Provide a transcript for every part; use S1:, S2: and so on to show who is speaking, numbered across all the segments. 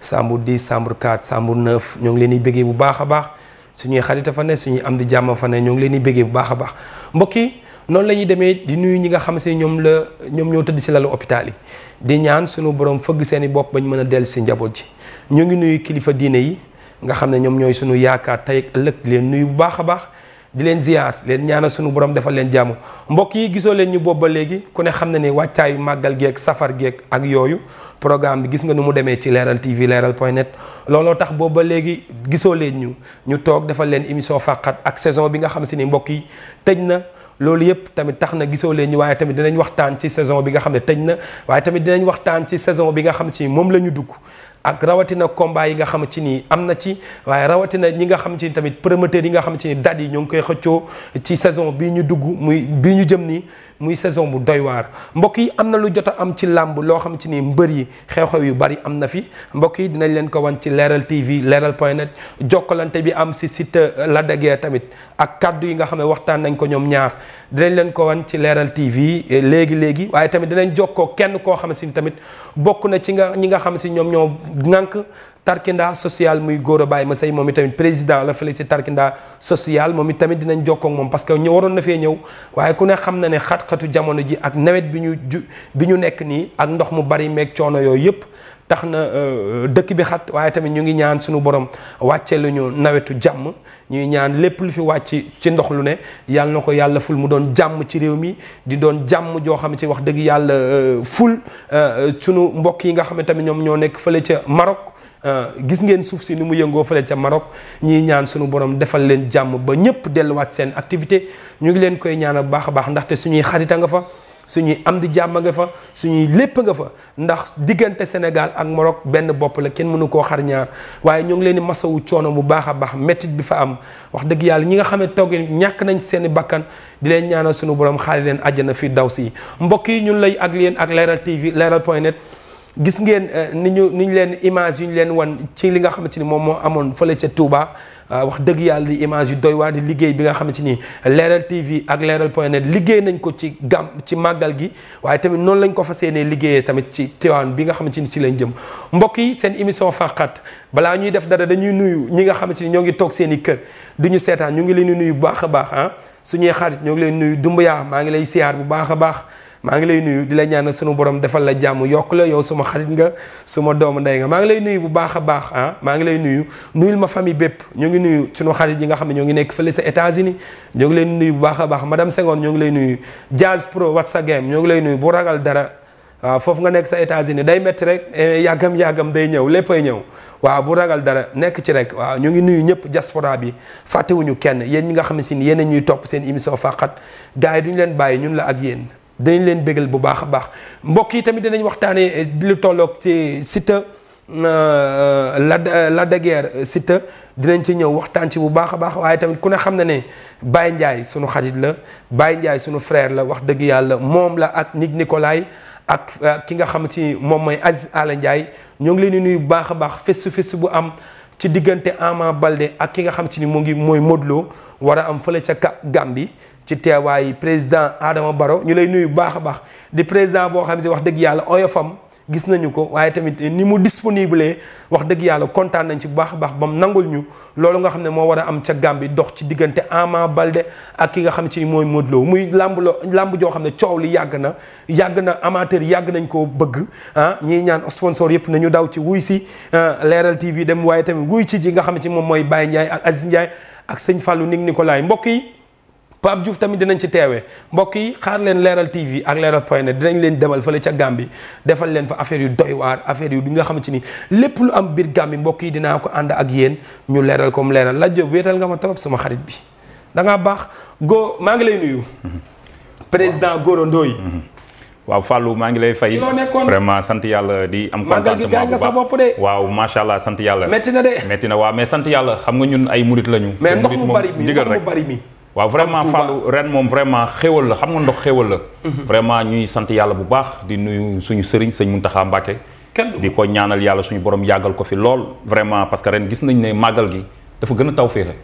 S1: chambre 10 chambre 4 chambre 9 ñoo ngi leen di bëggee bu baax a baax suñuy xarita fa ne suñuy am di jàmm fa ne ñoo ngi leen di bëggee bu baax a baax mbokk yi noonu la ñuy demee di nuyu ñi nga xam si ñoom la ñoom ñoo tëdd si lalu hôpital yi di ñaan suñu borom fëgg seen i bopp bañ mën a dellu si njaboot ji ñoo ngi nuyu kilifa diine yi nga xam ne ñoom ñooy suñu yaakaar tey ak ëllëg leen nuyu bu baax a baax di leen ziar leen ñaana sunu borom defal leen jàmm mbokk yi gisoo leen ñu boobu ba léegi ku ne xam na ni wàccaayu màggal geeg safar geeg ak yooyu programme bi gis nga ni mu demee ci leeral TV leeral point net looloo tax boobu ba léegi gisoo leen ñu ñu toog defal leen émission fàqat ak saison bi nga xam si ni mbokk yi tëj na. loolu yëpp tamit tax na gisoo leen ñu waaye tamit dinañ waxtaan ci saison bi nga xam ne tëj na waaye tamit dinañ waxtaan ci saison bi nga xam si moom la ñu dugg ak rawatina combat yi nga xam ci ni am na ci waaye rawatina ñi nga xam ci ni tamit promoteur yi nga xam ci ni date yi ñoo ngi koy xëccoo ci saison bii ñu dugg muy bii ñu jëm nii muy saison bu doy waar mbokk yi am na lu jot a am ci làmb loo xam ci ni mbër yi xew-xew yu bari am na fi mbokk yi dinañ leen ko wan ci leeral TV leeral point net jokkalante bi am si site euh, la dagee tamit ak kàddu yi nga xam ne waxtaan nañ ko ñoom ñaar dinañ leen ko wan ci leeral TV euh, léegi léegi waaye tamit dinañ jokkoo kenn koo xam si ni tamit bokk na ci nga ñi nga xam si ñoom ñoom ngànk Tarkinda sociale muy góor a bàyyi ma say moom itamit président la fële si Tarkinda social moom itamit dinañ jokkoo moom parce que ñu waroon na fee ñëw waaye ku ne xam na ne xat-xatu jamono ji ak nawet bi ñu ju bi ñu nekk nii ak ndox mu bari meeg coono yooyu yëpp tax na euh, euh, dëkk bi xat waaye tamit ñu ngi ñaan suñu borom wàccee lu ñu nawetu jàmm ñuy ñaan lépp lu fi wàcc ci ndox lu ne yàlla na ko yàlla ful mu doon jàmm ci réew mi di doon jàmm joo xam ne ci wax dëgg yàlla euh, ful sunu mbokk yi nga xam ne tamit ñoom ñoo nekk fële ca Maroc. gis ngeen suuf si nu mu yëngoo fële ca Maroc ñiy ñaan sunu borom defal leen jàmm ba ñëpp delluwaat seen activité ñu ngi leen koy ñaan bu baax a baax ndaxte suñuy a nga fa. suñuy am di jàmm nga fa suñuy lépp nga fa ndax diggante Sénégal ak Maroc benn bopp la kenn mënu koo xar ñaar waaye ñoo ngi leen di masawu coono bu baax a baax métit bi fa am wax dëgg yàlla ñi nga xam ne toog ñàkk nañ seeni bàkkan di leen ñaanal suñu borom xaali leen àjjana fii daw si mbokk yi ñun lay ak leen ak leeral tv leeral point net gis ngeen eh, ni ñu ni ñu leen image yu ñu leen wan ci li nga xamante ni moom moo amoon fële ca tuubaa Euh, wax dëgg yàlla di image yu doy waar liggéey bi nga xamante ni leeral TV ak leeral point net liggéey nañ ko ci gam ci màggal gi waaye tamit noonu lañ ko fa yéenee liggéeyee tamit ci Tiwaawan bi nga xamante ni si lañ jëm mbokk yi seen émission fàqat balaa ñuy def dara dañuy nuyu ñi nga xamante ni ñoo ngi toog seen i kër du ñu seetaan ñu ngi leen di nuyu bu baax a baax ah suñuy xarit ñoo ngi leen nuyu dumb yaa maa ngi lay siyaar bu baax a baax maa ngi lay nuyu di lay ñaan suñu borom defal la jàmm yokk la yow suma xarit nga suma doomu ndey nga maa ngi lay nuyu bu baax a baax ah maa ngi lay nuyu nuyul ma famille bépp ñu ngi nuyu sunu xarit yi nga xam ne ñoo ngi nekk fële sa États-Unis ñoo ngi lay nuyu bu a baax madame Senghor ñoo ngi lay nuyu Jazz Pro what's sa game ñoo ngi lay nuyu bu ragal dara foofu nga nekk sa états day métti rek yàggam-yàggam eh, day ñëw léppay ñëw waaw bu ragal dara nekk ci rek waaw ñu ngi nuyu ñëpp diaspora bi fàttewuñu kenn yéen ñi nga xam ne si yéen ñuy topp seen émission Faaxat gaa yi duñu leen bàyyi ñun la ak yéen dinañ leen bégal bu baax a baax mbokk yi tamit dinañ waxtaanee eh, lu tolloog si sita euh, euh, Lac euh, Lac de Guiers Siteu dinañ ci ñëw waxtaan ci bu baax a baax waaye tamit ku ne xam na ne bàyyi Ndiaye sunu xarit la bàyyi Ndiaye suñu frère la wax dëgg yàlla moom la ak Nick Nicolai ak ki nga xam ci moom mooy Aziz Ala Ndiaye ñoo ngi leen di nuyu bu baax a baax festu festu bu am. ci diggante Ama Balde ak ki nga xam ci ni mu ngi mooy Modou war a am fële ca Gàmbi ci teewaayu président aadama Barrow ñu lay nuyu baax a baax di président boo xam si wax dëgg yàlla oyofam gis nañu ko waaye tamit ni mu disponible wax dëgg yàlla kontaan nañ ci bu baax a baax ba mu nangul ñu loolu nga xam ne moo war a am ca Gàmbi dox ci diggante Ama Baldé ak ki nga xam ci mooy Modou muy làmb làmb joo xam ne coow li yàgg na yàgg na amateur yàgg nañ koo bëgg ah ñiy ñaan sponsor yëpp nañu daw ci wuy si ah, Leeral TV dem waaye tamit wuy ci ji nga xam ne ci moom mooy Baye Ndiaye ak Aziz Ndiaye ak sëñ Fallou nig Nicolaay mbokk yi Pape Diouf tamit dinañ ci teewe mbokk yi xaar leen leeral TV ak leeral point net dinañ leen demal fële ca Gambie defal leen fa affaire yu doy waar affaire yu nga xamante ni lépp lu am biir Gambie mbokk yi dinaa ko ànd ak yéen ñu leeral comme leeral la Diop wéetal nga ma trop sama xarit bi da baax go maa ngi lay nuyu. président Goro Ndoye.
S2: waaw Fallou maa ngi lay fay vraiment sant yàlla di am contentement bu baax waaw macha allah sant yàlla métti na de métti na waaw sant yàlla xam nga ñun ay murit lañu mais ndox mu bari mi ndox bari mi waaw vraiment Fallou ren moom vraiment xéwal la xam nga ndox xéwal la. Mhm. vraiment ñuy sant yàlla bu baax di nuyu suñu sëriñ sëñ Mountakha Mbacké. di ko ñaanal yàlla suñu borom yàggal ko fi lool vraiment parce que ren gis nañ ne màggal gi dafa gën a tawféexe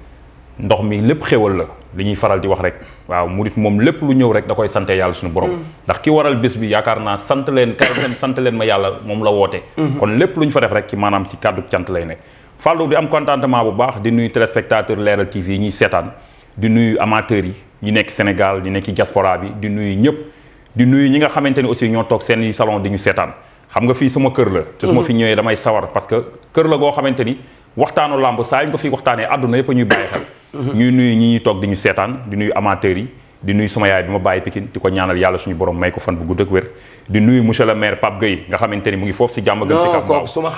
S2: ndox mi lépp xéwal la li ñuy faral di wax rek waaw mu murit moom lépp lu ñëw rek da koy sante yàlla suñu borom mhm. ndax ki waral bés bi yaakaar naa sant leen kay leen sant leen ma yàlla moom la woote mhm. kon lépp lu ñu fa def rek ci maanaam ci kàddu cant lay nekk Fallou di am contentement bu baax di nuyu téléspectateur leeral TV yi ñuy seetaan di nuyu amateurs yi ñu nekk Sénégal ñu nekk diaspora bi di nuyu ñëpp di nuyu ñi nga xamante ni aussi ñoo toog seen salon di ñu seetaan xam nga fi sama kër la te su ma mhm. fi ñëwee damay sawar parce que kër la goo xamante ni waxtaanu làmb saa yi nga ko fi waxtaanee àdduna yëpp a ñuy bàyyi xel mhm. ñuy nuyu ñi ñuy toog di ñu seetaan di nuyu amateurs yi di nuyu sama yaay bi ma bàyyi Pikine di ko ñaanal yàlla suñu borom may ko fan bu gudd ak wér di nuyu monsieur le maire Pape Gueye nga xamante ni mu ngi foofu si jàmm gën si Kambaaw kooku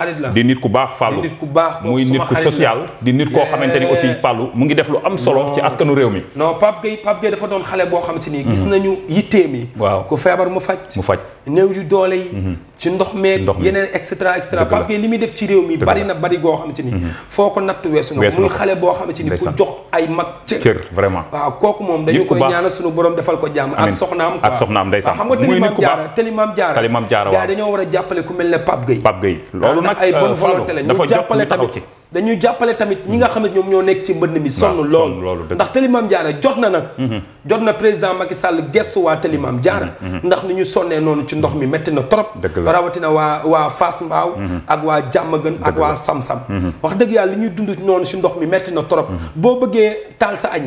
S2: ni aussi Fallou mu ngi def lu am solo ci askanu réew mi
S1: non Pape Gueye Pape Gueye doon xale boo xam si nii gis mm-hmm. nañu yitteem yi waaw ku feebar mu faj mu faj néew yu doole yi mm-hmm. ci ndox meeg yeneen et et cetera Pape Gueye muy def ci réew mi bari na bari goo xam si ni mm-hmm. foo ko natt weesu na xale boo xam si ni ku jox ay mag
S2: cër vraiment
S1: waaw kooku moom dañu koy ñaanal sunu boroom defal ko jàmm ak soxnaam ak soxnaam ndeysaan xam nga tëlimaam jaara Maam Jaara tali Maam Jaara waaw dañoo war a jàppale ku mel ne Pape Gueye Pape Gueye loolu ah, nag ay euh, bonne volonté la ñu dañuy jàppale tamit ñi nga mm-hmm. xam ne ñoom ñoo nekk ci mbënn mi sonn lool ndax Tëlimaam jaana jot na nag mm-hmm. jot na président Macky sàll gestu waa Tëlimaam Jaara mm-hmm. ndax ni ñu sonnee noonu ci ndox mi métti na trop rawatina waa waa Fass Mbaaw ak waa Jàmmagën ak waa Samsam wax dëgg yàlla li ñuy dund noonu ci ndox mi métti na trop boo bëggee taal sa añ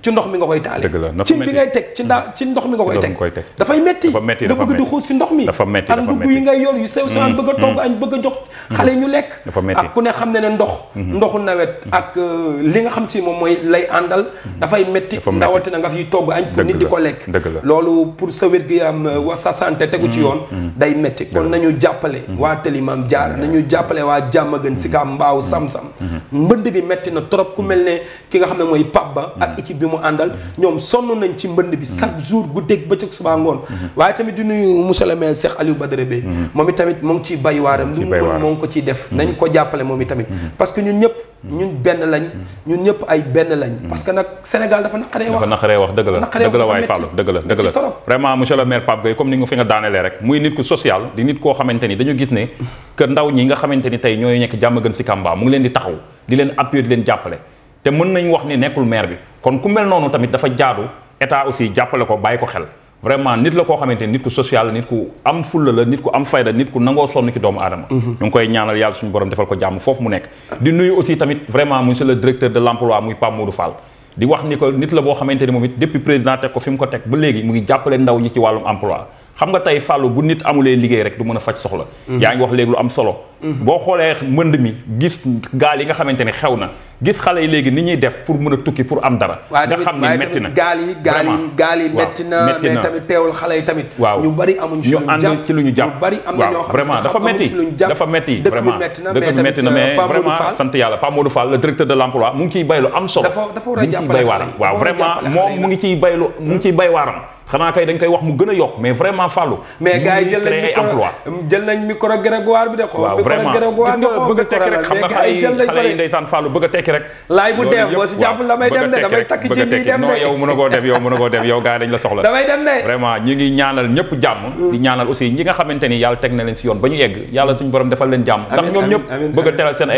S1: ci ndox mi nga koy taale cin bi ngay teg ci ndaa ci ndox mi nga koy teg dafay métti nga bëgg di xuus ci ndox mi ak ndugg yi ngay yor yu sew sewaan bëgg a togg añ bëgg a jox xale ñu lekk ak ku ne xam ne ne ndox ndoxu nawet ak euh, li nga xam si moom mooy lay àndal dafay ndawati na nga fiy togg añ pour nit di ko lekk loolu pour sa wér gi am euh, wa sa santé tegu ci mm. yoon mm. day métti kon mm. nañu jàppale waa Tëlimaam Jaara nañu jàppale waa Jàmmagën Sika Mbaaw Sam-Sam bi métti na trop ku mel ne ki nga xam ne mooy Pape Ba ak équipe bi mu àndal ñoom sonn nañ ci mbënd bi chaque jour guddeeg bëccëg subaa ngoon waaye tamit di nuyu monsieur le maire Cheikh Aliou Badara Bey moom itamit tamit moo ngi ciy bay waaram lu mu mën moo ko ciy def nañ ko jàppale moom i tamit que ñun ñëpp. ñun benn lañ. ñun ñëpp ay benn lañ. parce que nag Sénégal dafa naqaree wax dafa
S2: naqaree wax dëgg dëgg la waay Fallou dëgg la dëgg la vraiment monsieur le maire Pape Gueye comme ni nga fi nga daanelee rek muy nit ku social di nit koo xamante ni dañu gis ne que ndaw ñi nga xamante ni tey ñooy nekk jàmm gën si Kamba mu ngi leen di taxaw di leen appuyer di leen jàppale te mën nañ wax ni nekkul maire bi kon ku mel noonu tamit dafa jaadu état aussi jàppale ko bàyyi ko xel vraiment nit la koo xamante ni nit ku social la nit ku am fulla la nit ku am fayda nit ku nangoo sonn ci doomu aadama mhm. ñu ngi koy ñaanal yàlla suñu borom defal ko jàmm foofu mu nekk di nuyu aussi tamit vraiment monsieur le directeur de l'emploi muy Pape Modou Fall di wax ni ko nit la boo xamante ni moom it depuis président teg ko fi mu ko teg ba léegi mu ngi jàppale ndaw ñi ci wàllum emploi xam nga tey fàllu bu nit amulee liggéey rek du mën a faj soxla mhm. yaa ngi wax am solo Mm-hmm. boo xoolee mënd mi gis gaal yi nga xamante ne xew na gis xale yi léegi ni ñuy def pour mën a tukki pour am dara nga xam ne métti na gaal yi gaal yi gaal na mais na ñoo na mais tamit euh, sant yàlla Pape Modou Fall le directeur de l'emploi mu ngi ciy bay lu am solo dafa war a jàppale waaram waaw vraiment moom mu ngi ciy bay lu mu ngi ciy bay waaram xanaa kay dañ koy wax mu gën a yokk mais vraiment Fallou mais gars yi jël nañ micro jël nañ micro Grégoire bi de vraiment bëgg a tekki rek xam a la may dem de damay takk ci ñi dem de yow a a la soxla a teral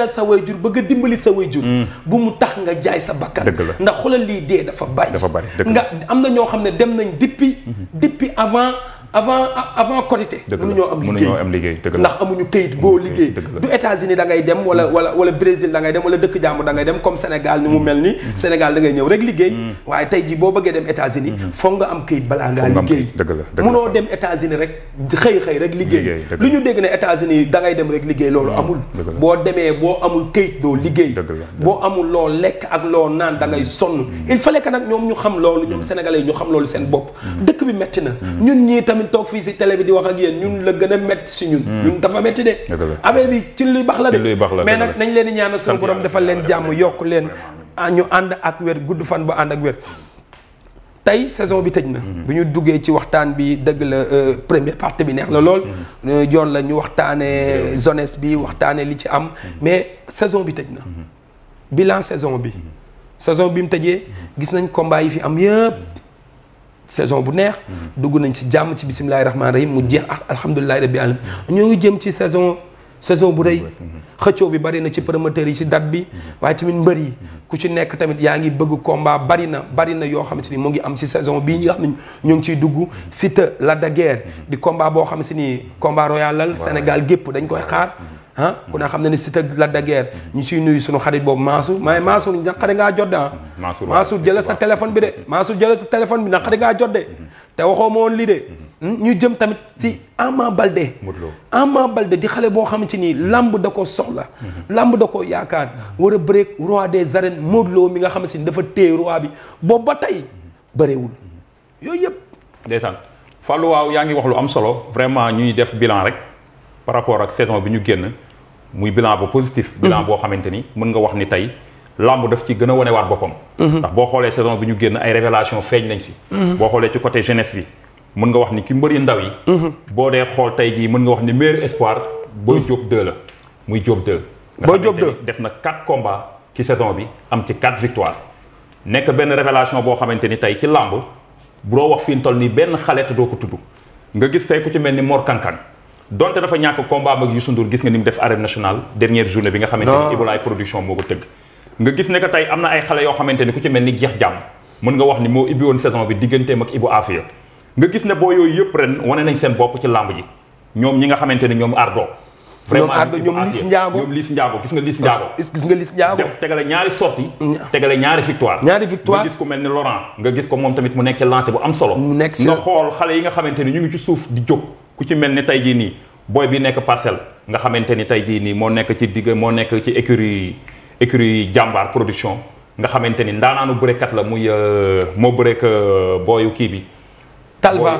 S1: a jóg sa waajur bu mu tax nga jaay sa bakkan dëgg la a ndax xoolal lii dee dafa bari dafa bari nga am na ñoo xam ne dem nañ dippi depuis avant avant avant Korité mënuñoo am liggéey ndax amuñu këyit boo liggéey du États-Unis da ngay dem wala wala wala Brésil da ngay dem wala dëkk jàmm da ngay dem comme Sénégal ni mu mel ni mm-hmm. Sénégal da ngay ñëw rek liggéey mm-hmm. waaye tey ji boo bëggee dem États-Unis mm-hmm. foog nga am këyit balaa ngaa liggéey mënoo dem États-Unis rek xëy xëy rek liggéey lu ñu dégg ne États-Unis dangay dem rek liggéey loolu amul boo demee boo amul këyit doo liggéey boo amul loo lekk ak loo naan da ngay sonn il fallait que ñoom ñu xam loolu ñoom sénégalais ñu xam loolu seen bopp dëkk bi metti na tamit toog fii si tele bi di wax ak yéen ñun la gën a métti si ñun hmm. ñun dafa metti de affaire bi ci luy baax la de mais nag nañ leen di a suñu borom defal leen jàmm yokk leen ah, ñu ànd ak wér gudd fan bu ànd ak wér tey saison bi tëj na. Hmm. bu ñu duggee ci waxtaan bi dëgg la euh, premier partie bi neex la lool. yoon hmm. euh, la ñu waxtaanee jeunesse bi waxtaanee li ci am. mais saison bi tëj na. bilan saison bi. saison bi mu tëjee gis nañ combat yi fi am yëpp. saison bu neex. dugg nañ ci jàmm ci bisimilahi rahmaani rahim mu jeex ak ah, alhamdulilahi rabbi alamin ñoo jëm ci saison saison bu rëy. xëccoo bi bari na ci promoteur yi ci date bi. waaye tamit mbër yi. ku ci nekk tamit yaa ngi bëgg combat bari na bari na yoo xamante ni mu ngi am ci saison bii ñi nga xam ne ñu ngi ciy dugg. si Lac la Guiers di combat boo xam si ni combat royal lal Sénégal gépp dañ koy xaar. ah ku ne xam ne ni si tëgg la daguerre ñu si nuyu suñu xarit boobu Mansour maay Mansour naqari ngaa jot de ah
S2: Mansour
S1: jëlal sa téléphone bi de Mansour jëlal sa téléphone bi naqari ngaa jot de te waxoo ma woon lii de hmm? ñu jëm tamit si Ama Baldé Ama balde di xale boo xamante ni làmb da ko soxla lamb da ko yaakaar war a bëreek roi des arènes Modou mi nga xam si ni dafa téye roi bi boobu ba tey bëreewul
S2: yooyu yëpp ndeysaan Fallou waaw yaa ngi wax lu am solo vraiment ñuy def bilan rek par rapport ak saison bi ñu génn muy bilan bu positif. Mhm. bilan boo xamante ni mën nga wax ni tey lamb daf ci gën a wanewaat boppam. Mhm. ndax boo xoolee saison bi ñu génn ay révélation feeñ nañ fi. Mhm. boo xoolee ci côté jeunesse bi mën nga wax ni ki mbër yu ndaw yi. boo dee xool tey jii mën nga wax ni meilleur espoir. Boy Diop 2 la muy Diop 2. boo Diop 2 def na 4 combats ci saison bi am ci 4 victoires nekk benn révélation boo xamante ni tey ci lamb bu doo wax fi mu toll nii benn xale te doo ko tudd nga gis tey ku ci mel ni Mor Kankan. donte dafa ñàkk combat ak Youssou Ndour gis nga ni mu def arène nationale dernière journée bi nga xamante ni Ibolaay moo ko tëgg nga gis ne que am na ay xale yoo xamante ni ku ci mel ni jeex jàmm mën nga wax ni moo ibbi woon saison bi digganteem ak Ibou Afia nga gis ne boo yooyu yëpp ren wane nañ seen bopp ci làmb ji ñoom ñi nga xamante ni ñoom ardo vraiment ñoom ardo ñoom Liss Ndiago ñoom Liss Ndiago gis nga Liss Ndiago gis nga Liss Ndiago def tegale ñaari sortie mm. tegale ñaari victoire ñaari victoire nga gis ku mel ni nga gis ko moom tamit mu nekk lancé bu am solo nga xool xale yi nga xamante ni ñu ngi ci suuf di jóg ku ci mel ni tey jii nii booy bi nekk parcelle nga xamante ni tey jii nii moo nekk ci digg moo nekk ci écurie écurie jàmbaar production nga xamante ni ndaanaanu kat la muy euh, moo bëreek euh, booyu kii bi Talfa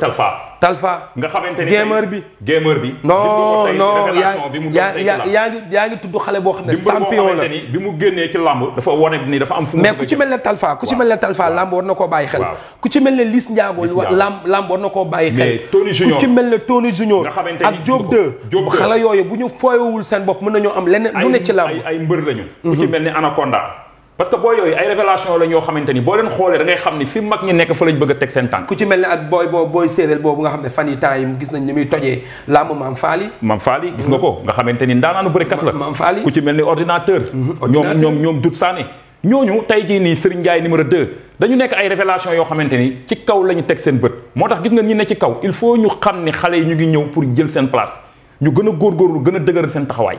S2: Talfa. Talfa. nga xamante ni gamer bi. gamer bi. non non yaa yaa ngi yaa ngi tudd xale boo xam ne. champion la bi mu génnee ci làmb. dafa wane ni dafa am fu mu. mais ku ci mel ne
S1: Talfa ku ci mel ne Talfa làmb war na koo bàyyi xel. ku ci mel ne Liss
S2: Ndiago làmb làmb war na koo bàyyi xel.
S1: mais Tony Junior ku ci mel ne Tony Junior. ak Diop 2 xale yooyu bu ñu fooyewul seen bopp
S2: mën nañoo am leneen mu ne ci làmb. ay ay mbër lañu. ku ci mhm. mel ne anakonda parce que boo yooyu ay révélation la ñoo xamante ni boo leen xoolee da ngay xam ni fi mag ñi nekk fa lañ bëgg a teg seen tànk ku ci mel ne ak booy boo booy séeréer boobu nga xam ne fan yi temps yi gis nañ ni muy tojee làmb maam faali gis nga ko nga xamante ni ndaanaanu bërekat la maam faali ku ci mel ni ordinateur mhm, ñoom ñoom ñoom dut saane ñooñu tey jii nii Serigne Ndiaye numéro 2 dañu nekk ay révélation yoo xamante ni ci kaw la ñu teg seen bët moo tax gis nga ñi ne ci kaw il faut ñu xam ni xale yi ñu ngi ñëw pour jël seen place ñu gën a góorgóorlu gën a dëgër seen taxawaay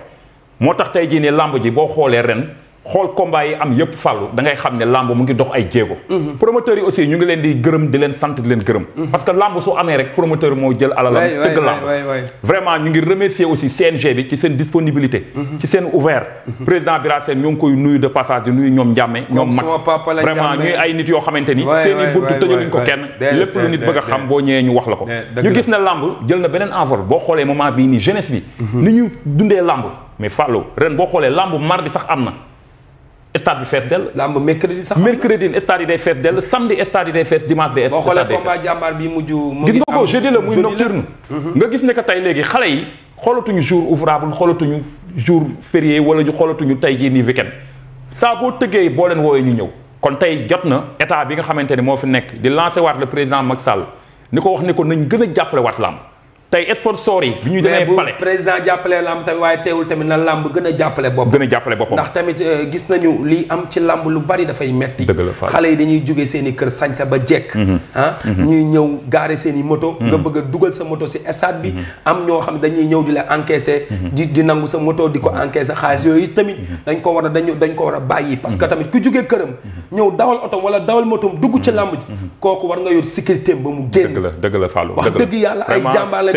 S2: moo tax tey jii nii làmb ji boo xoolee ren xool combat yi am yëpp fàllu da ngay xam ne lamb mu ngi dox ay jéego. Mhm. promoteurs yi aussi ñu ngi leen di gërëm di leen sant di leen gërëm. Mhm. parce que lamb su amee rek promoteur moo jël alalam. tëgg lamb vraiment ñu ngi remercier aussi CNG bi ci seen disponibilité. Mhm. ci seen ouvert. président Bira Sène ñoo ngi koy nuyu de passage di nuyu ñoom Ndiame. ñoom Max vraiment ñuy ay nit yoo xamante ni. waay seen buntu tëjaluñ ko kenn. lépp lu nit bëgg xam boo ñëwee ñu wax la ko. ñu gis na lamb jël na beneen envol boo xoolee moment bii nii jeunesse bi. ni ñu dundee lamb mais fàllu ren boo xoolee lamb sax am na stade bi fees dell. lamb mercredi sax mercredi stade yi day fees dell samedi stade yi day fees dimanche day. stade boo gis nga ko jeudi la muy nocturne. Mhm. nga gis ne que tey léegi xale yi xoolatuñu jour ouvrable xoolatuñu jour férié wala ñu xoolatuñu tey jii nii weekend saa boo tëggee boo leen woowee ñu ñëw. kon tey jot na état bi nga xamante ne moo fi nekk di lancer waat le président mag Sall ni ko wax ne ko nañ gën a jàppale waat lamb tey sponsor yi. bi ñuy demee palais président jàppale làmb tamit waaye teewul tamit na
S1: làmb gën a jàppale boppam. gën a jàppale boppam ndax tamit euh, gis nañu li am ci làmb lu bari dafay metti xale yi dañuy jóge seeni i kër sañsa ba jekk. Mhm. ah mhm. ñuy ñëw gaare seen i moto. Mhm. nga bëgg dugal sa moto si stade bi. am ñoo xam ne dañuy ñëw di la encaisser. di di nangu sa moto di ko encaisser xaalis yooyu tamit dañ ko war a dañu dañ ko war a bàyyi. parce que tamit ku jóge këram. ñëw dawal oto wala dawal motom dugg ci làmb kooku war nga yor sécurité ba mu génn. dëgg
S2: la dëgg la Fallou
S1: wax yàlla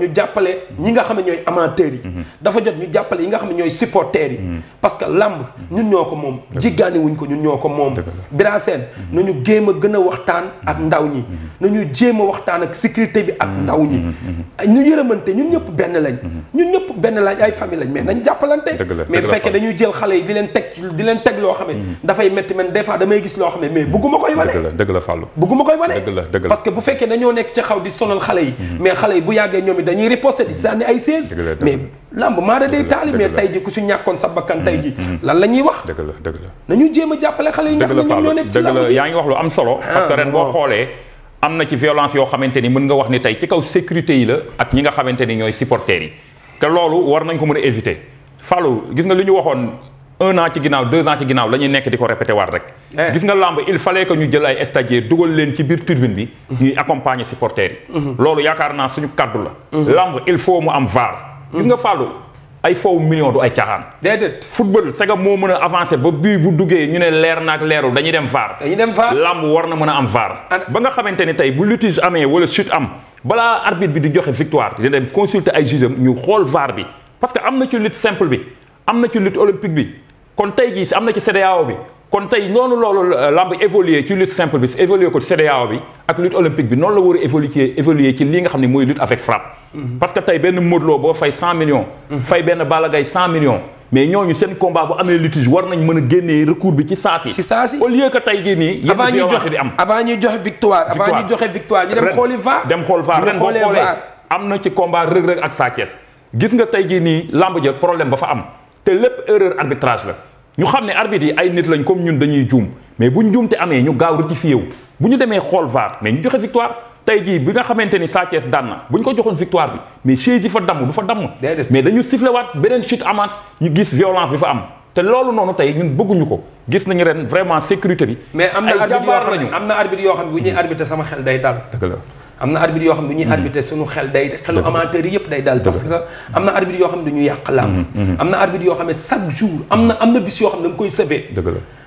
S1: ñu jàppale ñi nga xam ne ñooy amateurs yi mhm. dafa jot ñu jàppale yi nga xam ne ñooy supporters yi mhm. parce que làmb ñun ñoo ko moom jiggaani wuñ ko ñun ñoo ko moom Bira Sène mhm. nañu géem a gën a waxtaan ak ndaw ñi nañu jéem a waxtaan ak sécurité bi ak ndaw ñi ñu yërëmante ñun ñëpp benn lañ ñun ñëpp benn lañ ay famille lañ mais nañ jàppalante mais bu fekkee dañuy jël xale yi di leen teg di leen teg loo xam dafay métti man des damay gis loo xam mais bugguma koy tamit dañuy riposter di sànni ay sées mais lamb maa da day taali mais tey ku si
S2: ñàkkoon sa bakkan mm, tey ji mm. lan la ñuy wax dëgg la dëgg la nañu jéem a jàppale xale yi nga ah, na ci violence yoo xamante ni mën nga wax ni tey ci kaw sécurité yi la ak ñi nga xamante ni ñooy supporters yi te loolu war nañ ko mën a éviter Fallou gis nga li ñu waxoon un an ci ginnaaw deux ans ci ginnaaw la ñuy nekk di ko répété rek eh. gis nga làmb il fallait que ñu jël ay stagiaires dugal leen ci biir tribune bi ñuy accompagner supporters yi mhm. loolu yaakaar naa suñu kaddu la mhm. làmb il faut mu am VAR gis nga mhm. Fallou ay foofu million du ay caaxaan. déedéet football c'est moo mën a avancé ba bii bu duggee ñu ne leer naag leerul dañuy dem VAR. dañuy dem VAR làmb war na mën a am VAR. ba nga xamante ne tey bu litige amee wala chute am balaa arbitre bi di joxe victoire di dem consulter ay juge ñu xool VAR bi parce que am na ci lutte bi am na ci lutte olympique bi. kon tey jii si am na ci CEDEAO bi kon tey noonu loolu euh, lamb évoluer ci lutte simple bi évoluer ko ci CEDEAO bi ak lutte olympique bi noonu la war a évoluer ci li nga xam ne mooy lutte avec frappe. Mhm. parce que tey benn Modou Lo boo fay 100 millions. Mhm. fay benn Balla Gaye 100 millions. mais ñooñu seen combat bu amee litige war nañ mën a génnee recours bi ci saa si. ci saa si au lieu que tey jii nii. yéen ñi joxe di am avant ñuy joxe victoire. avant ñuy joxe victoire ñu dem xooli gis nga tey jii nii lamb ja problème ba fa am te lépp erreur la. ñu xam ne arbitre yi ay nit lañ comme ñun dañuy juum mais buñ juumte amee ñu gaaw rectifié wu bu ñu demee xool VAR mais ñu joxe victoire tey jii bi nga xamante ni Sa Thiès daan na bu ñu ko joxoon victoire bi mais chaise yi fa damm du fa damm mais dañu sifflewaat beneen chute amaat ñu gis violence bi fa am te loolu noonu tey ñun bëgguñu ko gis nañu ren vraiment sécurité bi
S1: mais am na arbitre yoo xam ne bu ñuy arbitre sama xel day dal dëgg la am na arbitre yoo xam ne du ñuy hmm. arbitrer suñu xel day xelu amateur yi yëpp day dal parce que am na arbitre yoo xam ne du ñu yàq làmb hmm, hmm, am na arbitre yoo xam ne chaque jour am na am na bis yoo xam ne nga koy sauver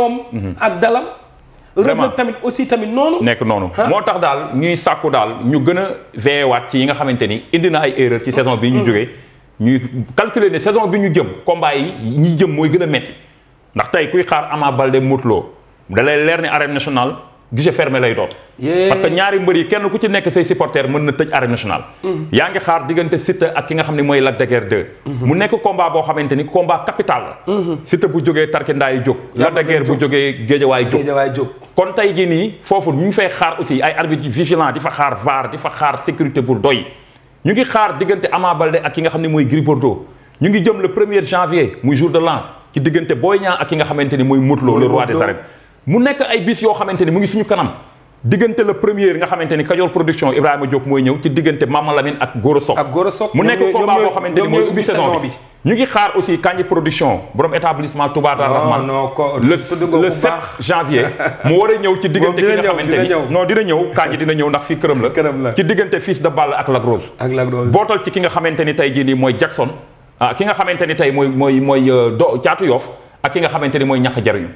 S2: ñoom ak dalam rëbb tamit aussi tamit noonu nekk noonu moo tax daal ñuy sàkku daal ñu gën a veyewaat ci yi nga xamante ni indi na ay erreur ci saison bi ñu mm. jógee ñuy calculer ne saison bi ñu jëm combat yi ñi jëm mooy gën a metti ndax tey kuy xaar Ama Baldé Modou Lô da leer ni arène nationale guichet fermé lay doon. parce que ñaari mbër yi kenn ku ci nekk say supporters mën na tëj arène nationale. Mm-hmm. yaa ngi xaar diggante Siteu ak ki nga xam ne mooy Lac de mm-hmm. mu nekk combat boo xamante ni combat capital la. Mm-hmm. Siteu bu jógee Tarkindaa yi jóg. Lac de Guiers bu jógee Géejawaay jóg Géejawaay jóg. kon tey jii nii foofu ñu ngi fay xaar aussi ay arbitres vigilants di fa xaar VAR di fa xaar sécurité bu doy ñu ngi xaar diggante Ama Baldé ak ki nga xam ne mooy Gris Bordeaux ñu ngi jëm le premier janvier muy jour de ci diggante Boy Niang ki nga xamante ni mooy Modou Lô le mu nekk ay bis yoo xamante ni mu ngi suñu kanam diggante la première nga xamante ni Kajoor production Ibrahima Diop mooy ñëw ci diggante Mama Lamine ak Goro Sock ak Goro Sock mu nekk combat boo xamante ni mooy ubbi saison bi ñu ngi xaar aussi Kandji production borom établissement Touba Dar ah Rahman le le 7 janvier mu war ñëw ci diggante ki nga xamante ni non dina ñëw Kandji dina ñëw ndax fii këram la këram la ci diggante Fils de Balla ak Lac Rose ak Lac Rose bootal ci ki nga xamante ni tey jii mooy Jackson ah nga xamante ni tey mooy mooy mooy euh, do caatu yoof ak ki nga xamante ni mooy ñax jariñu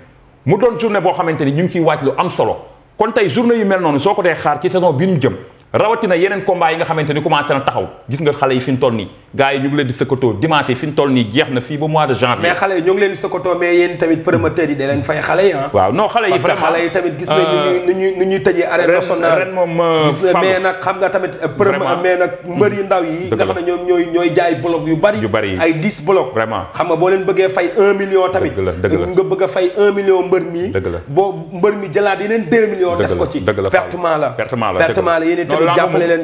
S2: mu doon journée boo xamante ni ñu ngi ciy waaj lu am solo kon tey journée yu mel noonu soo ko dee xaar ci saison bi ñu jëm rawatina yeneen combat yi nga xamante ni commencé na taxaw gis nga xale yi fi mu toll nii gars yi ñu ngi leen di sëkkatoo dimanche yi fi ñu nii jeex na fii ba mois de janvier. mais
S1: xale yi ñu ngi leen di sëkkatoo mais yéen tamit promoteurs yi da leen fay xale yi ah. waaaaw non xale yi tamit gis nañ ni ñuy euh, tëjee arène nationale euh, gis na mais nag xam nga tamit euh, promo mais nag mbër yu mm. ndaw yi nga xam ne ñooy jaay bloc yu bari ay 10 xam nga boo leen bëggee fay 1 million tamit nga bëgg a fay million mbër mi boo
S2: la pertement la yéen tamit jàppale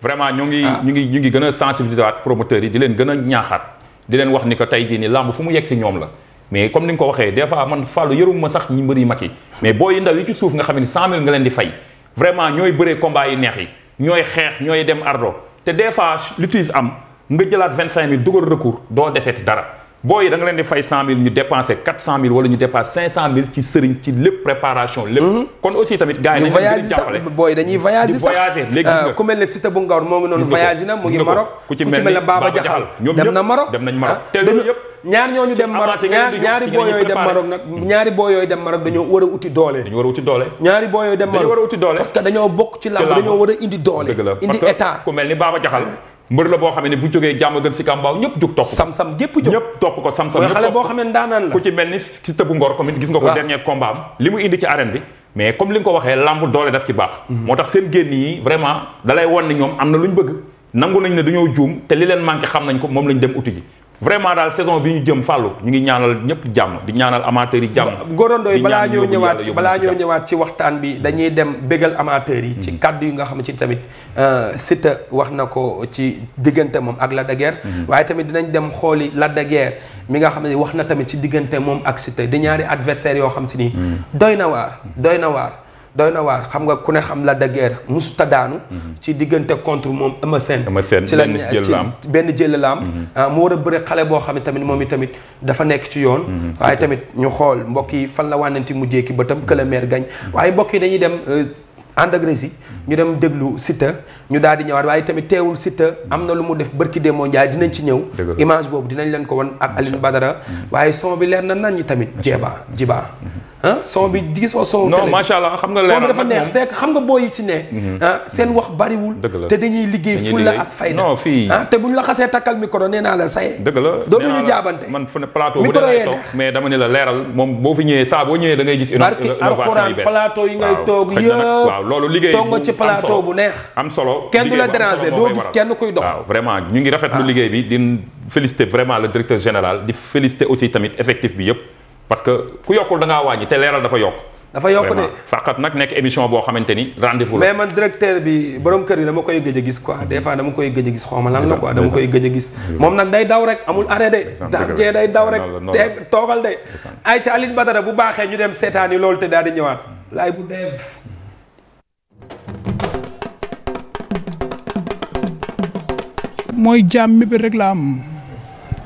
S2: vraiment ñu ngi ah. ñu ngi ñu ngi gën a sensibiliser waat yi di leen gën a ñaaxaat di leen wax ni ko tey jii ni làmb fu mu yegg si ñoom la mais comme ni nga ko waxee des fois man fàllu yërum ma sax ñi mbër yi mag yi mais booy ndaw yi ci suuf nga xam ne cent mille nga leen di fay vraiment ñooy bëree combat yi neex yi ñooy xeex ñooy dem ardo te des fois litige am nga jëlaat vingt cinq mille dugal recours doo defee defeeti dara booy yi da leen di fay cent mille ñu dépensé quatre cent mille wala ñu dépensé cinq cent mille ci sëriñ ci lépp préparation. lépp mhm. kon aussi tamit gars yi dañuy voyage sax booy dañuy voyage sax léegi euh, ku mel
S1: ne Cité bu Ngor moo ngi noonu voyage na mu ngi Maroc ku ci mel ne Baba Jaxal dem na Maroc
S2: dem nañ Maroc ah. te
S1: loolu yëpp ñaar ñooñu dem Maroc ñaar ñaari boo yooyu dem Maroc nag ñaari boo yooyu dem Maroc dañoo war a uti
S2: doole dañu war a uti doole ñaari boo yooyu dem Maroc dañu war a uti doole parce que dañoo bokk ci làmb dañoo war a indi doole indi état ku mel ni Baba Jaxal mbër la boo xam ne bu jógee jàmm gën si kàmbaaw ñëpp jug topp sam-sam gépp jóg ñëpp topp ko sam-sam xale boo xam ne ndaanaan la ku ci mel ni si tëbu ngor comme gis nga ko dernier combat am li mu indi ci arène bi mais comme li nga ko waxee làmb doole daf ci baax mhm. moo tax seen génn yi vraiment dalay won ni ñoom am na lu ñu bëgg nangu nañ ne dañoo juum te li leen manqué xam nañ ko moom lañ dem uti ji vraiment daal faison bi ñu jëm fàllu ñu ngi ñaanal ñëpp jàmm bi ñaanal amateur yi jàmm góorandooy balaa ñoo ñëwaat ci balaa
S1: ñoo ñëwaat ci waxtaan bi dañuy dem bégal amateurs yi ci mm-hmm. kàddu yi nga xam ne ci tamit euh, Siteu wax na ko ci diggante moom ak Lac de mm-hmm. waaye tamit dinañ dem xooli Lac de Guiers mi nga xam ne wax na tamit ci diggante moom ak Siteu di ñaari adversaires yoo xam si ni mm-hmm. doy na waar doy na waar doy na waar xam nga ku ne xam la de guerre musuta daanu mhm. ci diggante contre moom Eumeu Sène ci la ci benn jël laam mhm. ah, mu war a bëri xale boo xam ne tamit moom itamit dafa nekk ci yoon mhm. waaye tamit ñu xool mbokk yi fan la wànnanti mujjee ki ba tam que le gañ waaye mbokk yi dañuy dem euh, ànd ak rési ñu dem déglu Siteu ñu daal di ñëwaat waaye tamit teewul Siteu am na lu mu def bërki demoo Ndiaye dinañ ci ñëw image boobu dinañ leen ko won ak Aline Badara waaye son bi leen na nañ ñi tamit jeebaa jibaa ah son bi di gisoo son. non macha allah xam nga son bi dafa neex c'est xam nga booy ci ne. ah seen wax bariwul. te dañuy liggéey fulla ak fayda. non fii te bu ñu la xasee takkal micro nee naa la saye.
S2: dëgg la dootuñu jaabante. man fu ne plateau bu demee mais dama ne la leeral moom boo fi ñëwee saa boo ñëwee dangay gis. innovation yi benn plateau yi ngay toog yëpp. loolu liggéey toog ci plateau bu neex. am solo kenn du la déranger doo kenn kuy dox. waaw ñu ngi rafetlu ah. liggéey bi di féliciter vraiment la directeur général di féliciter aussi tamit effectif bi yëpp parce que ku yokkul da ngaa wàññi te leeral dafa yokk. dafa yokk de fàqat nag nekk émission boo xamante ni rendez-vous la.
S1: mais man directeur bi borom kër yi dama koy gëj a gis ko des fois dama koy gëj a gis xaw ma lan la quoi dama koy gëj a gis. moom nag day daw rek amul arrêt de. daal jee toogal de. ay ci Aline Badara bu baaxee ñu dem seetaani loolu te daal di ñëwaat laay bu deef
S3: mooy jàmm mi rek la am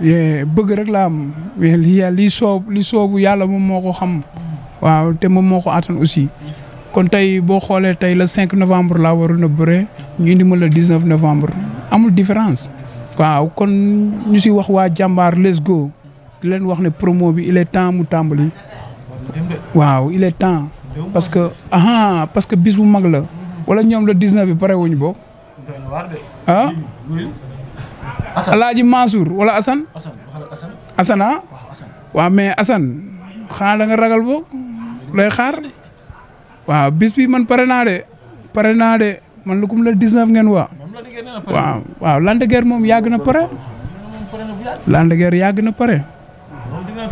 S3: bëgg rek laa am lii li soob li soobu yàlla moom moo ko xam waaw te moom moo ko attan aussi kon tey boo xoolee tey le 5 novembre laa waroon a bëre ñu indi ma le 19 novembre amul différence. waaw kon ñu si wax waa jàmbaar les go di leen wax ne promo bi il est temps mu tàmbali. waaw il est temps. parce que ah parce que bis bu mag la. wala ñoom le 19 bi pare wuñu boobu. alaaji Mansour wala Assane. Assane ah. waaw mais Assane xanaa nga ragal boog lay xaar waaw bis bi man pare naa de pare naa de man lu kum la 19 ngeen waa. waaw waaw moom yàgg na pare. lande guerre yàgg na pare.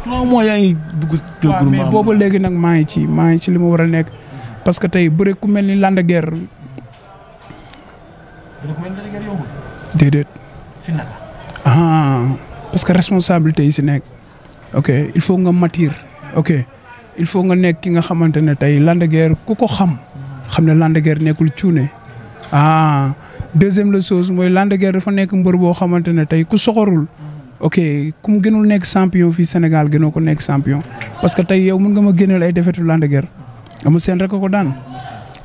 S3: waaw mais boobu léegi nag maa ngi ci maa ngi ci li ma war a nekk. parce que tey bëre ku mel ni lande guerre. si naka. Ah, parce que responsabilité yi si nekk. ok il faut nga matir ok il faut nga nekk ki nga xamante ne tey Lac ku ko xam. xam ne Lac de nekkul cuune. ah deuxième la chose mooy Lac de dafa nekk mbër boo xamante ne tey ku soxorul. ok ku mu gënul nekk champion fii Sénégal gënoo ko nekk champion parce que tey yow mun nga ma génneel ay défaites Lac de Guiers ama rek ko daan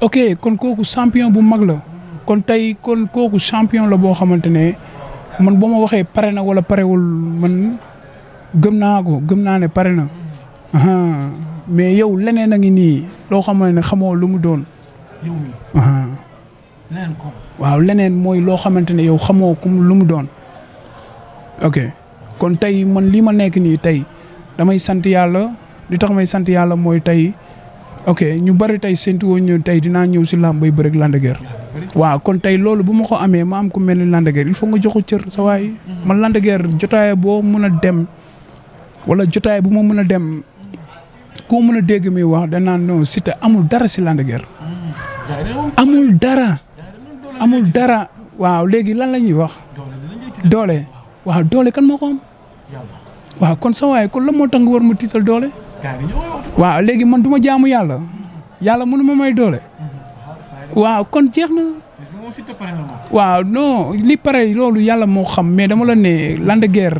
S3: ok kon kooku champion bu mag la kon tey kon kooku champion la boo xamante ne man boo ma waxee pare na wala parewul man gëm naa ko gëm naa ne pare na. mais yow leneen a ngi nii loo xam ne xamoo lu mu doon. ko. waaw leneen mooy loo xamante ne yow xamoo ku lu mu doon. ok kon tey man lii ma nekk nii tey damay sant yàlla li tax may sant yàlla mooy tey. ok ñu bari tey séntu woon ñu tey dinaa ñëw si làmb bay bëreeg Lac waaw kon tey loolu bu ma ko amee maam ku mel ni Lac de Guiers il faut nga jox ko cër man Lac de Guiers boo mën a dem wala jotaay bu ma mën a dem koo mën a dégg mi wax danaa non Siteu amul dara si Lac de Guiers. amul dara. waaw léegi lan la ñuy wax. doole waaw doole kan moo waaw kon sa waay kon la moo tax nga war ma tiital doole. waaw léegi man du ma jaamu yàlla yàlla mënuma may doole. waaw kon jeex na. waaw non li pare loolu yàlla moo xam mais dama la ne Lac de Guiers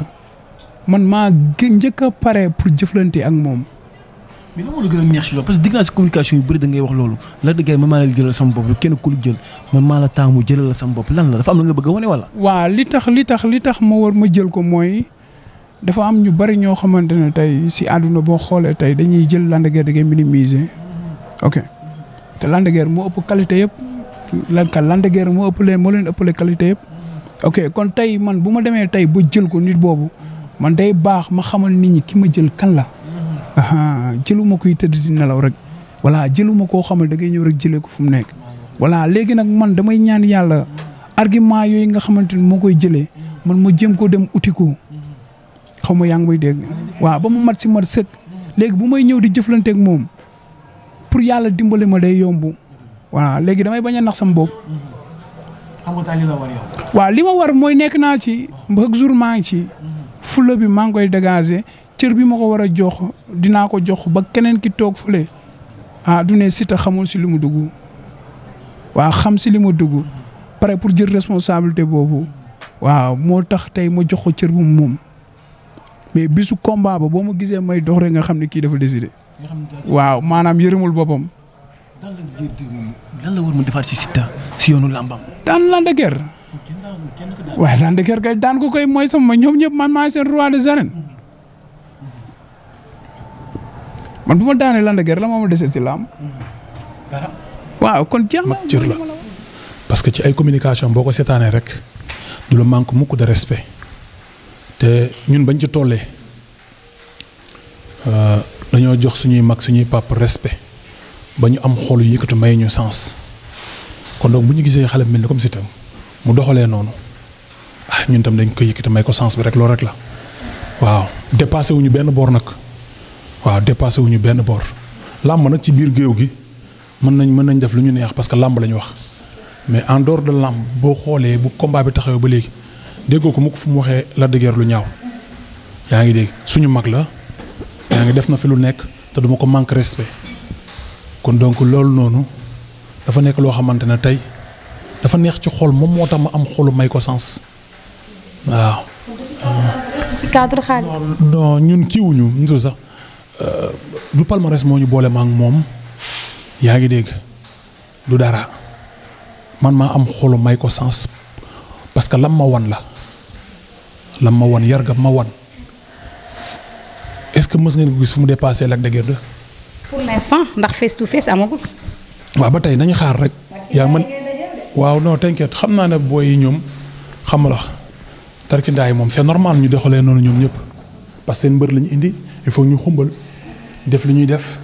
S3: man maa njëkk a pare pour jëflante ak moom.
S4: mais lan moo la gën a parce que dégg naa si communication yu bëri da ngay wax loolu Lac de Guiers man maa la jëlal sama bopp kenn ku jël man maa la jëlal la sama
S3: bopp lan la dafa am la nga bëgg a wane wala. waaw li tax li tax li tax ma war ma jël ko mooy. dafa am ñu bari ñoo xamante ne tey si àdduna boo xoolee tey dañuy jël Lac de Guiers da ngay minimiser ok te Lac moo ëpp qualité yëpp lan ka Lac de Guiers moo ëpp leen moo leen ëppale qualité yëpp ok kon tey man bu ma demee tey ba jël ko nit boobu man day baax ma xamal nit ñi ki ma jël kan la jëluma kuy tëdd di nelaw rek voilà jëluma koo xamal da ngay ñëw rek jëlee ko fu mu nekk voilà léegi nag man damay ñaan yàlla argument yooyu nga xamante ni moo koy jëlee man ma jëm ko dem uti ko xaw ma yaa dégg waaw ba mu mat si mat sëkk léegi bu may ñëw di jëflanteeg moom pour yàlla dimbali ma day yombu waaw léegi damay bañ a nax sama bopp. xam nga li la waaw li ma war mooy nekk naa ci chaque jour maa ngi ci fula bi maa ngi koy dégager cër bi ma ko war a jox dinaa ko jox ba keneen ki toog fële ah du ne Siteu xamul si li mu dugg waaw xam si li mu dugg pare pour jël responsabilité boobu waaw moo tax tey ma jox ko cër bu moom. mais bisu combat ba boo ma gisee may dox rek nga xam ne kii dafa de waaw maanaam yërëmul boppam. lan la war mu defaat si si yoonu làmbam. daan Lac de Guiers. waaye Lac kay daan ko koy mooy sama ñoom ñëpp man maa seen roi des arènes. man bu ma daanee Lac de la moo ma dese si làmb. waaw kon jeex na mag la parce que ci ay communication
S5: boo ko seetaanee rek du la manque mukk de respect. te ñun bañ ci tollee euh, dañoo jox suñuy mag suñuy pàpp respect ba ñu am xool yu yëkkatu may ñu sens kon donc bu ñu gisee xale mel ni comme si tam mu doxalee noonu ah ñun tam dañ koy yëkkati may ko sens bi rek loolu rek la waaw wu ñu benn boor nag waaw dépassé wuñu benn boor làmb nag ci biir géew gi mën nañ mën nañ def lu ñu neex parce que làmb la ñu wax mais en dehors de làmb boo xoolee bu combat bi taxawee ba léegi. déggoo ko mukk fu mu waxee Lac de Guiers lu ñaaw yaa ngi dégg suñu mag la yaa ngi def na fi lu nekk te duma ko manque respect kon donc loolu noonu dafa nekk loo xamante ne tey dafa neex ci xool moom moo tax ma am xoolu may ko sens waaw. ci cadre xaalis. non ñun euh, du palmarès moo ñu boole ma ak moom yaa ngi dégg du dara man maa am xolu may ko sens parce que lam ma wan la. lam ma wan yar gam ma wan est-ce que mës ngeen ko mu dépassé Lac de Guiers 2.
S6: ndax face to face amagul.
S5: waaw ba tey nañu xaar rek. yaa man waaw non t'inquiète xam naa ne booy yi ñoom xam nga la tarkindaa yi moom c'est normal ñu doxalee noonu ñoom ñépp parce que seen mbër lañu indi il faut ñu xumbal def li ñuy def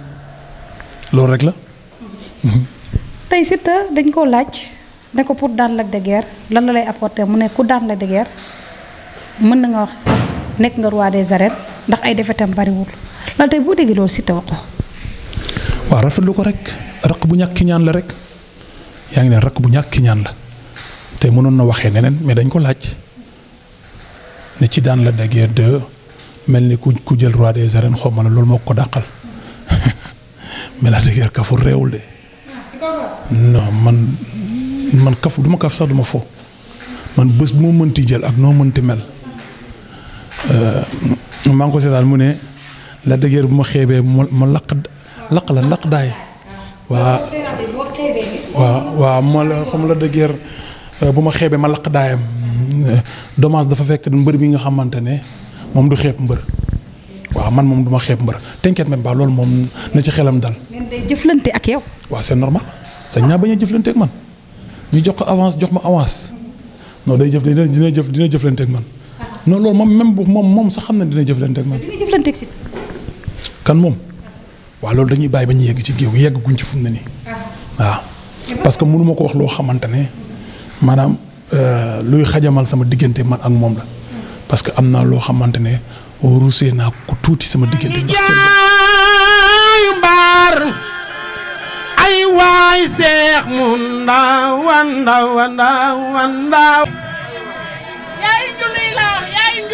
S5: loolu rek la.
S6: tey Siteu dañ koo laaj ne ko pour daan Lac de lan la lay apporter mu ne ku daan Lac de mën na nga wax nekk nga roi de
S4: arènes ndax ay defetam bariwul loolu tey boo déggee loolu si taw ko.
S3: waaw rafetlu
S5: ko rek raq bu ñàkk ñaan la rek yaa ngi ne raq bu ñàkk ñaan la te mënoon na waxee neneen mais dañ ko laaj ne ci daan la déggee mel ni ku ku jël roi de arènes xaw ma la loolu moo ko dàqal mais la déggee kaful réewul de. non man man kaf du ma kaf sax du ma fo man bës bu ma mënti jël ak noo mënti mel. Euh, maa ngi ko seetaan mu ne la dëgër bu ma xeebee ma ma laq laq la laq daay. waaw waaw waaw ma la xam la dëgër euh, bu ma xeebee ma laq daayam. Euh, dommage dafa fekk mbër bi nga xamante ne moom du xeeb mbër. waa man moom du ma xeeb mbër tenket même baax loolu moom na ci xelam dal.
S6: ngeen day jëflante ak yow.
S5: waaw c'est normal sañ naa ba ñu jëflante man ñu jox ko avance jox ma avance non day jëf dina dinaa jëf dina jëflanteek man. non loolu moom même bu moom moom sax xam na dina jëflante man. kan moom. waaw loolu dañuy bàyyi ba ñu yegg ci géew yegg guñ ci fu mu ne nii. Ah. waaw parce que mënu ko wax loo xamante ne maanaam euh, luy xajamal sama diggante man ak moom la parce que am naa loo xamante ne ruusee naa ko tuuti sama diggante ndax
S1: jaayu baar ay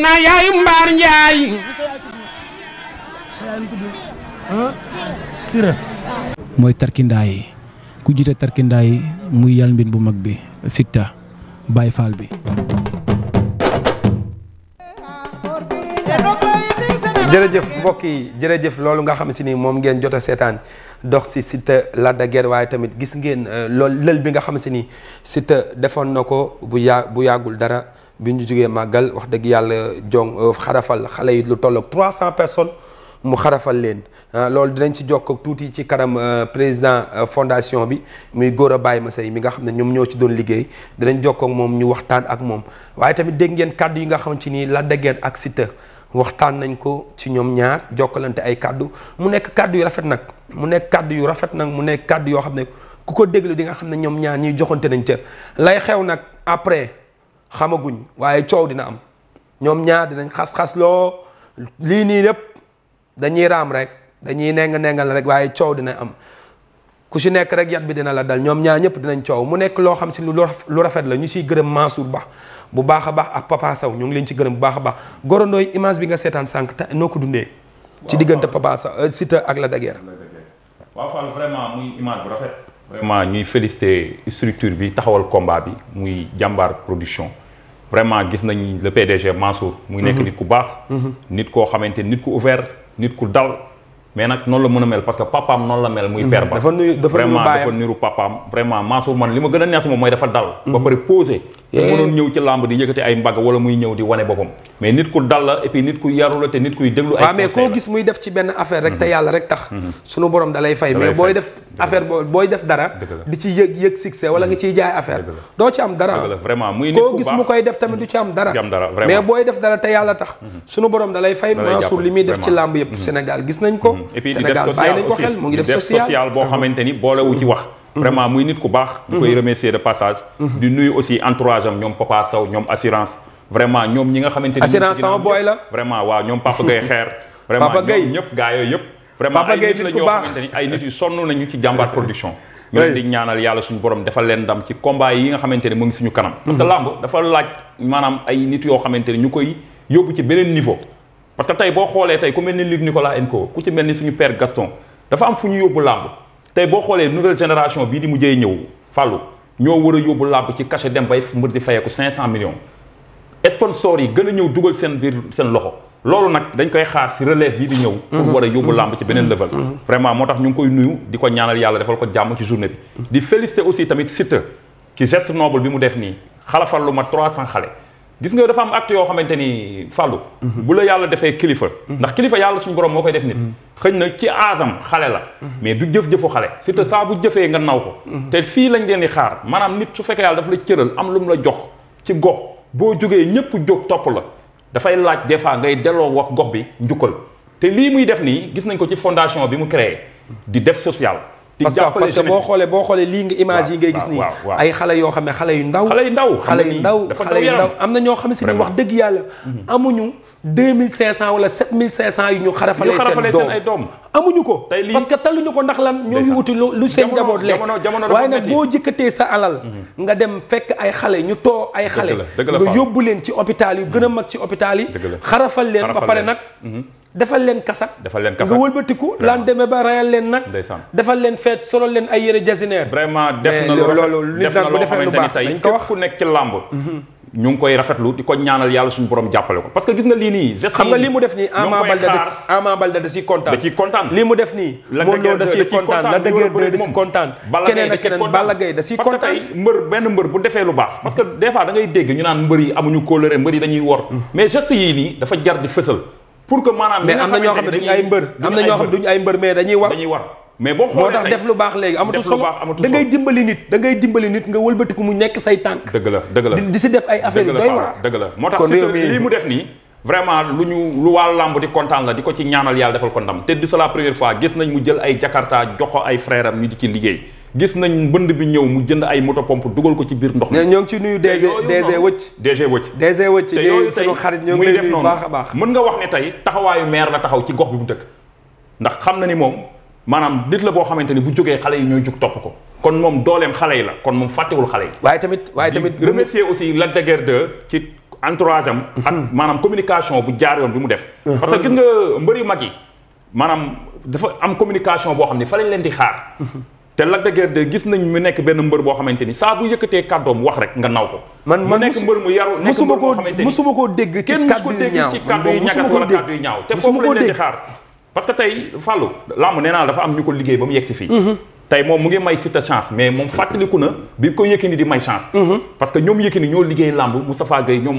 S1: naa yaayu mbaar njaay mooy tarkindaa yi ku jiite tarkindaa yi muy yal mbin bu mag bi sitta Baye Fall bi jërëjëf mbokk yi jërëjëf loolu nga xam si ni moom ngeen jot seetaan dox si Siteu Lac waaye tamit gis ngeen euh, loolu lël bi nga xam si ni Siteu defoon na ko bu yaa bu yàggul dara bi ñu jógee màggal wax dëgg yàlla jong euh, xarafal xale yi lu tolloog 300 personnes mu xarafal leen ah, loolu dinañ ci jokk tuuti ci kanam euh, président euh, fondation bi muy góor a bàyyi ma say mi nga xam ne ñoom ñoo ci doon liggéey dinañ jokk moom ñu waxtaan ak moom waaye tamit dégg ngeen kàddu yi nga xam ni la déggeen ak Siteu waxtaan nañ ko ci ñoom ñaar jokkalante ay kàddu mu nekk kàddu yu rafet nag mu nekk kàddu yu rafet nag mu nekk kàddu yoo xam ne ku ko déglu di nga xam ne ñoom ñaar ñuy joxante nañ cër lay xew nag après xamaguñ waaye coow dina am ñoom ñaar dinañ xas-xas loo lii nii lépp dañuy raam rek dañuy neng nengal rek waaye coow dina am ku si nekk rek yat bi dina la dal ñoom ñaar ñëpp dinañ coow mu nekk loo xam si lu lu rafet la ñu siy gërëm Mansour Ba bu baax a baax ak Papa Sow ñu ngi leen ci gërëm bu baax a baax gorondooy image bi nga seetaan sànq te noo ko dundee. ci diggante Papa Sow euh, ak la
S2: de vraiment ñuy félicité structure bi taxawal combat bi muy jàmbaar production vraiment gis nañ le PDG Mansour. muy nekk mhm. nit ku baax. Mhm. nit koo xamante nit ku ouvert nit ku dal. mais nag noonu la mën a mel parce que papaam noonu la mel. muy père ba mhm. dafa nuyu dafa niru papaam. vraiment Mansour man li ma gën a neex moom mooy dafa dal. ba pare posé. Eh. mu mënoon ñëw ci làmb di yëkkati ay mbagg wala muy ñëw di wane boppam mais nit ku dal la et nit ku yaru la te nit kuy déglu ay mais koo gis muy def ci benn affaire rek te mhm. yàlla rek
S1: tax mhm. sunu borom dalay fay mais booy def affaire boo booy def dara di ci yëg yëg succès wala nga mhm. ciy jaay affaire doo ci am dara vraiment muy nit gis mu koy def tamit du ci am dara mais booy def dara te yàlla tax sunu borom dalay fay Mansour li muy def ci làmb yëpp Sénégal gis nañ ko Sénégal bàyyi nañ ko xel mu ngi def social boo xamante
S2: ni boolewu ci wax vraiment muy nit ku baax. ñu koy mhm. remercier de passage. Mhm. di nuyu aussi entourage am ñoom Papa Sow ñoom assurance. vraiment ñoom ñi nga xamante ni. assurance sama boy la. vraiment waaw ñoom Papa Gueye xeer. Papa Gueye vraiment ñoom ñëpp gars vraiment ay nit yu sonn nañu ci jàmbaar production. ñun di ñaanal yàlla suñu borom defal leen ndam ci combat yi nga xamante ne mu ngi suñu kanam. parce que mhm. làmb dafa laaj maanaam ay nit yoo xamante ne ñu koy yóbbu ci beneen niveau. parce que tey boo xoolee tey ku mel ni Luc Nicolas Enco ku ci mel ni suñu père Gaston dafa tey boo xoolee nouvelle génération bii di mujjee ñëw fàllu ñoo war a yóbbu làmb ci cachet dem bay mbër di fayeeku 500 millions sponsor yi gën a ñëw dugal seen biir seen loxo loolu nag dañ koy xaar si relève bii di ñëw pour mhm. war a yóbbu mhm. làmb ci beneen level mhm. vraiment moo tax ñu ngi koy nuyu di ko ñaanal yàlla defal ko jàmm ci journée bi di féliciter aussi tamit Siteu ci geste noble bi mu def nii xalafalu ma trois 300 xale gis nga dafa am acte yoo xamante ni fàllu mhm. bu la yàlla defee kilifa mhm. ndax kilifa yàlla suñu borom moo koy def nit mhm. xëñ na ci aasam xale la mais du jëf-jëfu xale surtout saa bu jëfee nga naw ko te fii lañ leen di xaar maanaam nit su fekkee yàlla dafa la cëral am lu mu la jox ci gox boo jógee ñëpp jóg topp la dafay laaj des fois ngay delloo wax gox bi njukkal te lii muy def nii gis nañ ko ci fondation bi mu créé di def social di parce que boo xoolee boo xoolee lii nga image yi ngay gis nii
S1: ay xale yoo xam ne xale yu ndaw xale yu ndaw xale yu ndaw xale yu ndaw am na ñoo xam ne si ni wax dëgg yàlla mhm. amuñu 2500 wala 7500 yu ñu xarafalee seen ay doom amuñu ko parce que taluñu ko ndax lan ñoo ngi wuti lu seen njaboot lekk waaye nag boo jëkkatee sa alal mhm. nga dem fekk ay xale ñu too ay xale nga yóbbu leen ci hôpital yu gën a mag ci hôpital yi xarafal leen ba pare nag mhm. defal leen kasat defal leen kasat nga wëlbatiku lan demee
S2: ba rayal leen nag defal leen feet solo leen ay yére jasineer vraiment def na loolu nit nag bu defee lu baax dañ ko nekk ci làmb mhm. ñu ngi koy rafetlu di ko ñaanal yàlla suñu borom jàppale ko parce que gis nga nii xam nga lii mu def nii Ama Baldé da ci Ama Baldé da ci kontaan da ci kontaan lii mu def nii Modou Lô da ci kontaan la dëgër da ci kontaan keneen ak keneen Balla Gaye da ci kontaan mbër benn mbër bu defee lu baax parce que des fois da ngay dégg ñu naan mbër yi amuñu kóllëre mbër yi dañuy wor mm. mais geste yii pour que maanaam mais am na ñoo xam ne duñu ay mbër am na ñoo xam ne duñu ay mbër mais dañuy war dañuy war mais boo xoolee def lu baax léegi amatu solo da ngay
S1: dimbali nit da ngay dimbali nit nga
S2: wëlbatiku mu nekk say tànk dëgg la dëgg la
S1: di si def ay affaire yu doy dëgg la moo tax lii mu def
S2: nii vraiment lu ñu lu waa làmb di kontaan la di ko ci ñaanal yàlla defal ko ndam te du c'est la première fois gis nañ mu jël ay jakarta jox ay frère ñu di ci liggéey gis nañ mbënd bi ñëw mu jënd ay moto pompe dugal ko ci biir ndox mi. ñoo ngi ci nuyu DG DG wëcc. DG wëcc. DG wëcc te yooyu sunu xarit ñoo ngi lay nuyu baax a baax. mën nga wax ne tey taxawaayu maire la taxaw ci gox bi mu dëkk ndax xam na ni moom maanaam nit la boo xamante ni bu jógee xale yi ñooy jug topp ko kon moom dooleem xale yi la kon moom fàttewul xale yi. waaye tamit tamit remercier aussi Lac de Guiers 2 ci entourage am. ak mhm. maanaam communication bu jaar yoon mu def. Mhm. parce que gis nga mbëri mag yi maanaam dafa am communication boo xam ne fa lañ leen di xaar mhm. te Lac de Guiers 2 gis nañ mu nekk benn mbër boo xamante ni saa bu yëkkatee kàddoom wax rek nga naw ko. man man nekk mbër mu yaru nekk mbër boo xamante ni musuma
S1: koo dégg ci kàddu yu ñaaw ci kàddu yu ñagas wala kàddu yu ñaaw te foofu lañ leen di xaar
S2: parce que tey Fallou ñu ko liggéey ba mu yegg si fii mm-hmm. tey moom mu ngi may Siteu chance mais moom fàttaliku na bi ko Yékini di may chance mm-hmm. parce que ñoom Yékini ñoo liggéey làmb Moustapha Gueye ñoom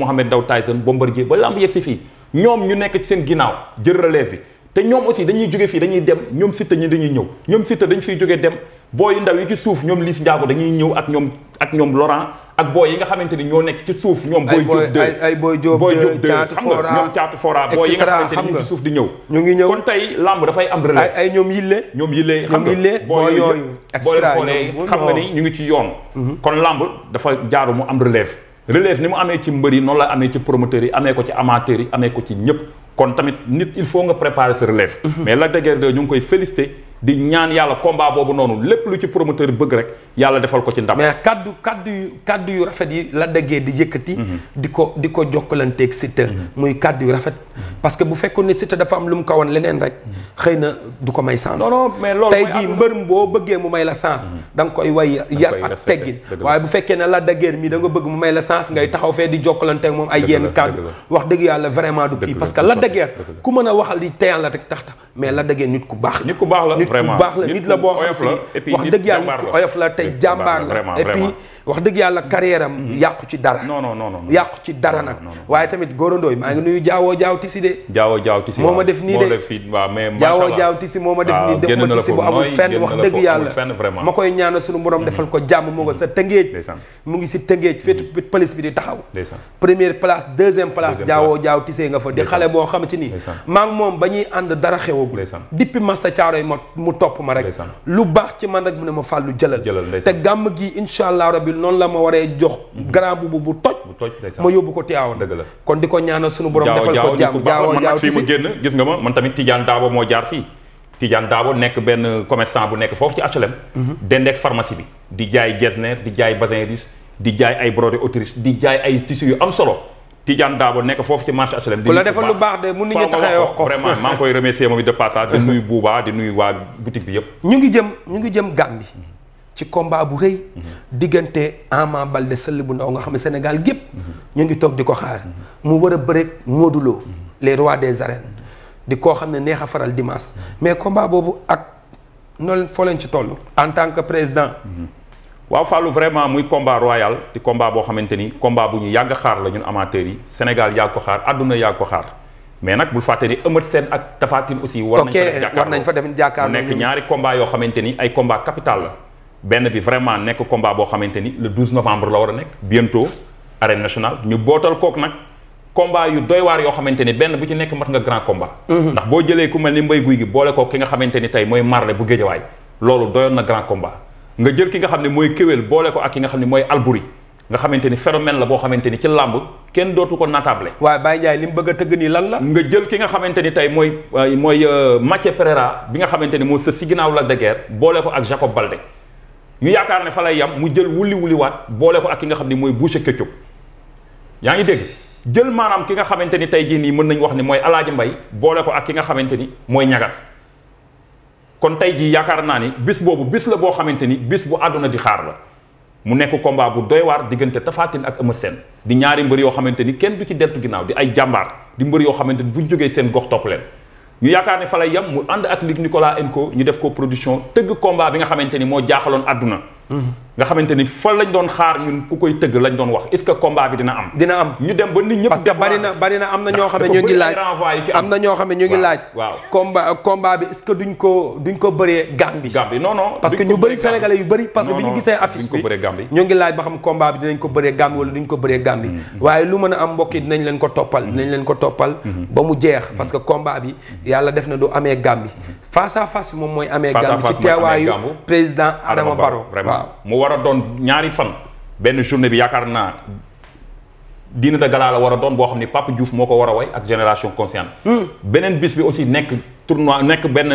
S2: ñoom ñu nekk ci seen ginnaaw jël relève bi te ñoom aussi dañuy jóge fii dañuy dem ñoom Siteu ñi dañuy ñëw ñoom Siteu dañ fiy dem booy ndaw yi ci suuf ñoom Liss Ndiago dañuy ñëw ak ñoom ak ñoom Laurent ak booy yi nga xamante ni ñoo nekk ci suuf ñoom booy Diop deux ay booy Diop deux caatu fora xam nga ñoom caatu fora booy nga ni ñu suuf di ñëw ñu ngi ñëw kon tey lamb dafay am relève ay ñoom yille ñoom yille xam nga booy yooyu boo leen xoolee xam nga ni ñu ngi ci yoon mhm. kon lamb dafa jaaru mu am relève relève ni mu amee ci mbër yi noonu la amee ci promoteurs yi amee ko ci amateurs yi amee ko ci ñëpp kon tamit nit il faut nga préparer sa relève mhm. mais la déguerre de ñu ngi koy féliciter di ñaan yàlla combat boobu noonu lépp lu ci promoteur bëgg rek yàlla defal ko ci ndam. mais kaddu kaddu yu kaddu yu rafet yi la daggee di yëkkati. Mhm. di ko di ko jokkalanteeg Siteu. Mhm.
S1: muy kaddu yu rafet. parce que bu fekkoon ne Siteu dafa am lu mu ko leneen rek xëy na du ko may sens. non non mais loolu tey jii boo bëggee mu may la sens. Mhm. da nga koy way yar ak teggin waaye bu ne la daggee mi da nga bëgg mu may la sens ngay taxaw fee di jokkalanteeg moom ay yenn kaddu. wax dëgg yàlla vraiment du kii parce que la daggee ku mën a waxal di teyaan la rek tax tax mais la daggee nit ku baax la vraiment baax la nit la boo xam si wax dëgg yàlla nit ku oyof la te jàmbaar la et puis wax dëgg yàlla carrière am mm-hmm. yàqu ci dara non non non yàqu ci dara nag waaye tamit góorandooy maa ngi nuyu jaawoo jaaw tisi de
S2: moo ma def nii de jaawoo jaaw tisi moo ma def nii
S1: mm-hmm. defal ko jàmm mu nga sa tëngéej mu ngi si tëngéej féetu mm-hmm. police bi di taxaw première place deuxième place jaawoo jaaw tisee nga fa di xale boo xam ci nii maa ngi moom ba ñuy ànd dara xewagul dippi massa caaroy mot mu topp ma rek lu baax ci man rek mu ne ma fàllu jëlal te gàmm gi incha allah rabbi noonu la ma waree jox mhm. grand bubu bu
S2: toj ma yóbbu
S1: ko Tiwaawan kon di ko ñaana sunu borom defal ko jàmm jaawo jaaw fii mu
S2: génn gis nga man tamit Tidiane Daabo moo jaar fii Tidiane Daabo nekk benn commerçant bu nekk foofu ci HLM mhm. dendeek pharmacie bi di jaay gesner di jaay bazin riche di jaay ay broderie autriche di jaay ay tissus yu am solo Tidiane Dabo nekk foofu ci marché HLM. ku la defal lu baax de mun nañu taxawee wax ko vraiment maa ngi koy remercier passage. di nuyu Bouba di nuyu waa boutique bi yëpp.
S1: ñu ngi jëm ñu ngi jëm Gambie. ci combat bu rëy. diggante Ama Baldé sëll bu ndaw nga xam ne Sénégal gépp ñu ngi toog di ko xaar. mu war a bëreeg Modou le les des arènes. di koo xam ne neex a faral dimanche. mais combat boobu ak noonu foo leen ci toll. en tant que président.
S2: waaw Fallou vraiment muy combat royal di combat boo xamante ni combat bu ñu yàgg xaar la ñun amateurs yi Sénégal yàgg ko xaar àdduna yàgg ko xaar mais nag bul fàtte ni Eumeu Sène ak Tapha aussi war nañ fa dem jàkkaarloo nekk ñaari combat yoo xamante ni ay combat capital la benn bi vraiment nekk combat boo xamante ni le 12 novembre la war a nekk bientôt arène nationale ñu bootal kook nag combat yu doy waar yoo xamante ni benn bu ci nekk mat nga grand combat mhm. ndax boo jëlee ku mel ni mbay guy gi boole ko ki nga xamante ni tey mooy marle bu géejawaay loolu doyoon na grand combat nga jël ki nga xam ne mooy kéwél boole ko ak ki nga xam ne mooy alburi nga xamante ni phénomène la boo xamante ni ci làmb kenn dootu ko natable waaye Baye Ndiaye li mu bëgg a tëgg nii lan la nga jël ki nga xamante ni tey mooy euh, mooy euh, Mathieu Pereira bi nga xamante ni moo sës si ginnaaw la de boole ko ak Jacob Baldé ñu yaakaar ne fa lay yam mu jël wuli wuli waat boole ko ak ki nga xam ni mooy Boucher Ketchup yaa ngi dégg jël maanaam ki nga xamante ni tey jii nii mën nañu wax ne mooy Alaaji Mbay boole ko ak ki nga xamante ni mooy ñagas kon tey jii yaakaar naa ni bis boobu bis la boo xamante ni bis bu àdduna di xaar la mu nekk combat bu doy waar diggante Tapha ak Eumeu Sène di ñaari mbër yoo xamante ni kenn du ci deltu ginnaaw di ay jàmbaar di mbër yoo xamante ni buñ jógee seen gox topp ñu yaakaar ne fa lay yam mu ànd ak Luc Nicolas Enco ñu def ko production tëgg combat bi nga xamante ni moo jaaxaloon àdduna mm-hmm. nga xamante ni fa lañ doon xaar ñun ku koy tëgg lañ doon wax est-ce que combat bi dina am. dina am ñu dem ba nit ñëpp. parce que bari na bari na am na
S1: ñoo xam ne ñu ngi laaj am na ñoo xam ne ñu ngi laaj. waaw combat combat bi est-ce que duñ ko duñ ko bëree Gambie. Gambie non non parce que ñu bëri sénégalais yu bëri. parce que bi ñu gisee affiche bi ñu ngi laaj ba xam combat bi dinañ ko bëree Gambie wala duñ ko bëree Gambie. Mm, mm, mm. waaye lu mën a am mbokk yi dinañ leen ko toppal. dinañ leen ko toppal. ba mu jeex parce que combat bi yàlla def na du amee Gambie face à face moom mooy amee Gambie ci teewaayu
S2: président Adama Barrow waaw war doon ñaari fan benn journée bi yaakaar naa dîner de gala la war a doon boo xam ni Pape Diouf moo ko war a way ak génération consciente hmm. beneen bis bi aussi nekk tournoi nekk benn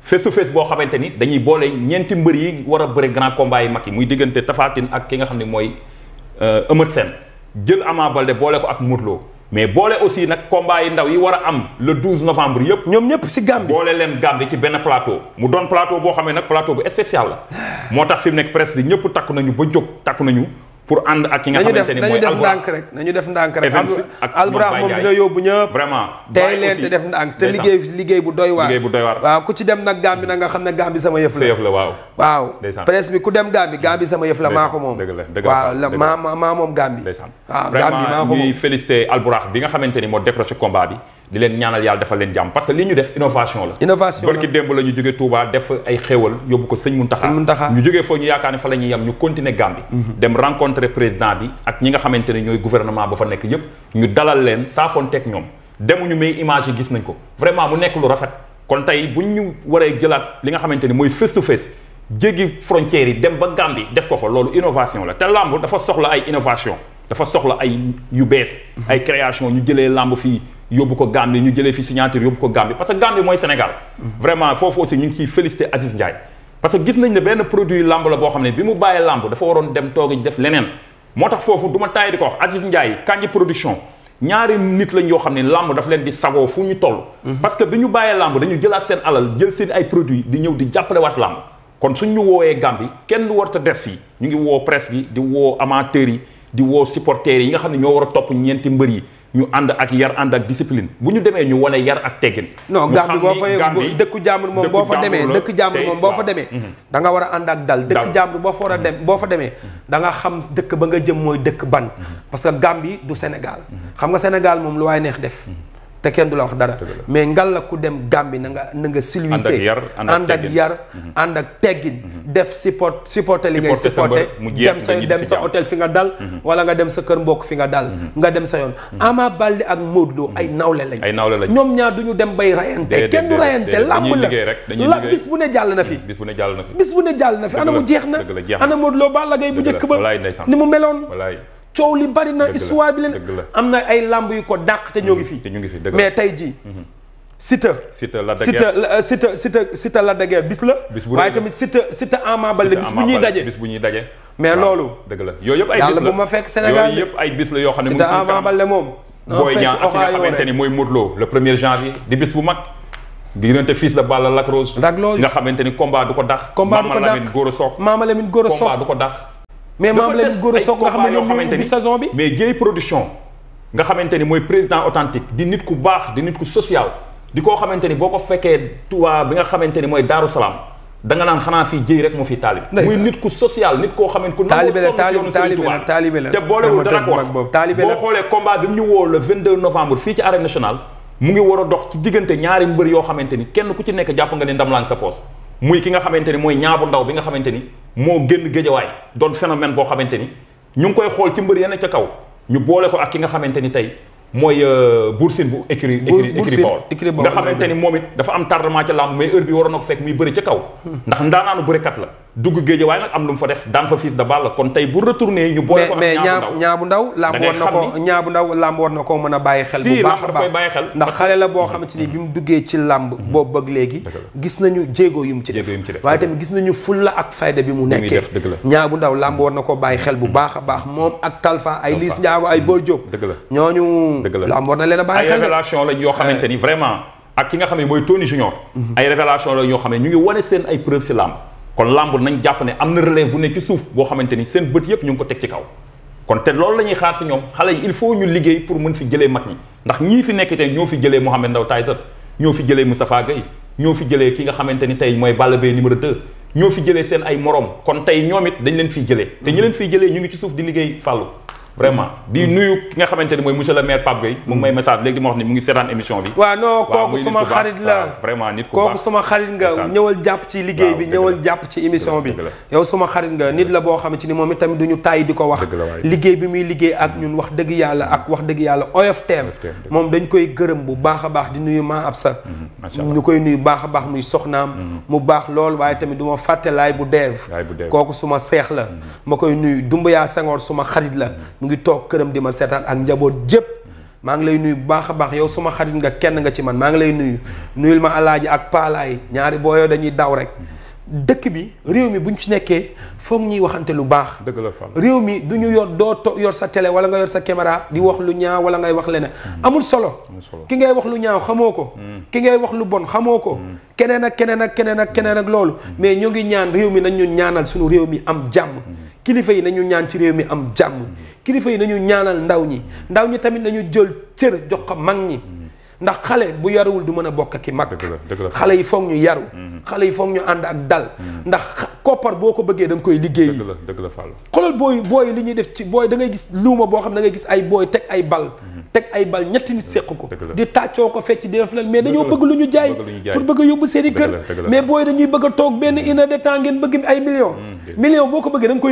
S2: face to boo xamante ni dañuy boole ñeenti mbër yi war a bëri grand combat yi mag yi muy diggante tafaatin ak ki nga xam ne mooy euh, Eumeu Sène jël Ama Baldé boole ko ak Modou mais boole aussi nag combat yi ndaw yi war a am le 12 novembre yëpp. ñoom ñëpp si Gambie boole leen Gambie ci benn plateau. mu doon plateau boo xamee ne nag plateau bu spécial la ah. moo tax si mu nekk presse bi ñëpp takk nañu ba jóg takk nañu. pour ànd ak ki nga xamante ni mooy. nañu def ndànk
S1: rek nañu def ndànk rek. Albourakh moom dina
S2: yóbbu ñëpp. vraiment tey leen te def ndànk te liggéey liggéey bu doy waar. liggéey bu doy waar waaw ku ci dem nag Gàmbi na nga xam ne
S1: Gàmbi sama yëf la. yëf la waaw. waaw presse bi ku dem Gàmbi mm. Gàmbi sama yëf la maa ko moom.
S2: dëgg la waaw
S1: maa moom Gàmbi. waaw Gàmbi maa ko moom
S2: vraiment bi nga xamante ni moo décroché combat bi di leen ñaanal yàlla defal leen jàmm parce que li ñu def innovation la innovation barki démb la ñu jógee Touba def ay xéewal yóbbu ko sëñ Muntaxa ñu jógee foofu fa la ñuy yem ñu mhm. dem président bi ak ñi nga xamante ne ñooy gouvernement ba fa nekk yépp ñu dalal leen saafoonteeg ñoom demuñu mais image yi gis nañ ko vraiment mu nekk lu rafet kon tey bu ñu waree jëlaat li nga xamante ni mooy face to face jéggi frontières yi dem ba Gambie def ko fa loolu innovation la te lamb dafa soxla ay innovation dafa soxla ay yu bees mhm. ay création ñu jëlee làmb fii yóbbu ko Gambie ñu jëlee fi signature yóbbu ko Gambie parce que Gambie mooy Sénégal. vraiment foofu aussi ñu ngi ciy félicité Aziz Ndiaye. parce que gis nañ ne benn produit lamb la boo xam ne bi mu bàyyee lamb dafa waroon dem toogi def leneen moo tax foofu duma ma taay di ko wax Aziz Ndiaye Kandji production ñaari nit lañ yoo xam ne lamb dafa leen di sagoo fu ñu toll. Mhm. parce que bi ñu bàyyee lamb dañu jëlaat seen alal jël seen ay produits di ñëw di jàppale waat kon suñ ñu woowee Gambie kenn warut a des fii ñu ngi woo presse bi di woo amateurs yi di woo supporters yi nga xam ne ñoo war a topp ñeenti mbër yi ñu ànd ak yar ànd ak disipline bu ñu demee ñu wane yar ak teggin. non Gambie boo fay dëkku jàmbur moom
S1: boo fa demee dëkk jàmbur moom boo fa demee. Mhm. da nga war a ànd ak dal dëkk jàmbur boo fa war a dem mhm. boo fa demee danga xam dëkk ba nga jëm mooy dëkk ban mhm. parce que Gambie du Sénégal xam nga Sénégal moom lu waay neex def. te kenn du la wax dara mais ngal la ku dem Gàmbi na nga na nga silvisé ànd ak yar ànd ak teggin mhm. mhm. def sipot supporté li ngay supporté dem sa dem sa hôtel fi nga dal mhm. wala nga dem sa kër mbokk fi nga dal nga dem sa yoon Ama Baldé ak Modou Lo ay nawle lañ ay nawle lañ ñoom ñaar du ñu dem bay rayante kenn du rayante làmb la la bis bu ne jàll na fi bis bu ne jàll na fi na fi ana mu jeex na ana Modou Lo Balla Gaye bu njëkk ba ni mu meloon coow li bari na histoire bi leen am na ay làmb yu ko dàq te ñoo ngi mm-hmm. fii te ñu
S2: ngi mm-hmm. Siteu Siteu la
S1: Siteu Siteu Siteu la daguère bis la waaye tamit Siteu Siteu Ama Baldé bis
S2: bu ñuy daje mais loolu dëgg la yooy yëpp ay bis la bu ma fekk Sénégal yooyu yëpp ay la yoo xam ne Siteu Ama Baldé
S1: moom booy ñaa ak nga xamante ni
S2: mooy Modou Lo le premier di bis bu mag diggante fils de Balla Lac Rose nga xamante ni combat du ko dàq combat du combat du ko dàq mais maam la ne ñoom ñooy ubbi saison bi mais Dieye production nga xamante ni mooy président authentique di nit ku baax di nit ku social di koo xamante ni boo ko fekkee Touba bi nga xamante ni mooy Daaru Salaam da nga naan xanaa fii Dieye rek moo fi taalib muy nit ku social nit koo xamante ku taalibe la taalibe la taalibe la te boolewul dara ko wax boo xoolee combat bi mu ñu woo le 22 novembre fii ci arène nationale mu ngi war a dox ci diggante ñaari mbër yoo xamante ni kenn ku ci nekk jàpp nga ne ndam laa ngi sa muy ki nga xamante ni mooy ñaabu ndaw bi nga xamante ni moo génn géejawaay doon phénomène boo xamante ni ñu ngi koy xool ci mbër yenn ca kaw ñu boole ko ak ki nga xamante ni tey mooy euh, Bour Sine bu écurie écurie Bawol nga xamante ni moom it dafa am tardement ca làmb mais heure bi waroon na ko fekk muy bëri ca kaw hmm. ndax ndaanaanu bërikat la dugg géej waaye nag am lu mu fa def daan fa fils de balle kon tey bu retourné ñu boole ko mais ñaabu ndaw lamb war na ko
S1: ñaabu ndaw lamb war na ko mën a bàyyi xel bu baax a baax ndax xale la boo xamante ni mm-hmm. bi mu duggee ci làmb mm-hmm. boobu ak léegi gis nañu jéego yu mu ci def waaye tamit gis nañu fulla ak fayda bi mu nekkee ñaabu ndaw lamb mm-hmm. war na ko bàyyi xel bu
S2: baax a baax moom ak talfa ay liis
S1: njaago ay boor jóob dëgg la ñooñu lamb war
S2: na leen a bàyyi xel ay révélation lañ yoo eh. xamante ni vraiment ak ki nga xam ne mooy Tony Junior ay révélation lañ yoo xam ne ñu ngi wane seen ay preuve ci làmb kon làmb nañ jàpp ne am na relève bu ne ci suuf boo xamante ni seen bët yëpp ñu ngi ko teg ci kaw kon te loolu la xaar si ñoom xale yi il faut ñu liggéey pour mën fi jëlee mag ñi ndax ñii fi nekk tey ñoo fi jëlee Mouhamed Ndao Tyson ñoo fi jëlee Moustapha Gueye ñoo fi jële ki nga xamante ni tey mooy Balla Gaye numéro 2 ñoo fi jëlee seen ay moroom kon tey ñoom it dañ leen fi jële te ñu leen fiy jëlee ñu ngi ci suuf di liggéey fàllu vraiment di nuyu ki nga xamante ni mooy monsieur le maire Pape Gueye mu ngi may message léegi di ma wax ni mu ngi seetaan émission bi waaw non kooku suma xarit la vraiment nit ku baax kooku suma xarit nga ñëwal
S1: jàpp ci liggéey bi ñëwal jàpp ci émission bi yow suma xarit nga nit la boo xam ni moom itamit duñu tàyyi di ko wax liggéey bi muy liggéey ak ñun wax dëgg yàlla ak wax dëgg yàlla OFTM moom dañ koy gërëm bu baax a baax di nuyu maa ab sa ñu koy nuyu baax a baax muy soxnaam mm-hmm. mu baax lool waaye tamit du ma fàtte laay bu deev kooku suma seex la mm-hmm. ma koy nuyu dumb Dumbuya Senghor suma xarit la mm-hmm. ngi toog këram di ma seetaan ak njaboot jépp maa ngi lay nuyu bu baax a baax yow suma xarit nga kenn nga ci man maa ngi lay nuyu nuyul ma alaaji ak paalaay ñaari booyoo dañuy daw rek dëkk bi réew mi bu ñu ci nekkee foog ñuy waxante lu baax. dëgg réew mi du ñu yor doo to yor sa télé wala nga yor sa caméra di wax lu ñaaw wala ngay wax leneen. Hmm. amul solo. ki ngay wax lu ñaaw xamoo ko. Hmm. ki ngay wax lu bon xamoo ko. Hmm. keneen ak keneen ak keneen ak keneen ak loolu. mais ñoo ngi ñaan réew mi nañu ñaanal suñu réew mi am jàmm. kilifa yi nañu ñaan ci réew mi am jàmm. kilifa yi nañu ñaanal ndaw ñi ndaw ñi tamit nañu jël cër jox ko mag ñi. ndax xale bu yaruwul du mën a bokk ki mag
S4: xale yi foog ñu yaru mhm.
S1: xale yi foog ñu ànd ak dal mhm. ndax koppar boo ko bëggee da
S2: nga koy liggéey yi
S1: xoolal booy booy li ñuy def ci booy dangay gis luuma boo xam ne da ngay gis ay booy teg ay bal mhm. teg ay bal ñetti nit seq ko di tàccoo ko fecc di def lan mais dañoo bëgg lu ñu jaay pour bëgg a yóbbu seen i kër mais booy dañuy bëgg a toog benn mm. une heure de temps ngeen bëgg ay millions mm, millions boo ko bëggee da nga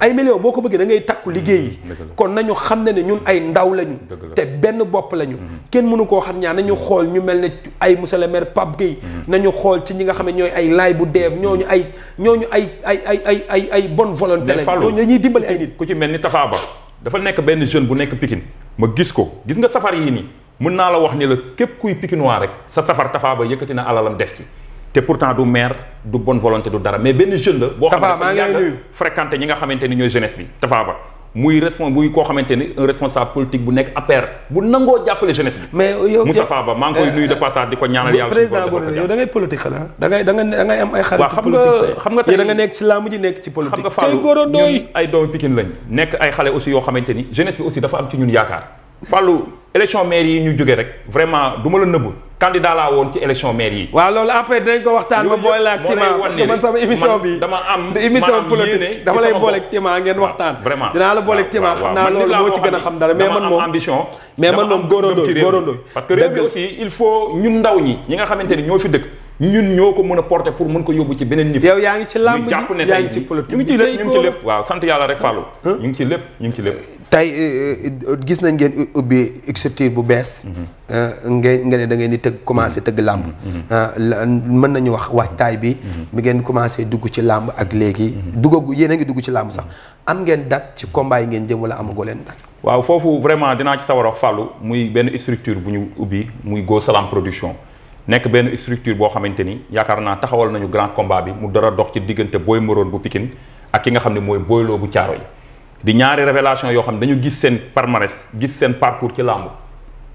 S1: ay millions boo ko ngay takku mm, liggéey yi kon nañu xam ne ne ñun ay ndaw lañu te benn bopp lañu kenn mënu koo xam ñaar nañu xool ñu mel ne ay monsieur le maire Pape Gueye nañu xool ci ñi nga xam ne ñooy ay laay bu deef ñooñu ay ñooñu ay ay ay ay ay ay bonne volonté la ñooñu dañuy
S2: dimbali ay nit ku ci mel ni Tafa dafa nekk benn jeune bu nekk Pikine ma gis ko gis nga safar yii nii mën naa la wax ni la képp kuy pikinois rek sa safar Tafa ba yëkkati na alalam def ci te pourtant du maire du bon volonté du dara mais benn jeune la. boo xam ne dafa yàgg fréquenté ñi nga xamante ni ñooy jeunesse bi tafaaba muy respon koo xamante ni un responsable politique bu nekk APR bu nangoo jàppale jeunesse bi. mais yow Moustapha Ba maa ngi koy euh, nuyu de passage di ko ñaanal yàlla. président Gorée yow
S1: da ngay politique xanaa. da ngay da ngay am ay xarit politique xam nga tey danga
S2: nekk ci làmb ji nekk ci politique. xam nga Fallou ñun ay nekk ay xale aussi yoo xamante ni jeunesse bi aussi dafa am ci ñun yaakaar. Fallou élection maire yi ñu jógee rek vraiment duma ma la nëbbu candidat laa woon ci élection maire yi. waaw loolu après dinañ ko waxtaan ba boole ak Tima parce que man sama émission bi dama am émission dama lay boole ak Tima ngeen waxtaan. vraiment dinaa la boole ak Tima xam naa loolu moo ci gën a xam dara mais man moom ambition mais man il faut ñun ndaw ñi ñi nga xamante ni ñoo fi dëkk ñun ñoo ko mën a porter pour mën ko yóbbu ci beneen niveau. yow yaa ngi ci làmb ji yaa ngi ci politique ñu ngi ci lépp waaw sant yàlla rek Fallou. ñu ngi ci lépp ñu ngi ci lépp.
S1: tey euh, gis nañ ngeen ubbi structure bu bees. Mhm. Euh, ngeen nga ne da ngeen di tëgg commencé tëgg làmb. Mhm. Mhm. Euh, mën nañu wax waajtaay bi. mu ngeen commencé dugg ci làmb ak léegi. duggagu yéen a ngi dugg ci làmb sax am ngeen date ci combat yi ngeen jëm wala amagoo leen date.
S2: waaw foofu vraiment dinaa ci sawar wax Fallou muy benn structure bu ñu ubbi muy Go Salam Production. nekk benn structure boo xamante ni yaakaar naa taxawal nañu grand combat bi mu dara dox ci diggante booy moroon bu Pikine ak ki nga xam ne mooy Boy Lo bu Thiaroye di ñaari révélation yoo xam ne dañu gis seen palmarès gis seen parcours ci làmb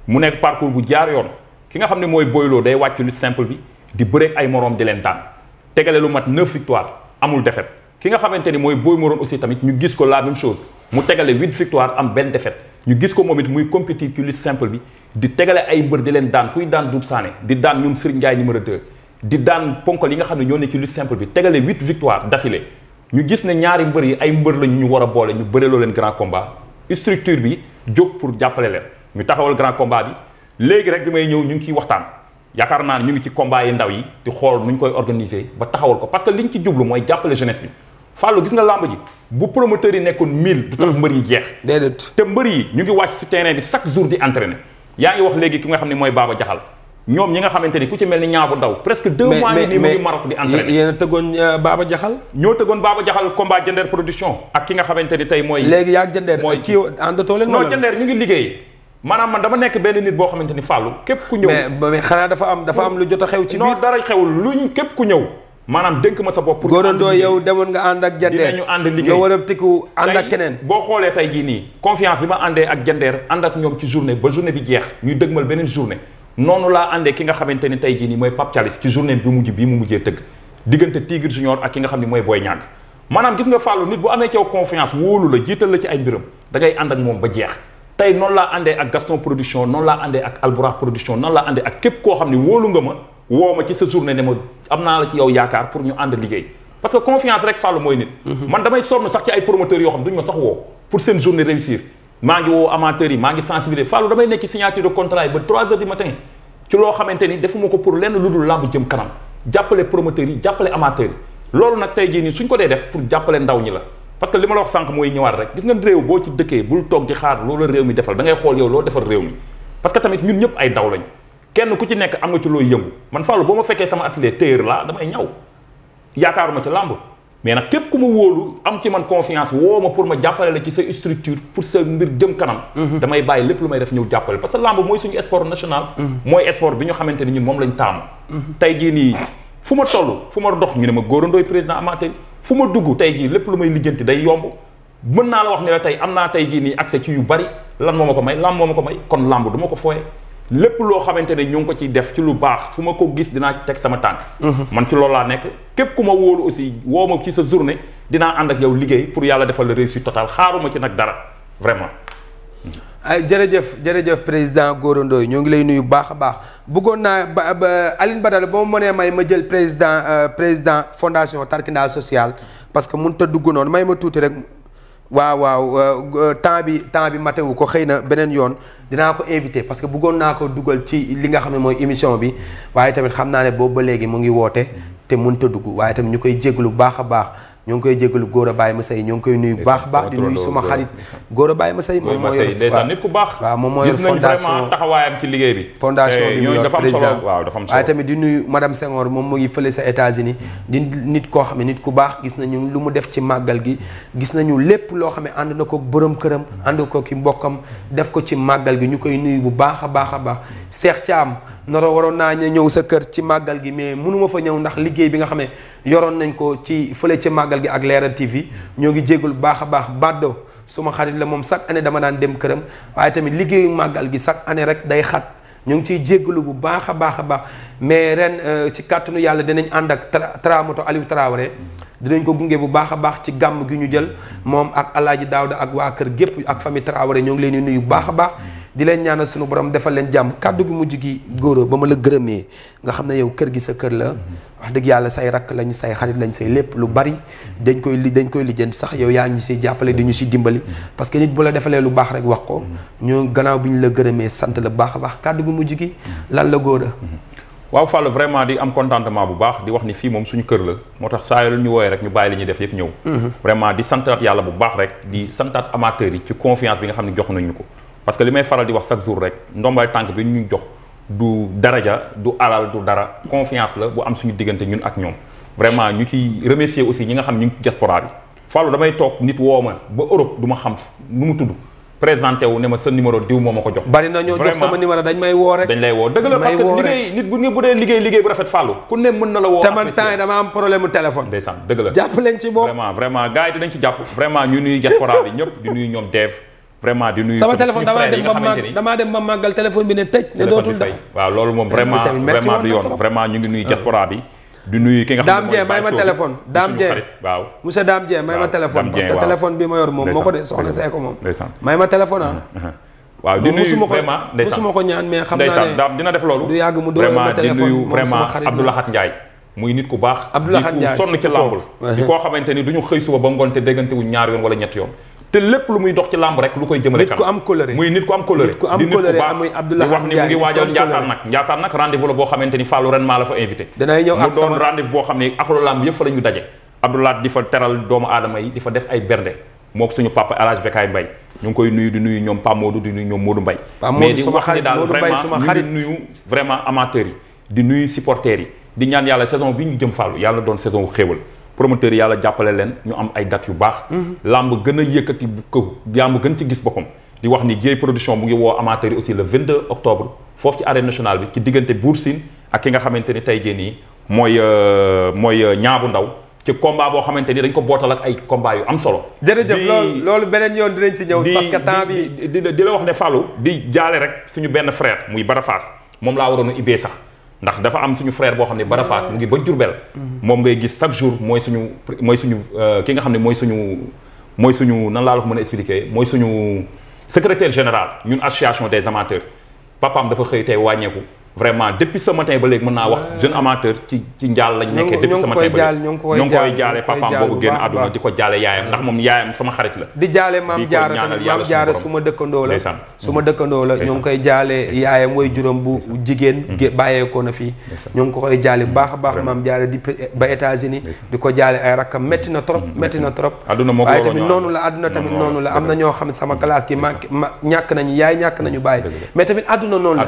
S2: mu nekk parcours bu jaar yoon ki nga xam ne mooy Boy Lo day wàcc lutte simple bi di bëreek ay moroom di leen daan tegale lu mat 9 victoire amul defet ki nga xamante ni mooy Boy Maroon aussi tamit ñu gis ko la même chose mu tegale 8 victoire am benn défaite ñu gis ko moom it muy compétir ci lutte di tegale ay mbër di leen daan kuy daan Doudou Sané di daan ñoom Serigne Ndiaye numéro 2 di daan ponkal yi nga xam ne ñoo ne ci lutte simple bi tegale huit victoire d'affilée ñu gis ne ñaari mbër yi ay mbër la ñu war a boole ñu bëreloo leen grand combat structure bi jóg pour jàppale leen ñu taxawal grand combat bi léegi rek bi may ñëw ñu ngi ciy waxtaan yaakaar naa ne ñu ngi ci combat yi ndaw yi di xool nu ñu koy organiser ba taxawal ko parce que liñ ci jublu mooy jàppale jeunesse bi Fallou gis nga lamb ji bu promoteur yi hmm. mbër yi jeex déedéet mbër yi ñu ngi wàcc terrain bi chaque jour di entraîner yaa ngi wax léegi ki nga xam ne mooy Baba Jaxal ñoom ñi nga xamante ni ku ci mel ni ñaabu ndaw presque deux mois ni nii mu ngi Maroc di entraîné yéen a tëggoon euh, Baba Jaxal ñoo tëggoon Baba Jaxal combat Jëndeer production ak ki nga xamante ni tey mooy léegi yaa Jëndeer mooy kii àndatoo leen non Jëndeer ñu ngi liggéey maanaam man dama nekk benn
S1: nit boo xamante ni fàllu képp ku ñëw xanaa dafa am dafa am lu jot a xew ci biir non
S2: dara xewul ñu képp ku ñëw maanaam dénk ma sa bopp. pour góorandoo yow demoon nga ànd ak jandeer dinañu ànd liggéey nga war a tikku ànd ak keneen. boo xoolee tey jii nii confiance bi ma àndee ak jandeer ànd ak ñoom ci journée ba journée bi jeex ñuy dëgmal beneen journée noonu laa àndee ki nga xamante ni tey jii nii mooy Pape Thialis ci journée bi mu mujjee tëgg diggante Tigre Junior ak ki nga xam ne mooy booy ñàgg maanaam gis nga Fallou nit bu amee ci yow confiance wóolu la jiital la ci ay mbiram da ànd moom ba jeex tey noonu laa àndee ak Gaston production noonu ak Albourakh production noonu laa àndee ak képp koo xam ne wóolu nga ma woo ma ci sa journée ne ma am naa la ci yow yaakaar pour ñu ànd liggéey parce que confiance rek sàll mooy nit. Mhm. man damay sonn sax ci ay promoteurs yoo xam duñ ma sax woo pour seen journée réussir maa ngi woo amateurs yi maa ngi sensibiliser Fallou ci loo xamante ni defuma ko pour lenn lu dul làmb jëm kanam jàppale promoteurs yi jàppale amateur yi loolu nag tey jii nii suñ ko dee def pour jàppale ndaw ñi la parce que li ma la wax sànq mooy ñëwaat rek gis nga réew boo ci dëkkee bul toog di xaar loola réew defal da ngay xool loo defal réew mi parce tamit ñun ñëpp ay ndaw lañ kenn ku ci nekk am nga ci looy yëngu man Fallou boo ma fekkee sama atelier téer laa damay ñaw yaakaaruma ci làmb mais nag képp ku ma wóolu am ci man confiance woo ma pour ma jàppale la ci sa structure pour sa mbir jëm kanam. Mhm. damay bàyyi lépp lu may def ñëw jàppale parce que làmb mooy suñu sport national. Mhm. mooy sport bi ñu xamante ni ñun moom lañ taamu. Mhm. tey jii nii fu ma toll fu ma dox ñu ne ma góorandooy président amateur fu ma dugg tey jii lépp lu may lijjanti day yomb mën naa la wax ne tey am naa tey jii nii accès yu bari lan moo ma ko may lan ma ko may kon làmb du ma ko fooye lépp loo xamante ne ñoo ngi ko ciy def ci lu baax fu ma ko gis dinaa ci teg sama tànk. man ci loolu laa nekk képp ku ma wóolu aussi woo ma ci sa journée dinaa ànd ak yow liggéey pour yàlla defal la réussite totale xaaruma ci nag dara vraiment. ay jërëjëf jërëjëf président Gora
S1: Ndoye ñoo ngi lay nuyu baax a baax bëggoon naa ba Aline Badara boo mënee may ma jël président euh, président fondation Tarkinda social parce que mënut a dugg noonu may ma tuuti rek. waaw waaw euh, euh, temps bi temps bi matewu ko xëy na beneen yoon dinaa ko invité parce que bëggoon naa ko dugal ci li nga xam ne mooy émission bi waaye tamit xam naa ne boobu ba léegi mu ngi woote te mënut a dugg waaye tamit ñu koy jéglu baax a baax ñoo koy jégalu góor a bàyyi ma say ñoo ngi koy nuyu baax baax di nuyu suma xarit a bàyyi ma say moom moo yor ndeysaan nit ku baax waaw moom moo eh, nit koo xam ne nit ku baax gis nañu lu mu def ci màggal gi gis nañu lépp loo xam ne ànd na kook borom këram ànd ko ki mbokkam def ko ci màggal gi ñu koy nuyu bu baax a baax a baax seex Cheikh Thiam noro waroon naa ñëw sa kër ci màggal gi mais mënuma fa ñëw ndax liggéey bi nga xam ne yoroon nañ ko ci fële ci màggal gi ak leeral TV ñoo ngi jéggul baax a baax baddo ma xarit la moom chaque année dama daan dem këram waaye tamit liggéeyu màggal gi chaque année rek day xat ñoo ngi ciy jéggalu bu baax a baax a baax mais ren euh, ci kàttanu yàlla dinañ ànd ak tra tramoto Aliou Traoré dinañ ko gunge bu baax a baax ci gàmm gi ñu jël moom ak daaw Daawda ak waa kër gépp ak famille Traoré ñoo ngi leen di nuyu bu baax a baax di leen ñaanal suñu borom defal leen jàmm kàddu gi mujj gi góoroo ba ma la gërëmee nga xam ne yow kër gi sa kër la wax dëgg yàlla say rakk lañu say xarit lañ say lépp lu bari dañ koy dañ koy lijjanti sax yow yaa ngi siy jàppale di ñu si dimbali parce que nit bu la defalee lu baax rek wax ko ñu gannaaw bi ñu la gërëmee sant la baax a baax kàddu gi mujj gi lan la góor a
S2: waaw Fallou vraiment di am contentement bu baax di wax ni fii moom suñu kër la moo tax saa yoo ñu wooyee rek ñu bàyyi li ñuy def yëpp ñëw mhm. vraiment di santaat yàlla bu baax rek di santaat amateurs yi ci confiance bi nga xam ne jox nañu ko parce que li may faral di wax chaque jour rek ndombaay tànk bi ñu jox du daraja du alal du dara confiance la bu am suñu diggante ñun ak ñoom vraiment ñu ci remercier aussi ñi nga xam ñu ngi ci diaspora bi Fallou toog nit woo ma ba Europe du ma mu tudd jox. bari na ñoo woo rek. dañ lay woo dëgg la parce que liggéey nit bu ñu ñoom Dev vraiment di nuyu. sama téléphone damaa dem ba màgg damaa dem ba màggal téléphone bi ne tëj. ne dootul def waaw loolu moom vraiment du yoon vraiment ñu ngi nuyu diaspora bi. di nuyu ki nga xam ne may ma téléphone Daam ah. Dieng
S1: waaw monsieur musuma ko ñaan
S2: mais xam naa ne daam dina def loolu du yàgg mu doon ma téléphone di nuyu vraiment Abdoulahat Ndiaye muy nit ku baax Abdoulahat Ndiaye sonn ci làmbul di koo xamante ni du ñu xëy suba ba ngoonte déggante wu ñaar yoon wala ñett yoon te lépp lu muy dox ci làmb rek lu koy jëmale kanam nit ku am coloré muy nit ku am coloré di nit ku baax di wax ni mu waajal Njaasaan nag Njaasaan nag rendez boo xamante ni Fallou ren maa la fa invité danay ñëw ak sama boo xam ne axlu làmb yëpp fa la ñu daje Abdoulaye di fa teral doomu aadama yi di fa def ay bernde mook suñu papa El Hadj Bekaay Mbaye ñu ngi koy nuyu di nuyu ñoom Pa Modou di nuyu ñoom Modou Mbaye mais di wax ni daal vraiment ñu ngi nuyu vraiment amateurs yi di nuyu supporters yi di ñaan yàlla saison bi ñu jëm Fallou yàlla doon saison xéewal promoteurs yàlla jàppale leen ñu am ay dat yu baax làmb gën a yëkkati ko làmb gën ci gis boppam di wax ni Dieye production mu ngi woo amateurs yi aussi le 22 octobre foofu ci arène nationale bi ci diggante Bour Sine ak ki nga xamante ni tey jii nii mooy euh, mooy ñaabu euh, ndaw ci combat boo xamante ni dañ ko bootal ak ay combat yu am solo. jën jërëjëf loolu loolu beneen yoon dinañ ci ñëw. parce que temps bi dina di la wax ne Fallou bi jaale rek suñu benn frère muy Bara Fass moom laa waroon a ubbee sax. ndax dafa am suñu frère boo xam ne Bara Fass mu ngi ba Jurbel moom ngay gis chaque jour mooy suñu mooy suñu euh, ki nga xam ne mooy suñu mooy suñu nan laa la mën a expliquer mooy suñu secrétaire général ñun association des amateurs papaam dafa xëy tey wàññeeku vraiment depuis ce matin ba léegi mën naa wax jeune amateur ci ci njaal lañ nekkee depuis ce matin ba léegi ñoo ngi koy jaale papaam boobu génn àdduna di ko jaale yaayam ndax moom yaayam sama xarit la
S1: di jaale maam jaara tamit maam jaara su ma dëkkandoo la su ma dëkkandoo la ñoo ngi koy jaale yaayam way juróom bu jigéen bàyyeekoo na fii ñoo ngi ko koy jaale baax a baax maam jaara di ba États-Unis di ko jaale ay rakkam métti mm. na trop métti mm. na trop waaye tamit noonu la àdduna tamit noonu la am na ñoo xam sama mm. classe gi ma ñàkk nañu yaay ñàkk nañu bàyyi mais tamit àdduna noonu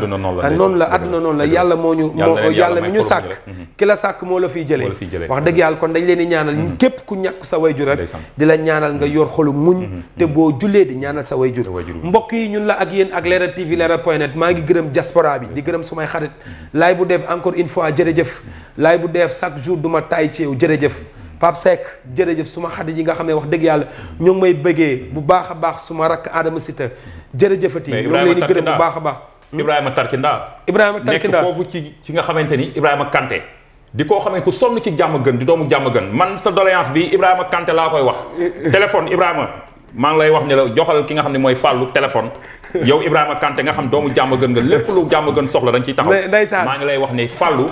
S1: la noonu la àdduna euh, noonu la yàlla moo ñu moo yàlla mi ñu sàkk ki la sàkk moo la fiy jëlee wax dëgg yàlla kon dañ leen di ñaanal mhm. képp ku ñàkk sa wayjur rek di la ñaanal nga mhm. yor xolu muñ mhm. te boo jullee di ñaanal sa wayjur mbokk yi ñun la ak yéen ak Leral TV Leral point maa ngi gërëm diaspora bi di gërëm sumay xarit laay bu def encore une fois jërëjëf laay bu def chaque jour du ma taay ci yow jërëjëf Pape Seck jërëjëf ma xarit yi nga xam ne wax dëgg yàlla ñoo may bëggee bu baax a baax suma rakk Adama Sita jërëjëfati ñoo ngi leen di gërëm bu baax a baax Ibrahima
S2: Tarkinda. Ibrahima Tarkinda nekk foofu ci ci nga xamante ni Ibrahima kante di koo xam ne ku sonn ci jàmm gën di doomu jàmm gën man sa doléance bi Ibrahima Kanté laa koy wax téléphone Ibrahima maa ngi lay wax ni la joxal ki nga xam ne mooy fàllu téléphone yow Ibrahima Kanté nga xam doomu jàmm gën nga lépp lu jàmm gën soxla dañ ciy taxaw maa ngi lay wax ne fàllu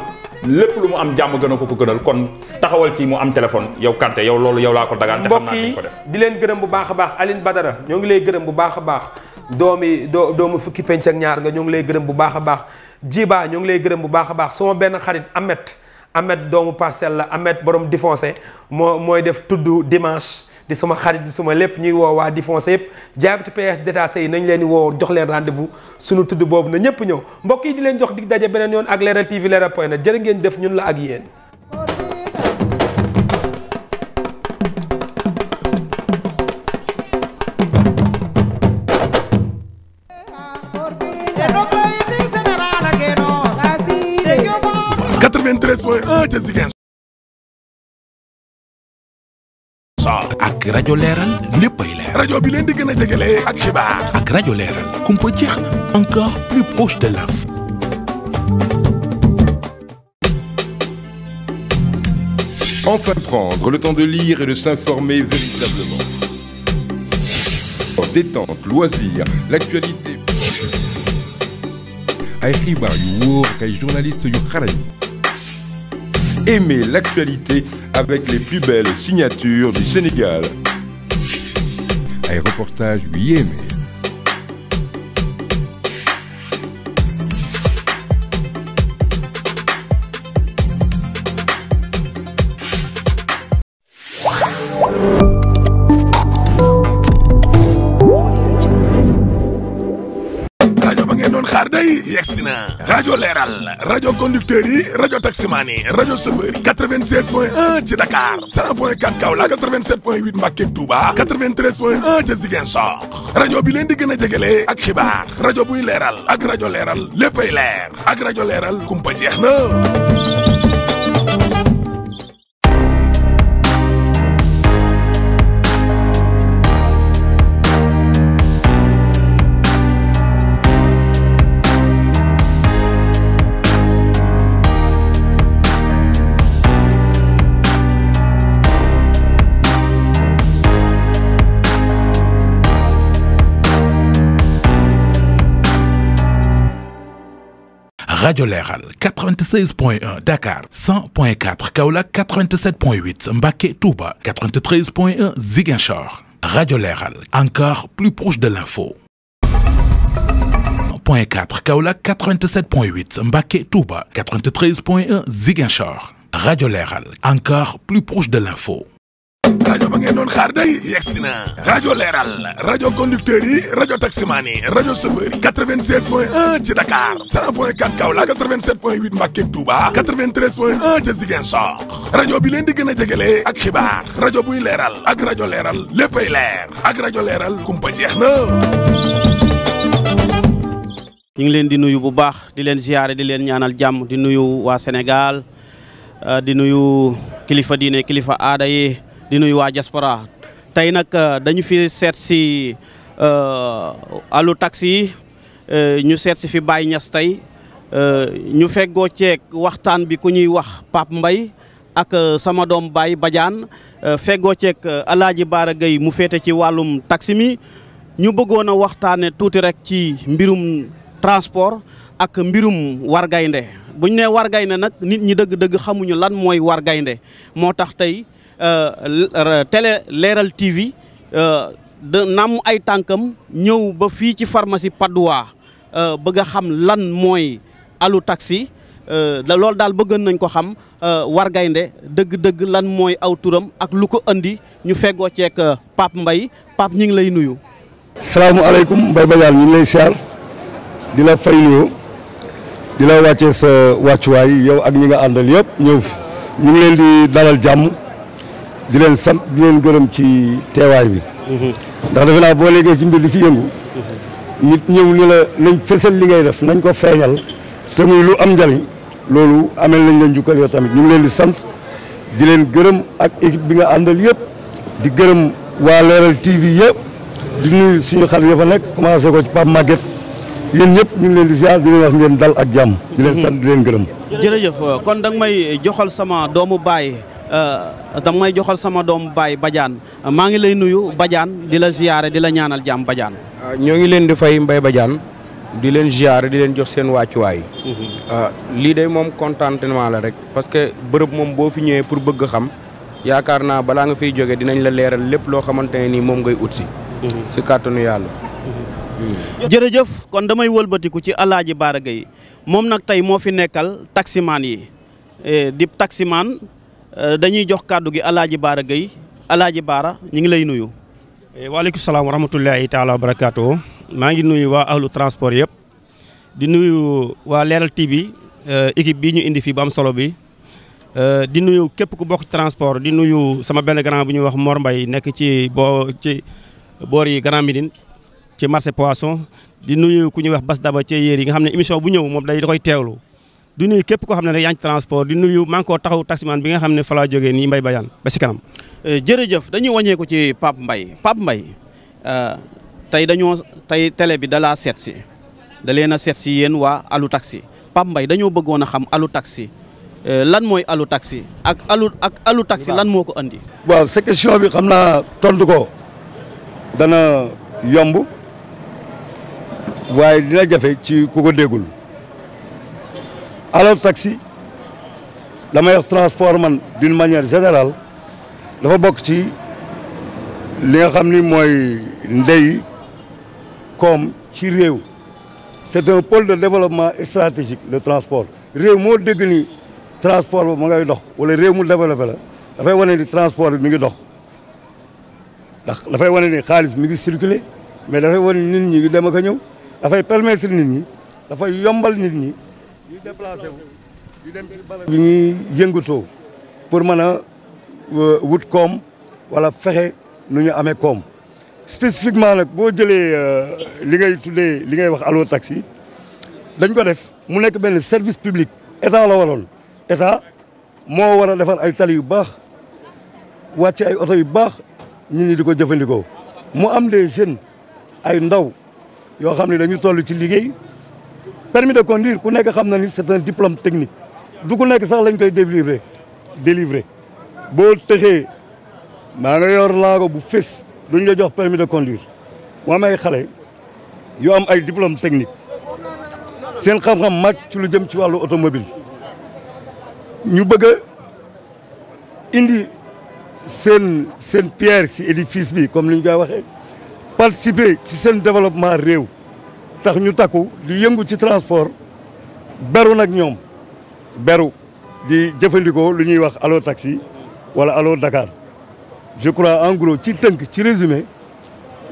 S2: lépp lu mu am jàmm gën a ko ko gënal kon taxawal kii mu am téléphone yow kante yow loolu yow laa ko dagaan te xam naa ko def mbokk di leen gërëm bu baax a baax
S1: Aline Badara ñoo ngi lay gërëm bu baax baax doomi doo doomu fukki penc ñaar nga ñoo ngi lay gërëm bu baax a baax jiba ñoo ngi lay gërëm bu baax a baax sama benn xarit Amet Amet doomu parcelle la Amet borom difoncé moo mooy def tudd dimanche di sama xarit di suma lépp ñuy woo waa difoncé yëpp jaagatu PS détaché yi nañ leen di woo jox leen rendez-vous suñu tudd boobu na ñépp ñëw mbokk yi di leen jox di daje beneen yoon ak Leral TV Leral point na jërë ngeen def ñun la ak yéen
S5: 93 point 1 ca Ziguinchor
S1: ak rajo leeral léppay
S5: rajo bi leen di gën a rajo leeral
S7: kumpa jeex na encore plus proche de
S5: l'info Enfin prendre le temps de lire et de s'informer véritablement.
S3: Détente, loisirs, l'actualité. ay xibaar yu wóor kay journaliste yu xarañ Aimez
S7: l'actualité avec les plus belles signatures du Sénégal. Ay reportage 8 mai.
S3: na
S5: rajo leeral rajo conducteur yi rajo taximaan yi rajo chauffeur yi 96 point 1 ci Dakar 100 point 4 Kaolack 87 point 8 Mbacké Touba 93 point 1 ca rajo bi leen di gën a jegele ak xibaar rajo buy leeral ak rajo leeral léppay leer ak rajo leeral kumpa jeex na rajo Leral 96.1 Dakar 100.4 Kaolack 87.8 Mbacké Touba 93.1 Ziguinchor rajo Leral encore plus proche de l'info. point 4 Kaolack 87.8 Mbacké Touba 93.1 Ziguinchor rajo Leral encore plus proche de l'info. rajo ba ngeen doon xaar day yegsi na rajo leeral rajo conducteur yi rajo taximaan yi rajo chauffeur yi 96 point 1 ci Dakar 100 point 4 Kaolack 87 point 8 rajo bi leen di gën a jegele ak xibaar rajo buy leeral ak rajo leeral léppay leer ak rajo
S6: leeral kumpa jeex na ñu ngi leen di nuyu bu baax di leen ziyaare di leen ñaanal jàmm di nuyu waa senegal euh, di nuyu kilifa diine kilifa aada yi di nuyu waa diaspora tey nag euh, dañu fi seet si euh, alu taxi yi euh, ñu seet fi Baye ñas tey ñu feggoo ceeg waxtaan bi ku ñuy wax Pape mbay ak sama doom Baye Badiane feggoo ceeg Alaaji Baara Gueye mu féete ci wàllum taxi mi ñu bëggoon a waxtaane tuuti rek ci mbirum transport ak mbirum wargaynde bu ñu nee wargaynde nag nit ñi dëgg-dëgg xamuñu lan mooy wargaynde moo tax tey tele euh, leeral TV euh, da nam ay tànkam ñëw ba fii ci pharmacie Padois euh, bëgg a xam lan mooy Allo Taxi loolu daal bëggoon nañ ko xam wargaynde dëgg-dëgg lan mooy aw turam ak lu ko andi ñu feggoo ceek Pape mbay Pape ñu ngi lay nuyu. salaamualeykum Mbaye Badiane ñu ngi lay siyaar di la fay nuyoo
S7: di la wàccee sa wàccuwaay yow ak ñi nga àndal yëpp ñëw fi ñu ngi leen di dalal jàmm. di leen sant di leen gërëm ci teewaay bi. ndax defe naa boo léegee ci mbir li ci yëngu. nit ñëw ni la nañ fësal li ngay def nañ ko feeñal. te muy lu am njariñ loolu amel nañ leen jukkal yoo tamit ñu ngi leen di sant di leen gërëm ak équipe bi nga àndal yëpp. di gërëm waa Leral TV yëpp di nuyu suñu xarit ya fa nekk commencé ko ci Pape Maguette yéen ñëpp ñu ngi leen di ziar di leen wax ngeen dal ak jàmm. di leen sant di leen gërëm.
S6: jërëjëf kon danga may joxal sama doomu baay. Euh, damay joxal sama doom baay Badiane maa ngi lay nuyu Badiane di la ziyaare di la ñaanal jàmm Badiane.
S8: Ah, ñoo ngi leen di fay Mbaye Badiane di leen ziyaare di leen jox seen wàccuwaay. Mhm. Ah, lii de moom contentement la rek parce que bërëb moom boo fi ñëwee pour bëgg xam yaakaar naa balaa nga fiy jóge dinañ la leeral lépp loo xamante ne nii moom ngay ut si. Mhm. si kàttanu yàlla. Mhm.
S6: Hmm. jërëjëf kon damay wëlbatiku ci Alaaji Baara Gaye moom nag tey moo fi nekkal taximaan yi eh, di taximaan. Euh, dañuy jox kàddu gi alaaji Baara Gueye alaaji Baara ñu ngi lay nuyu.
S4: Eh, waaleykum salaam wa rahmatullahi taala wa barakaatu maa ngi nuyu waa ahlu transport yëpp di nuyu waa Leral TV euh, équipe bi ñu indi fi ba am solo bi euh, di nuyu képp ku bokk transport di nuyu sama benn grand bu ñuy wax Mor mbay nekk ci boo ci boor yi Grand Médine ci marché poisson di nuyu ku ñuy wax Bas Daba ci yéer yi nga xam ne émission bu ñëw moom day da koy teewlu. du képp koo xam ne rek yaa ngi transport di nuyu maa ngi koo taxaw taximaan bi nga xam ne fa laa jógee nii Mbaye Badiane ba si kanam. Eh, jërëjëf dañuy wàññeeku ci Pape mbay Pape Mbaye
S6: euh, tey dañoo tey télé bi da seet si da leen a seet si yéen waa alu taxi Pape mbay dañoo bëggoon a xam alu taxi euh, lan mooy alu taxi ak alu ak alu taxi lan moo ko andi. waaw xam naa
S7: tontu ko dana yomb waaye dina jafe ci ku ko alors taxi damay transport man d'une manière général dafa bokk ci li nga xam ni mooy ndey koom ci réew c'est un pôle de développement stratégique de transport réew moo dégg ni transport ba ma ngay dox wala réew mu développé la dafay wane ni transport bi mi ngi dox ndax dafay wane ni xaalis mi ngi circuler mais dafay wane nit ñi ngi dem ak a ñëw dafay permettre nit ñi dafay yombal nit ñi ñuy déplacé wu di dem ci pour mën a euh, wut koom wala fexe nu ñu amee koom spécifiquement nag boo jëlee euh, li ngay tuddee li ngay wax allo taxi dañ ko def mu nekk benn service public état la waroon état moo war a defar ay tali yu baax wàcce ay oto yu baax ñu ñi di ko jëfandikoo mu am des jeunes ay ndaw yoo xam ne dañu toll ci liggéey permis de conduire ku nekk xam na ni c'est un diplôme technique du ku nekk sax lañ koy délivrer délivrer boo tëxee maa nga yor laago bu fés duñ la jox permis de conduire waa ay xale yu am ay diplôme technique seen xam-xam màcc ci lu jëm ci wàllu automobile ñu bëgg a indi seen seen pierre si édifice bi comme ni ñu koy waxee participer si seen développement réew tax ñu takku di yëngu ci transport beru nag ñoom beru di jëfandikoo lu ñuy wax allo taxi wala allo Dakar je crois en ci tënk ci résumé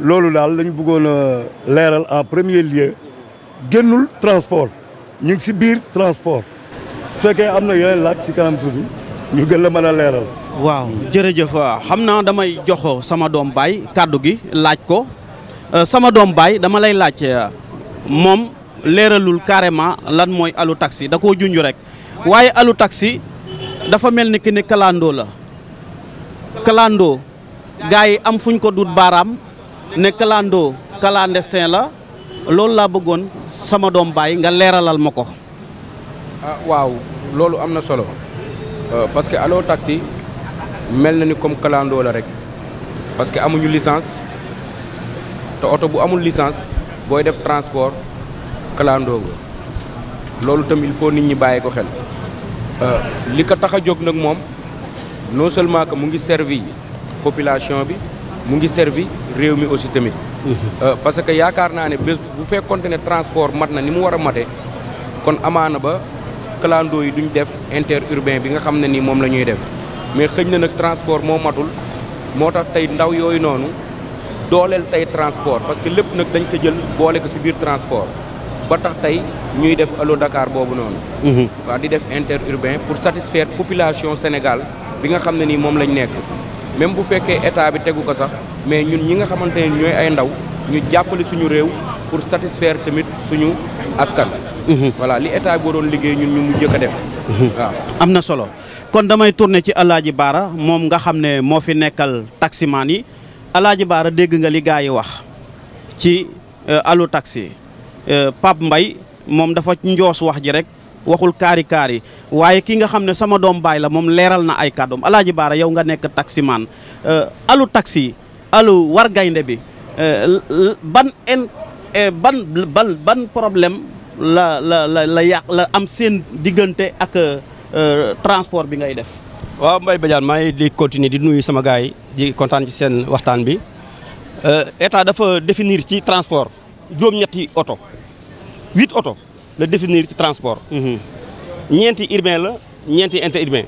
S7: loolu daal lañ buggoon a leeral en premier lieu génnul transport ñu ngi si biir transport su fekkee am na yeneen laaj si kanam tuuti ñu gën la mën a leeral.
S6: waaw jërëjëf xam naa damay jox sama doom baay kàddu gi laaj ko euh, sama doom baay dama lay laaj. Euh, moom leeralul carrément lan mooy alu taxi da koo junj rek waaye alu taxi dafa mel ni ki ne kalandoo la kalandoo gars yi am fuñ ko dut baaraam ne kalandoo clandestin la loolu laa bëggoon sama doom bàyyi nga leeralal ma ko. Ah, waaw loolu am na solo
S8: euh, parce que allo taxi mel na ni comme kalandoo la rek parce que amuñu licence te oto bu amul licence. booy def transport kalandoo nga loolu tamit il faut nit ñi bàyyi ko xel euh, li ko tax a jóg nag moom non seulement que mu ngi servi population bi mu ngi servi réew mi aussi tamit mhm. euh, parce que yaakaar naa ne bés bu fekkonte ne transport mat na ni mu war a mate kon amaana ba kalandoo yi duñ def interurbain bi nga xam ne nii moom la ñuy def mais xëñ na nag transport moo matul moo tax tey ndaw yooyu noonu dooleel tey transport parce que lépp nag dañ ko jël boole ko si biir transport ba tax tey ñuy def allo Dakar boobu noonu. Mhm. waa di def interurbain pour satisfaire population Sénégal bi nga xam ne nii moom lañ nekk. même bu fekkee état bi tegu ko sax mais ñun ñi nga xamante ne ñooy ay ndaw ñu jàppale suñu réew pour satisfaire tamit suñu askan. Mhm. voilà li état boo doon liggéey ñun ñu mujj ko def.
S6: Mhm. waaw am na solo kon damay tourner ci Alaaji Baara moom nga xam ne moo fi nekkal taximaan yi. Alaaji a dégg nga li gaa wax ci euh, alo taxi euh, Pape mbay moom dafa njoos wax ji rek waxul kaari kaari waaye ki nga xam ne sama doom baay la moom leeral na ay kàddoom Alaaji Baara yow nga nekk taksi taximaan euh, alo taksi alo war gaynde bi ban en ban ban ban problème la la la la la am seen diggante ak transport bi ngay def
S4: waaw Mbaye Badiane maa ngi di continuer di nuyu sama gars yi di kontaan ci seen waxtaan bi euh, état dafa définir ci transport juróom-ñetti oto huit oto la définir ci transport. Mm-hmm. ñeenti urbain la ñeenti inter urbain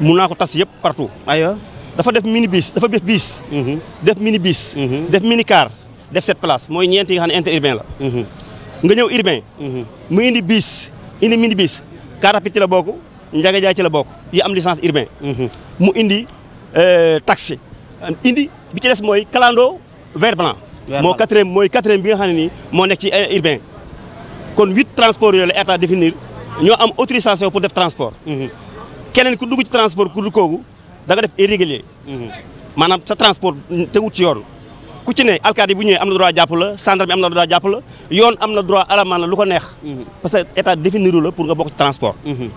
S4: mun naa ko tas yëpp partout. aywa dafa def mini bus dafa def bus. Mm-hmm. def mini bus. Mm-hmm. def mini car def sept places mooy ñeenti nga xam ne inter urbain la. nga ñëw urbain. mu indi bus indi mini bus car rapide ci la bokk. Ndiaga Ndiaye ci la bokk yi am licence urbain. mu indi euh, taxi. indi bi ci mooy clando vert blanc. moo quatrième mooy quatrième bi nga xam ne nii moo nekk ci euh, urbain. kon huit transport yooyu la état définir ñoo am autorisation pour def transport. keneen ku dugg ci transport ku dul kooku da nga def irrégulier. maanaam sa transport te ci yoon. ku ci ne alkaati bu ñëwee am na droit jàpp la gendarme am na droit jàpp yoon am na droit alamaan la lu ko neex. Mm-hmm. parce que état définir la pour nga bokk ci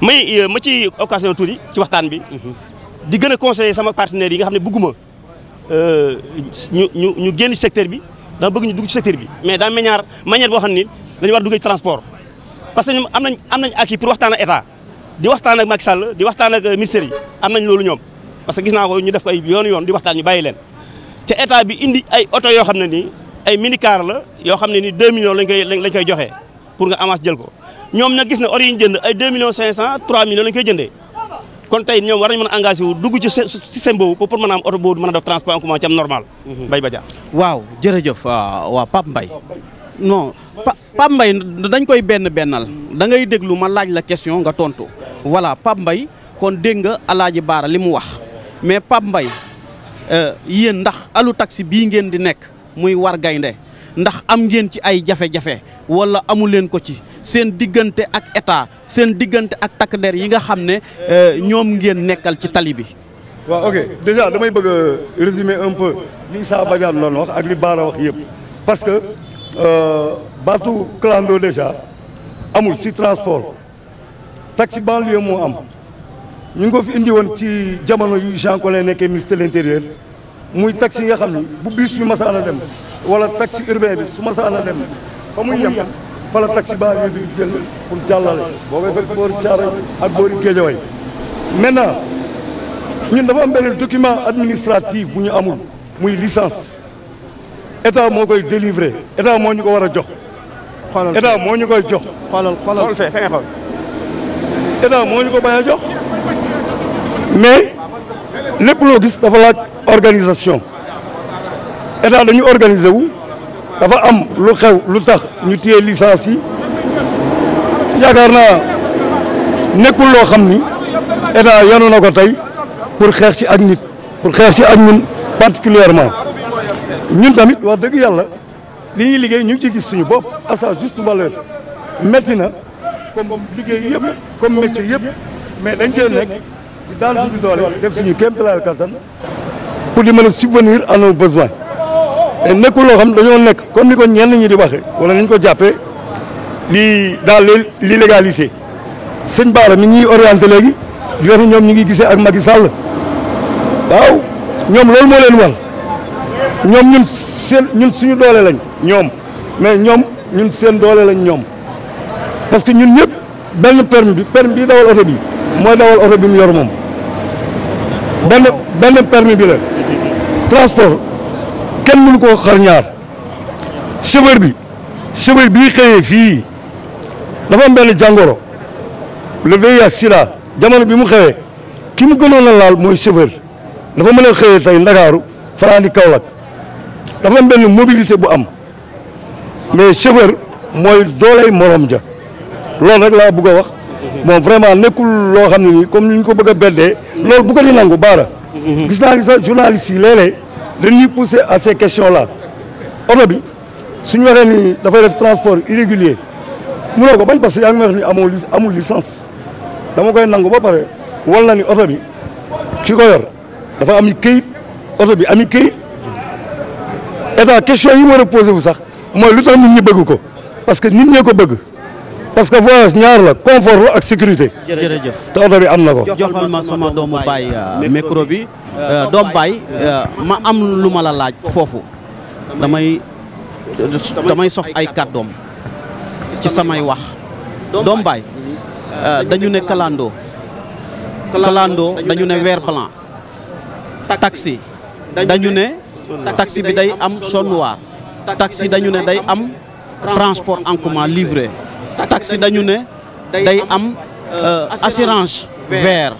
S4: may euh, ma ci occasion tuuti ci waxtaan bi mhm. di gën a conseiller sama partenaires yi nga xam ne bëgguma euh, ñu ñu ñu génn ci secteur bi dama bëgg ñu dugg ci secteur bi mais daa meñaar manière boo xam ne dañu war a duggee transport parce que ñoom am nañ am nañ acquis pour waxtaan ak état di waxtaan ak Macky Sall di waxtaan a euh, ministère am nañ loolu ñoom parce que gis naa ko ñu def ko yoon yoon di waxtaan ñu bàyyi leen te état bi indi ay oto yoo xam ne ni ay minicar la yoo xam ne ni 2 millions lañ koy lañ koy joxe. pour nga avance jël ko ñoom nag gis na or yi ñu jënd ay 2 millions 500 3 millions lañ koy jëndee kon tey ñoom war a mën a engagé wu dugg ci système boobu pour mën a am oto boobu mën a def transport en commun normal. Mbaye mhm. Badiane.
S6: waaw jërëjëf ah, waa mbay Mbaye.
S4: non Pape Mbaye
S6: dañ koy benn bennal da ngay déglu ma laaj la question nga tontu voilà Pape mbay kon dégg nga Alaaji Baara li mu wax mais Pape mbay euh, yéen ndax alu taxi bii ngeen di nekk muy war gaynde ndax am ngeen ci ay jafe-jafe wala amu leen ko ci seen diggante ak état seen diggante ak takk der yi nga xam ne euh, ñoom ngeen nekkal ci tali bi.
S7: waaw ok déjà damay bëgg a résumer un peu li Issa Badiane wax ak li Baara wax yëpp parce que euh, baatu clando déjà amul si transport taxi banlieue moo am ñu ngi ko fi indi ci jamono yu Jean Collin nekkee ministre de l'intérieur muy taxi yi nga xam ni bu bus bi masaana dem. wala taxi urbain bi suma sa saan a dem fa muy yem fa la taxi baa ngi di jël pour jàllale boo koy fekk boori Thiaroye ak boori Guédiawaye maintenant ñun dafa am benn document administratif bu ñu amul muy licence état moo koy délivré état moo ñu ko war a jox. xoolal état moo ñu koy
S4: jox. xoolal xoolal fee moo ñu ko bañ a jox
S7: mais lépp loo gis dafa laaj organisation. état dañu organiser wu dafa am lu xew lu tax ñu téye licence yi yaakaar naa nekkul loo xam ni état yanu na ko tey pour xeex ci ak nit pour xeex ci ak ñun particulièrement ñun tamit wax dëgg yàlla li ñuy liggéey ñu ngi ci gis suñu bopp à sa juste valeur métti na comme liggéey yëpp comme métier yëpp mais dañ cee nekk di daan suñu doole def suñu kéemtalaay kattan pour di mën a subvenir à nos te nekkul loo xam dañoo nekk kon ni ko ñenn ñi di waxee wala nañ ko jàppee di li l'illégalité sëñ Bara mi ñuy orienté léegi di wax ñoom ñu ngi gisee ak Macky Sall waaw ñoom loolu moo leen wal ñoom ñun seen ñun suñu doole lañ ñoom mais ñoom ñun seen doole leen ñoom parce que ñun ñëpp benn permis bi permis bi dawal oto bi mooy dawal oto bi mu yor moom benn benn permis bi la transport kenn mënu koo xar ñaar chauffeur bi chauffeur bii xëyee fii dafa am benn jàngoro le VIH jamono bi mu xëyee ki mu gënoon a laal mooy chauffeur dafa mën a xëyee tey ndakaaru faraani Kaolack dafa am benn mobilité bu am mais chauffeur mooy dooley morom ja loolu rek laa bëgg a wax bon vraiment nekkul loo xam ne nii comme ni ñu ko bëgg a beddee loolu bu ko di nangu baara mhm. gis naa gis yi léeg ni pousser à ces question la oto bi suñ waxee dafa dafay def transport irrégulier mënoo ko bañ parce que yaa ngi wax ni amoo amul licence dama koy nangu ba pare wal na ni oto bi ci ko dafa am këyit oto bi ami këyit état question yi mu war a wu sax mooy lu tax nit ñi bëgg ko parce que nit ñee ko bëgg parce que voyage ñaar la confort la ak sécurité.
S6: jërëjëf te oto bi am na ko. joxal ma sama doomu euh, Euh, euh, doom baay euh, ma am lu ma la laaj foofu damay damay sof ay kàddoom ci samay wax doom baay dañu ne kalandoo kalandoo dañu ne vert blanc taksi dañu ne taxi bi day am jaune noir dañu ne day am transport en commun livré taxi dañu ne day am assurance vert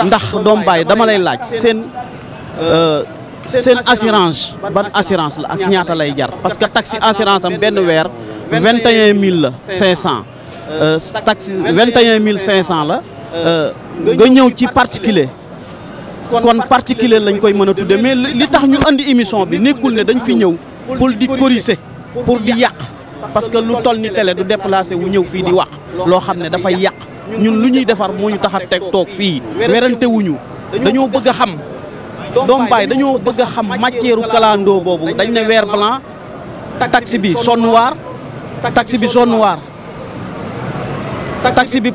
S6: ndax doom bàyyi dama lay laaj seen euh, euh, seen assurance ban assurance la ak ñaata lay jar parce que taxi assurance am benn weer vingt et la cinq cent euh, taxi vingt et un mille cinq cent la nga ñëw ci particulier kon particulier lañ koy mën a tudde mais li tax ñu andi émission bi nekkul ne dañ fi ñëw pour di corriger pour di yàq parce que lu toll ni télé du déplacé wu ñëw fii di wax loo xam ne dafay yàq ñun lu ñuy defar moo ñu tax a teg toog fii werante wuñu dañoo bëgg a xam doom baay dañoo bëgg a xam matière kalandoo boobu dañ ne vert blanc taxi bi son noir bi son noir taxi bi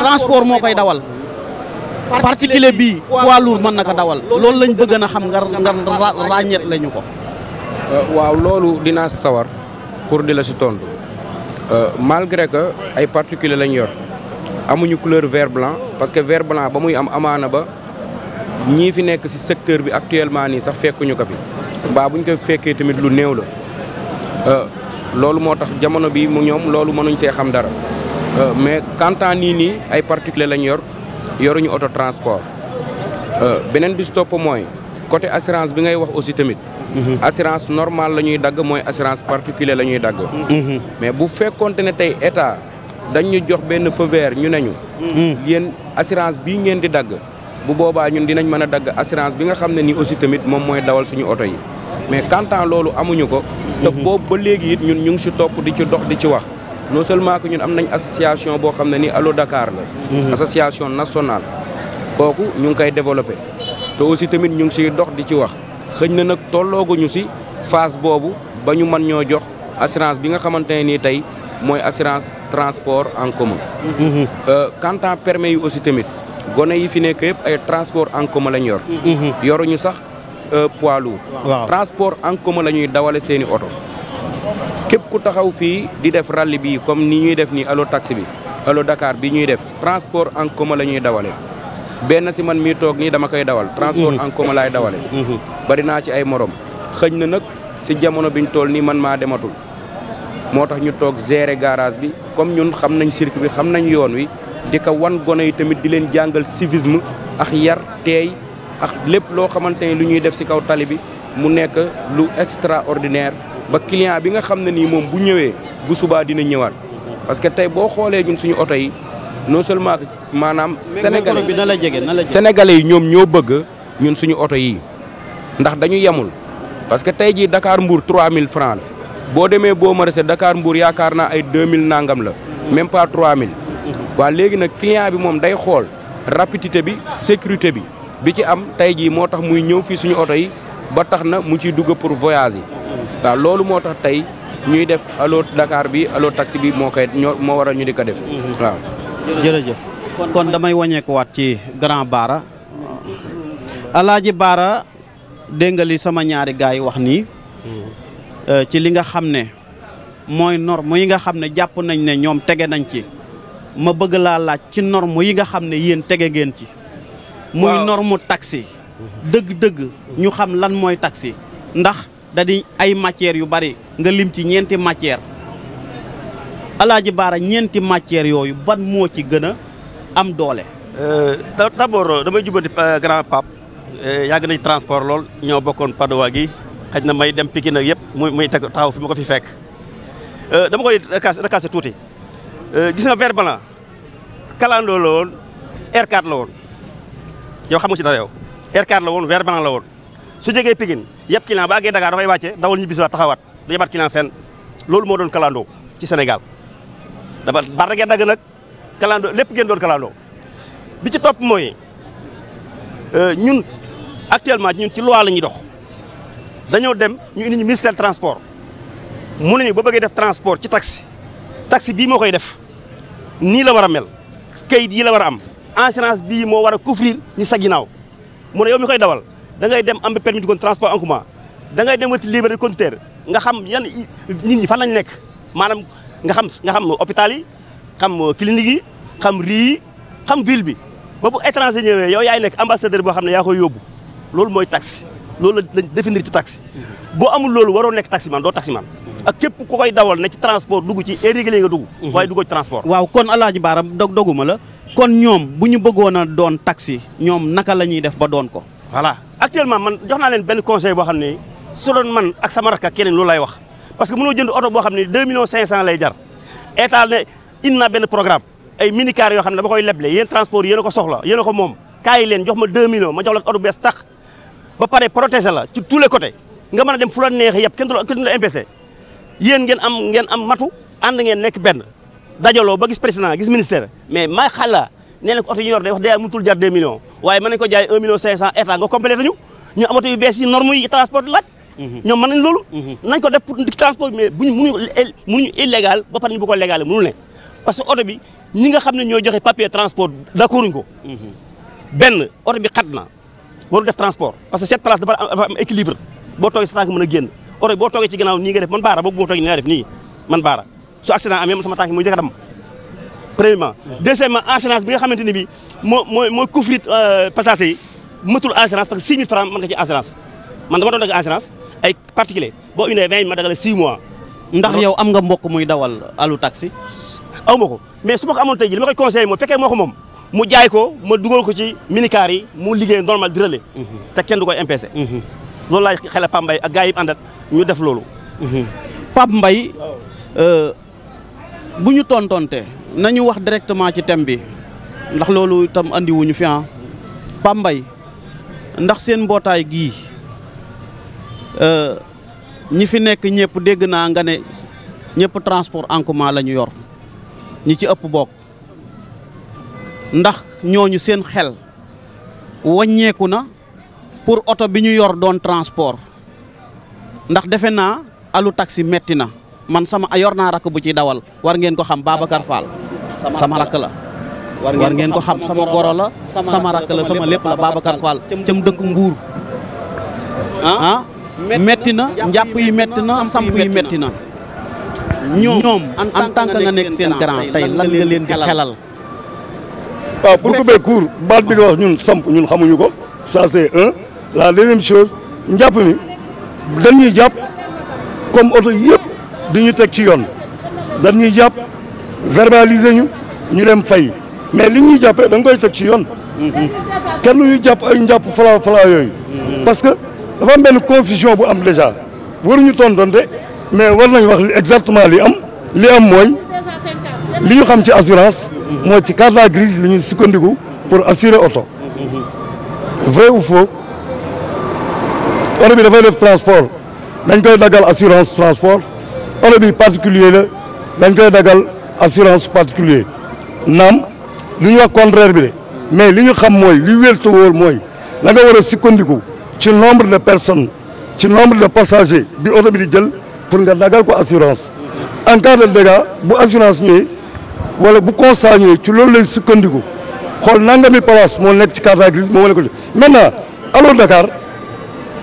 S6: transport moo koy dawal particulier bi poids mën naka dawal loolu lañ bëgg na xam nga nga ràññeet lañu ko
S8: euh, waaw loolu dinaa sawar pour di la si tontu euh, malgré que ay particulier lañu yor amuñu couleur vert blanc parce que vert blanc ba muy am amaana ba ñii fi nekk si secteur bi actuellement nii sax fekkuñu ko fi baa ñu ko fekkee tamit lu néew la euh, loolu moo tax jamono bi mu ñoom loolu mënuñ see xam dara euh, mais quant nii nii ay particulier lañ yor yoruñu auto transport euh, beneen bi si topp mooy côté assurance bi ngay wax aussi tamit mm-hmm. assurance normal la ñuy dagg mooy assurance particulier la ñuy dagg mm-hmm. mais bu fekkonte ne tey état dañ ñu jox benn feu ñu ne ñu. Hmm. yéen assurance bii ngeen di dagg. bu boobaa ñun dinañ mën a dagg assurance bi nga xam ne nii aussi tamit moom mooy dawal suñu oto yi mais quantant loolu amuñu ko. te hmm. boobu ba léegi ñun ñu ngi si topp di ci dox di ci wax. non seulement que ñun am nañ association boo xam ne ni alo dakaar la. Hmm. association nationale. kooku ñu ngi koy développé. te aussi tamit ñu ngi siy dox di ci wax xëñ na nag tollooguñu si phase boobu ba ñu mën ñoo jox assurance bi nga xamante ne nii tey mooy assurance transport en commun. Euh, quant à permis yu aussi tamit gone yi fi nekk yëpp ay transport en commun lañ yor. yoruñu sax euh, poids lourd. transport en commun la ñuy dawale seeni oto. képp ku taxaw fii di def rallye bi comme ni ñuy def ni allo taxi bi allo Dakar bi ñuy def transport en commun la ñuy dawale. benn si man mii toog nii dama koy dawal. transport en commun laay dawale. Mhm. bari naa ci ay morom xëñ na nag si jamono biñ toll nii man maa dematul. moo tax ñu toog gérer garage bi comme ñun xam nañ circuit bi xam nañ yoon wi di kaw wan gone yi tamit di leen jàngal civisme ak yar teey ak lépp loo xamante ni lu ñuy def ci kaw tali bi mu nekk lu extraordinaire ba client bi nga xam ne nii moom bu ñëwee bu subaa dina ñëwaat parce que tey boo xoolee ñun suñu oto yi non seulement maanaam. Sénégalais bi na la jege na la yi ñoom ñoo bëgg ñun suñu oto yi ndax dañu yemul parce que tey jii Dakar Mbour 3000 francs la. boo demee boo marché dakaar mbuur yaakaar na ay 2000 nangam la même pas 3000. waa léegi nag client bi moom day xool rapidité bi sécurité bi bi ci am tey jii moo tax muy ñëw fii suñu oto yi ba tax na mu ciy dugg pour voyage yi loolu moo tax tey ñuy def allo Dakar bi allo taxi bi moo koy
S6: ñoo moo waral ñu di ko def mhm. waaw jërëjëf kon damay wàññeekuwaat ci grand baara alaaji baara dégg sama ñaari gars yi wax nii mhm. Euh, ci li nga xam ne mooy norme yi nga xam ne jàpp nañ ne ñoom tege nañ ci ma bëgg laa laaj ci norme yi nga xam ne yéen tege ngeen ci muy norme taxi dëgg-dëgg ñu xam lan mooy taxi ndax da ay matières yu bari nga lim ci ñeenti matière alaaji baara ñeenti matières yooyu ban moo ci gën a am doole
S4: euh, d'abord damay jubanti euh, grand pape yàgg nañ transport lool ñoo bokkoon padowa gi xaj na may dem Pikine nag yëpp muy muy taxaw fi ma ko fi fekk euh, dama koy recasser tuuti euh, gis nga vert blanc kalandoo la woon R4 la woon yow xam nga ci dara yow R4 la woon vert blanc la woon su jegee Pikine yëpp client ba àggee Dakar dafay wàcce dawal ñu bisiwaat taxawaat du yebaat client fen loolu moo doon kalandoo ci Sénégal dafa bar rek dagg nag kalandoo lépp ngeen doon kalandoo bi ci topp mooy euh, ñun actuellement ñun ci loi la ñuy dox dañoo dem ñu indi ñu ministère transport mu ne ñu ba bëggee def transport ci taxi taxi bii moo koy def nii la war a mel kayit yi la war a am assurance bii moo war a couvrir ñi sa ginnaaw mu ne yow mi koy dawal da ngay dem am bi permis de kon transport en commun da ngay dem wati livre de conducteur nga xam yan nit ñi fan lañ nekk maanaam nga xam nga xam hôpital yi xam clinique yi xam rii xam ville bi ba bu étranger ñëwee yow yaay nekk ambassadeur boo xam ne yaa koy yóbbu loolu mooy taxi loolu lañ définir ci taxi boo amul loolu waroo nekk taximan doo taximan ak képp ku koy dawal ne ci transport dugg ci irrégulier nga dugg mhm. waaye duggoo ci transport waaw kon alaaji baaram dog doguma la kon ñoom bu ñu bëggoon a doon taxi ñoom naka la ñuy def ba doon ko voilà actuellement man jox naa leen benn conseil boo xam ne su doon man ak sama rakk keneen loolu lay wax parce que mënoo jënd oto boo xam ne deux millions cinq cent la jar état ne indi naa benn programme ay minicar yoo xam ne dama koy ko soxla yéen ko moom kaay leen jox ma deux millions ma bees tax ba pare protéger la ci tous les côtés nga mën a dem fu la neexee yëpp kenn du la kenn ngeen am matu ànd ngeen nekk benn dajaloo ba gis président gis ministère mais may xala nee na ko oto yi ñu yor day wax day waaye mën nañ ko jaay 1 million 500 état nga complété ñu ñu amatu yu bees yi normes yi transport laaj mhm. ñoom mën nañ loolu mhm. nañ ko def pour di transport mais buñu mënuñu mënuñu illégal ba pare ñu bu ko légal mënu ne parce que oto bi ñi nga xam ne ñooy joxe papier transport d'accorduñ ko mhm. benn oto bi xat na warul def transport parce que cette place dafa am équilibre boo toogee sa tànk mën a génn oto boo toogee ci gannaaw nii nga def man baara boog bu toogee nii nga man baara su accident amee sama tànk assurance bi nga xamante ni bi moo mooy mooy couvrir euh, passager yi matul assurance parce que 6 000 francs mën nga ci assurance man dama doon dagg assurance ay particulier boo indee 20 ma dagale 6 mois ndax yow am nga mbokk muy dawal alu taxi aw ma ko mais su ma ko moom mu jaay ko ma dugal ko ci minicar yi mu liggéey normal di relais mhm. te kenn du koy MPC mhm. loolu laay xele Pape Mbaye ak gars yi àndat ñu def loolu mhm. Pape Mbaye euh, bu ñu
S6: tontonte nañu wax directement ci thème bi ndax loolu itam andi wuñu fi ah pambay ndax seen mbootaay gii euh, ñi fi nekk ñëpp dégg naa nga ne ñëpp transport en commun la ñu yor ñi ci ëpp bokk ndax ñooñu seen xel wàññeeku na pour oto bi ñu yor doon transport ndax defe naa alu taxi metti na man sama yor naa rakk bu ci dawal war ngeen ko xam Babacar Fall sama rakk la war ngeen ko xam sama goro la sama rakk la lépp la Babacar Fall cam dëkk Mbuur ah? ah metti na njàpp yi metti na samp yi metti na ñoom en tant que nga nekk seen grand tey lan nga leen di xelal waaw pour couper court baat bi nga wax ñun
S7: samp ñun xamuñu ko ça c'est un la deuxième chose njàpp mi dañuy jàpp comme oto yëpp di ñu teg ci yoon dañuy jàpp verbaliser ñu ñu dem fay mais li ñuy jàppee dañ koy teg ci yoon kenn ñu jàpp ay njàpp fala fala yooyu parce que dafa am benn confusion bu am déjà waruñu tontonte mais war nañu wax exactement li am li am mooy li ñu xam ci assurance moo ci carte grise li ñuy sukkandiku pour assurer oto vrai ou faux oto bi dafay def transport dañ koy daggal assurance transport oto bi particulier la dañ koy daggal assurance particulier naam lu ñu wax contraire bi de mais li ñu xam mooy li wér te wóor mooy da nga war a sukkandiku ci nombre de personnes ci nombre de passagers bi oto bi di jël pour nga daggal ko assurance en cas de bu assurance ñëwee wala bu constat ñëwee ci loolu lay sukkandiku xool nangami place moo nekk ci carte grise moo wane ko maintenant allo Dakar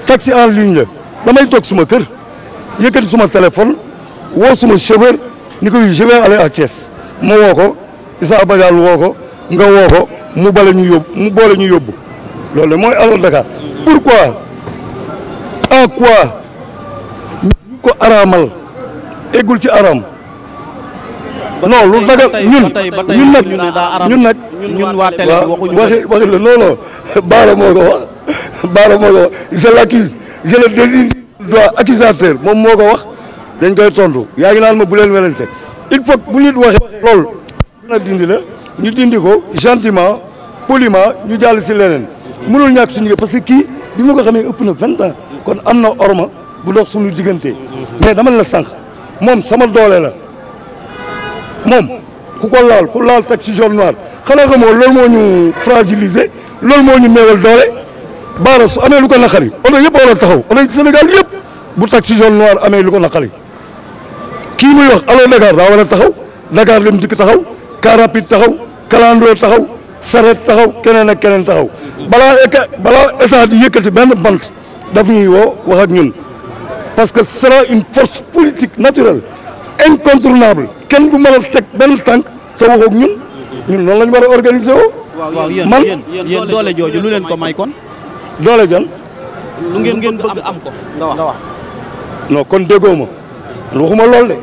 S7: taxi en ligne la damay toog suma kër yëkkati suma téléphone woo suma chauffeur ni ko je vais aller à Thiès ma woo ko Issa Abadial woo ko nga woo ko mu bale ñu yóbbu mu boole ñu yóbbu loolu mooy allo Dakar en quoi ñu ko araamal eggul ci araam non lu dëgg ñun ñun nag ñun nag ñun waa télé waxuñu waxi waxi la non non Baara moo ko wax Baara moo ko wax je l'accuse je le désigne doit accusateur moom moo ko wax dañ koy tontu yaa ngi naan ma bu leen werante il faut bu nit waxee loolu dina dindi la ñu dindi ko gentiment poliment ñu jàll si leneen mënul ñàkk suñu parce que kii bi ma ko xamee ëpp na vingt ans kon am na orma bu dox suñu diggante mais dama la sànq moom sama doole la moom ku ko laal ku laal taxi jaune noir xanaa ko moo loolu moo ñu fragiliser loolu moo ñu néewal doole baara su amee lu ko naqari oto yëpp war taxaw oto yi Sénégal yëpp bu taxi jaune noir amee lu ko naqari kii muy wax allo Dakar daa war a taxaw Dakar dem dikk taxaw car rapide taxaw kalandoo taxaw saret taxaw keneen ak keneen taxaw bala balaa état di yëkkati benn bant daf ñuy woo wax ak ñun parce que ce sera une force politique naturelle incontournable kenn du mën a teg benn tànk te waxoog ñun ñun noonu la ñu war a organiser woo.
S6: waaw doole jooju lu leen ko may
S7: lu
S6: ngeen ngeen bëgg am ko nga wax.
S7: non kon déggoo ma waxuma lool de.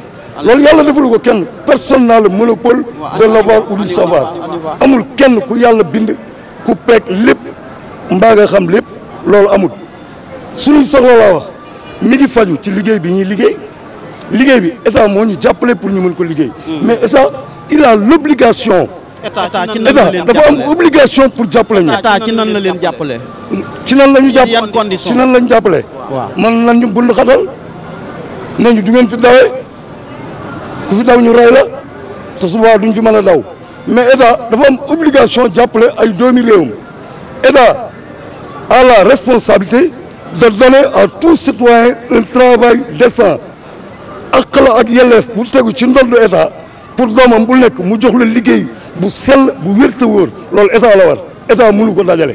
S7: loolu yàlla defalu ko kenn personne n'a le monopole de l'avoir ou savoir amul kenn ku yàlla bind ku peeg lépp mbaa nga xam lépp loolu amul suñu soxla laa wax mi ngi ci liggéey bi ñuy liggéey. liggéey bi état moo ñu jàppale pour ñu mun ko liggéey. mais état
S6: il a l'obligation état ci nan la dafa am obligation pour jàppale ñu. ci nan la leen jàppale. ci nan la ñu jàpp yan conditions ci nan la ñu jàppale. waaw man lan ñu bund xatal ne ñu du ngeen fi dawee ku fi daw ñu rey la
S7: te suba duñ fi mën a daw mais état dafa am obligation jàppale ay doomi réewam état à la responsabilité de donner à tout citoyen un travail décent. ak la ak yeleef bu tegu ci ndoddu état pour doomam bu nekk mu jox la liggéey bu sell bu wér te wóor loolu état la war mu mënu ko dajale.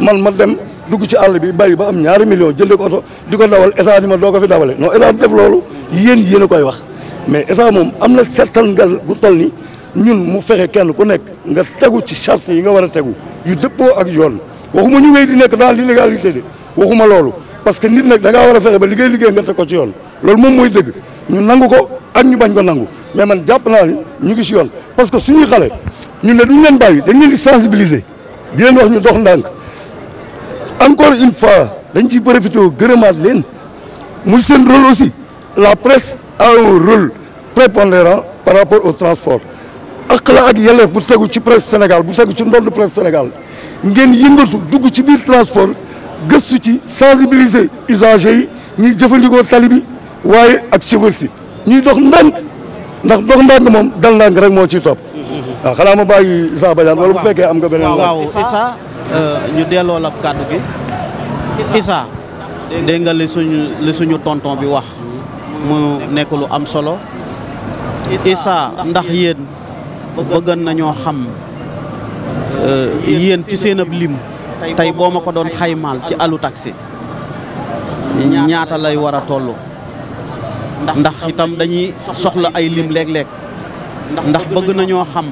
S7: man ma dem dugg ci àll bi bàyyi ba am ñaari million jëndee ko oto di ko dawal état ni ma doo ko fi dawale non état def loolu yéen yéen a koy wax mais état moom am na settal ngal gu toll ni ñun mu fexe kenn ku nekk nga tegu ci charte yi nga war a tegu yu dëppoo ak yoon waxuma ñu wéy di nekk dans l'illégalité de waxuma loolu parce que nit nag da a fexe ba liggéey liggéey nga teg ko yoon loolu moom mooy dëgg ñu nangu ko ak ñu bañ ko nangu mais man jàpp naa ni ñu ngi si yoon parce que suñuy xale ñu ne duñ leen bàyyi dañ leen di sensibiliser di leen wax ñu dox ndànk encore une fois dañ ciy profité gërëmaat leen mu seen rôle aussi la presse a un rôle prépondérant par rapport au transport ak la ak yelleef bu tegu ci presse Sénégal bu tegu ci ndodd presse Sénégal ngeen yëngatu dugg ci biir transport gëstu ci sensibiliser usagers yi ñuy jëfandikoo tali waaye ak chauffeur si ñuy dox ndànk ndax dox ndànk moom dal ndànk rek moo ciy topp waaw xanaa ma bàyyi Issa Badiane wala bu fekkee am nga beneen waaw
S6: Issa euh, ñu delloo la kàddu gi Issa dégg nga li suñu tonton bi wax mu nekk lu am solo Issa ndax yéen bëggan nañoo xam euh, yéen ci seen ab lim tey boo ma ko doon xaymaal ci alu taxi ñaata lay war a toll ndax itam dañuy soxla ay lim léeg-léeg ndax bëgg nañoo xam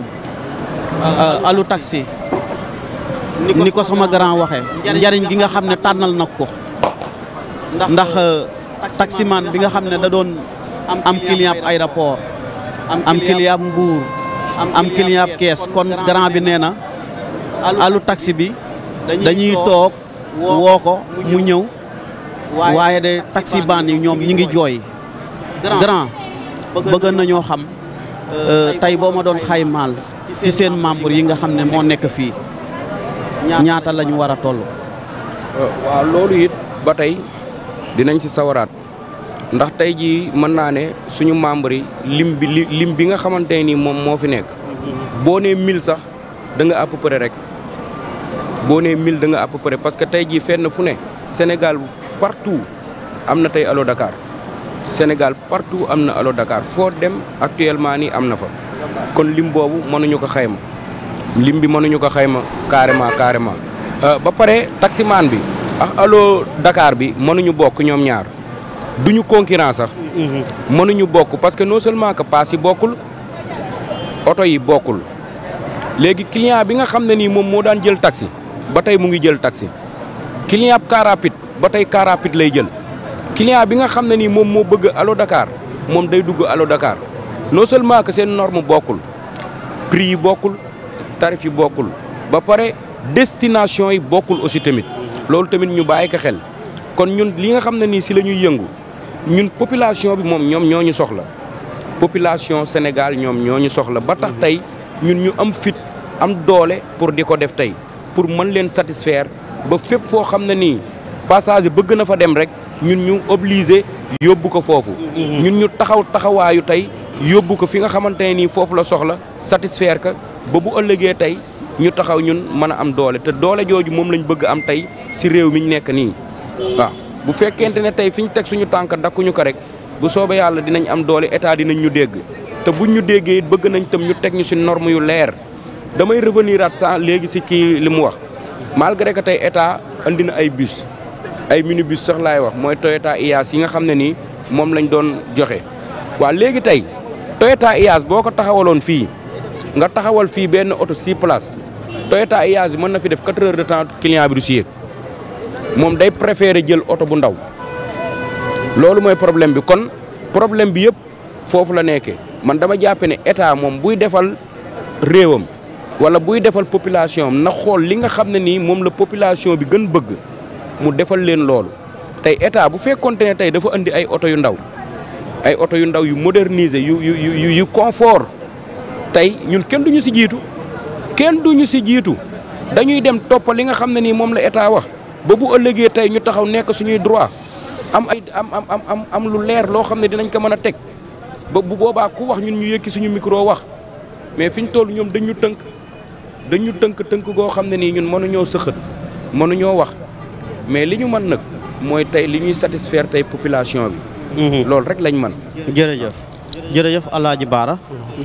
S6: euh, alu taxi ni ko sama grand waxee njariñ gi nga xam ne tànnal na ko ndax euh, euh, taximan bi nga xam ne da doon am client ab aéroport am client ab mbuur am client kees kon grand bi nee na alu taxi bi dañuy toog woo ko mu ñëw waaye de taxi ban yi ñoom ñi ngi jooy grand bëgg nañoo xam euh, euh, tey boo ma doon xaymaal ci seen membre yi nga xam ne moo nekk fii ñaata lañu war a toll
S8: euh, waaw loolu ba tey dinañ ci sawaraat ndax tey jii mën naa ne suñu membre yi lim bi lim bi nga xamante nii moom moo fi nekk boo nee mille sax danga nga à rek boo nee mille danga nga à parce que tey jii fenn fu ne Sénégal partout am na tey Allo Dakar Sénégal partout am na alo Dakar foo dem actuellement nii am na fa kon lim boobu mënuñu ko xayma lim bi mënuñu ko xayma carrément carrément euh, ba pare taximaan bi ak Allo Dakar bi mënuñu bokk ñoom ñaar duñu concurrence sax mhm. mënuñu bokk parce que non seulement que paas yi bokkul oto yi bokkul léegi client bi nga xam ne nii moom moo daan jël taxi ba tey mu ngi jël taxi client car rapide ba tey car rapide lay jël client bi nga xam ne nii moom moo bëgg Allo dakaar moom day dugg Allo Dakar non seulement que seen norme bokkul prix yi bokkul tarif yi bokkul ba pare destination yi bokkul aussi tamit loolu tamit ñu bàyyi ko xel kon ñun li nga xam ne nii si la ñuy yëngu ñun population bi moom ñoom ñoo ñu soxla population Sénégal ñoom ñoo ñu soxla ba tax mhm. tey ñun ñu am fit am doole pour di ko def tey pour mën leen satisfaire ba fépp foo xam ne nii passager bëgg na fa dem rek ñun ñu obligé yóbbu ko foofu mhm. ñun ñu taxaw taxawaayu tey yóbbu ko fi nga xamante ne nii foofu la soxla satisfaire ka ba bu ëllëgee tey ñu taxaw ñun mën a am doole te doole jooju moom lañ bëgg am tey si réew mi ñu nekk nii waaw bu fekkente ne tey fi ñu teg suñu tànk dakkuñu ko rek bu soobee yàlla dinañ am doole état dinañ ñu dégg te buñ ñu déggee it bëgg nañ tam ñu teg ñu si norme yu leer damay revenir at sans léegi si kii li mu wax malgré que tey état andi na ay bus ay minibus sax laay wax mooy Toyota IAS yi nga xam ne nii moom lañ doon joxe waa léegi tey Toyota IAS boo ko taxawaloon fii nga taxawal fii benn oto six places Toyota IAS mën na fi def quatre de temps client bi moom day préféré jël oto bu ndaw loolu mooy problème bi kon problème bi yëpp foofu la nekkee man dama jàppe ne état moom buy defal réewam wala buy defal population am xool li nga xam ne nii moom la population bi gën bëgg mu defal leen loolu tey état bu fekkonte ne tey dafa andi ay oto yu ndaw ay oto yu ndaw yu moderniser yu yu tey ñun kenn duñu si jiitu kenn duñu si jiitu dañuy dem topp li nga xam ne nii moom la état wax ba bu ëllëgee tey ñu taxaw nekk suñuy droit am ay am am am am lu leer loo xam ne dinañ ko mën a teg ba bu boobaa ku wax ñun ñu yëkki suñu micro wax mais fi ñu toll ñoom dañu tënk dañu tënk tënk goo xam ne nii ñun mënuñoo sëxët mënuñoo wax. mais li ñu man nag mooy tey li ñuy satisfaire tey population bi.
S6: Mhm. loolu rek lañ man jërëjëf jërëjëf El Baara.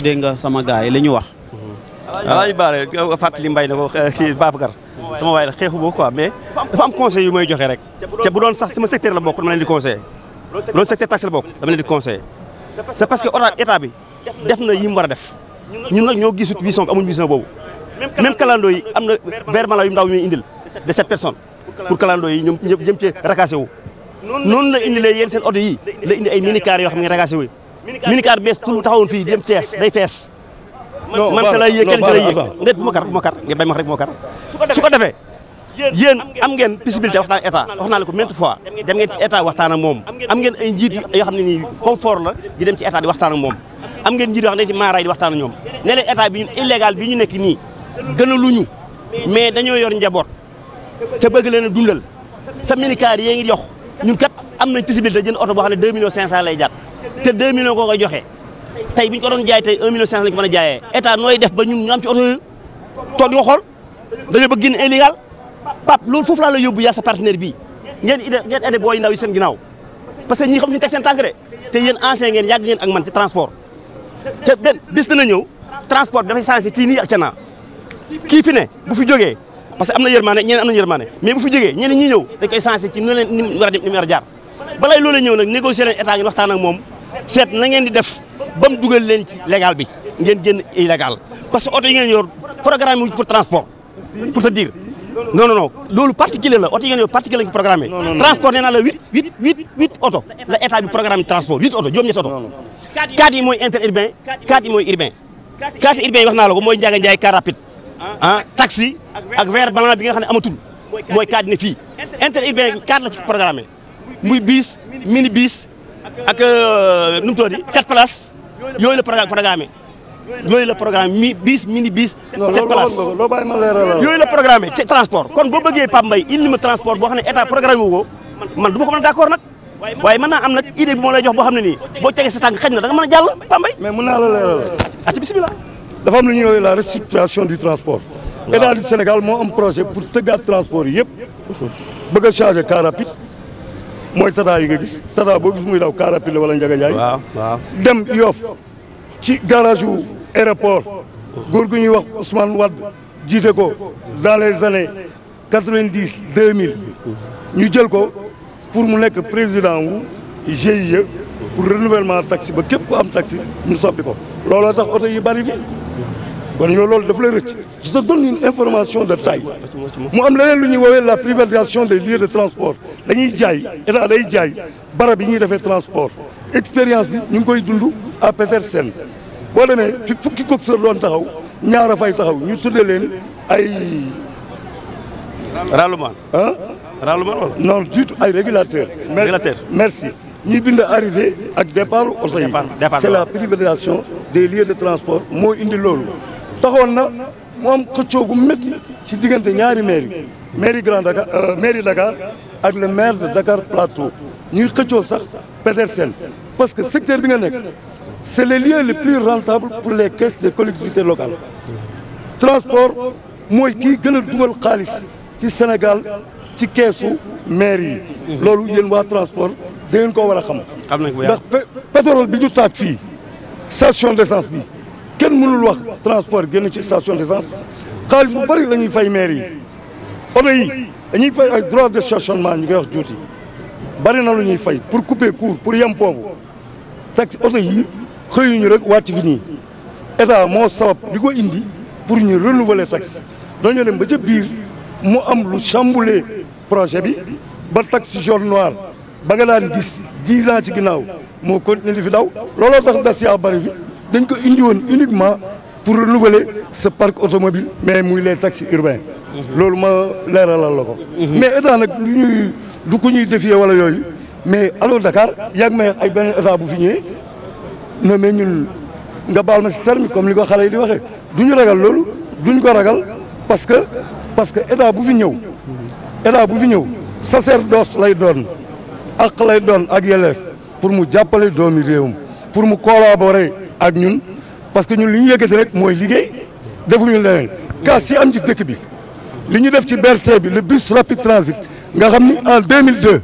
S6: dégg nga sama gars
S4: yi li ñu wax. El mhm. Hadj Baara nga fàttali mbay na ko kii Babacar sama waay la xeexu boobu quoi mais dafa am conseil yu may joxe rek. te bu doon sax sama secteur la bokk dama leen di conseillé. loolu secteur taxe la di conseillé. c'est que état bi def na yi mu def ñun nag ñoo gisut vision bi amuñu vision boobu même kalandoo am na verre mala yu ndaw yu ñuy indil de cette personne. pour clando yi ñoom ñëpp jëm ci rakaase wu
S7: noonu la indi
S4: lay yéen seen oto yi la indi ay minicar yoo xam ne rakaase wu minicar bees tul taxawoon fii jëm Thiès day fees man sa lay yéeg kenn ci lay bu ma kar bu ma kar su ko defee yéen am ngeen possibilité waxtaan état wax naa la ko maintes fois dem ngeen ci état waxtaan ak moom am ngeen ay njiit yoo xam ne nii confort la di dem ci état di waxtaan moom am ngeen njiit yoo xam ne ci maaraay di waxtaan ak ñoom ne leen état bi te bëgg leen a dundal sa milikaar yee ngi jox ñun kat am nañ possibilité jënd oto boo xam ne deux millions cinq cent lay jar te deux millions koo koy joxe tey bi ñu ko doon jaay tey un million cinq cent lañ ko mën a jaayee état nooy def ba ñun ñu am ci oto yooyu toog di ko xool dañoo bëgg génn illégal pap loolu foofu laa la yóbbu yaa sa partenaire bi ngeen idée ngeen aidé booy ndaw yi seen ginnaaw parce que ñii xam suñu teg seen tànk de te yéen ancien ngeen yàgg ngeen ak man ci transport te benn bis ñëw transport bi dafay changé ci nii ak kii fi ne bu fi jógee parce que am na yërmande ñeneen am na yërmande mais bu fi jógee ñeneen ñi ñëw dañ koy ci nu leen ni jaar balay loolee ñëw nag négocier leen waxtaan ak moom seet na ngeen di def ba dugal leen ci bi ngeen génn illégal parce que oto yi ngeen yor programme wuñ pour transport pour te dire non loolu particulier la oto yi ngeen yor particulier lañ ko programmé transport nee naa la huit huit huit oto la état programme transport huit oto juróom-ñetti ah taxi ak vert blanc bi nga xam ne amatul mooy cadre ne fii interurbain cadre la ci programme muy bis mini bis ak euh, nu mu tuddati sept places yooyu la programme yooyu la programme transport. kon boo bëggee Pape Mbaye transport boo xam ne état programme wu ko man du ko mën a d' accord nag waaye mën naa am nag idée bi moo lay jox boo xam ne nii boo tegee sa tànk xëj na da nga mën a jàll Pape Mbaye. mais la
S7: dafa am lu ñuy la restructuration du transport. état di Sénégal moo am projet pour tëggaat transport yëpp. bëgg a changer car rapide mooy tata yi nga gis tata boo gis muy daw car rapide la wala Ndiaga Ndiaye. waaw waaw dem Yoff ci garage wu aéroport. góor gu ñuy wax Ousmane Wade jiite ko dans les années quatre vingt dix deux ñu jël ko pour mu nekk président wu GIE pour renouvellement taxi ba képp ko am taxi ñu soppi ko looloo tax oto yi bari fi kon yow loolu daf lay rëcc je te donne une information de mu am leneen lu ñuy woowee la privatisation des lieux de transport dañuy jaay état day jaay barab yi ñuy defee transport expérience bi ñu ngi koy dund à Petersen boo demee fi fukki coxeur doon taxaw ñaar a taxaw ñu tuddee leen ay. ralumaan ah. ralumaan wala. non du tout ay régulateur régulateur merci. ñuy bind arrivé ak départ oto yi. départ c'est la privatisation des lieux de transport moo indi loolu. taxoon na mu am xëccoo gu métti ci diggante ñaari mairie mairie Grand Dakar euh, mairie Dakar ak le maire de Dakar Plateau ñuy xëccoo sax Petersen parce que secteur bi nga nekk c' est le lieu le plus rentable pour les caisses des collectivités locales transport mooy kii gën a dugal xaalis ci senegal ci keesu maire yi. Mhm. loolu yéen waa transport da ngeen koo war a xam. xam nañ ko ndax pétrole bi ñu taaj fii station d' essence bi. kenn mënul wax transport génn ci station d'essence xaalis bu bëri la ñuy fay maire yi oto yi dañuy fay ay droit de stationnement ñu koy wax juuti bari na lu ñuy fay pour couper court pour yem foofu taxi oto yi xëyuñu rek wàcc fi nii état moo sabab di ko indi pour ñu renouveler taxi dañoo dem ba ca biir mu am lu chamboulé projet bi ba taxi jaune noir ba nga daan gis dix ans ci ginnaaw moo continué di fi daw looloo tax das yaa bari fi dañ ko indi woon uniquement pour renouveler ce parc automobile mais muy les taxis urbains mhm. loolu ma leeralal la ko mhm. mais état nag lu ñuy du ku ñuy défier wala yooyu mais alors Dakar yàgg may ay benn état bu fi ñëwee non mais ñun nga baal ma si termi comme li ko xale yi di waxee ñu ragal loolu duñ ko ragal parce que parce que état bu fi ñëw état bu fi ñëw sacerdoce lay doon ak lay doon ak yelleef pour mu jàppale doomi réewum pour mu collaborer ak ñun parce que ñun li ñu yëkkati rek mooy liggéey defuñu leneen kaas si am ci dëkk bi li ñu def ci BRT bi le bus rapide transit nga xam ni en 2002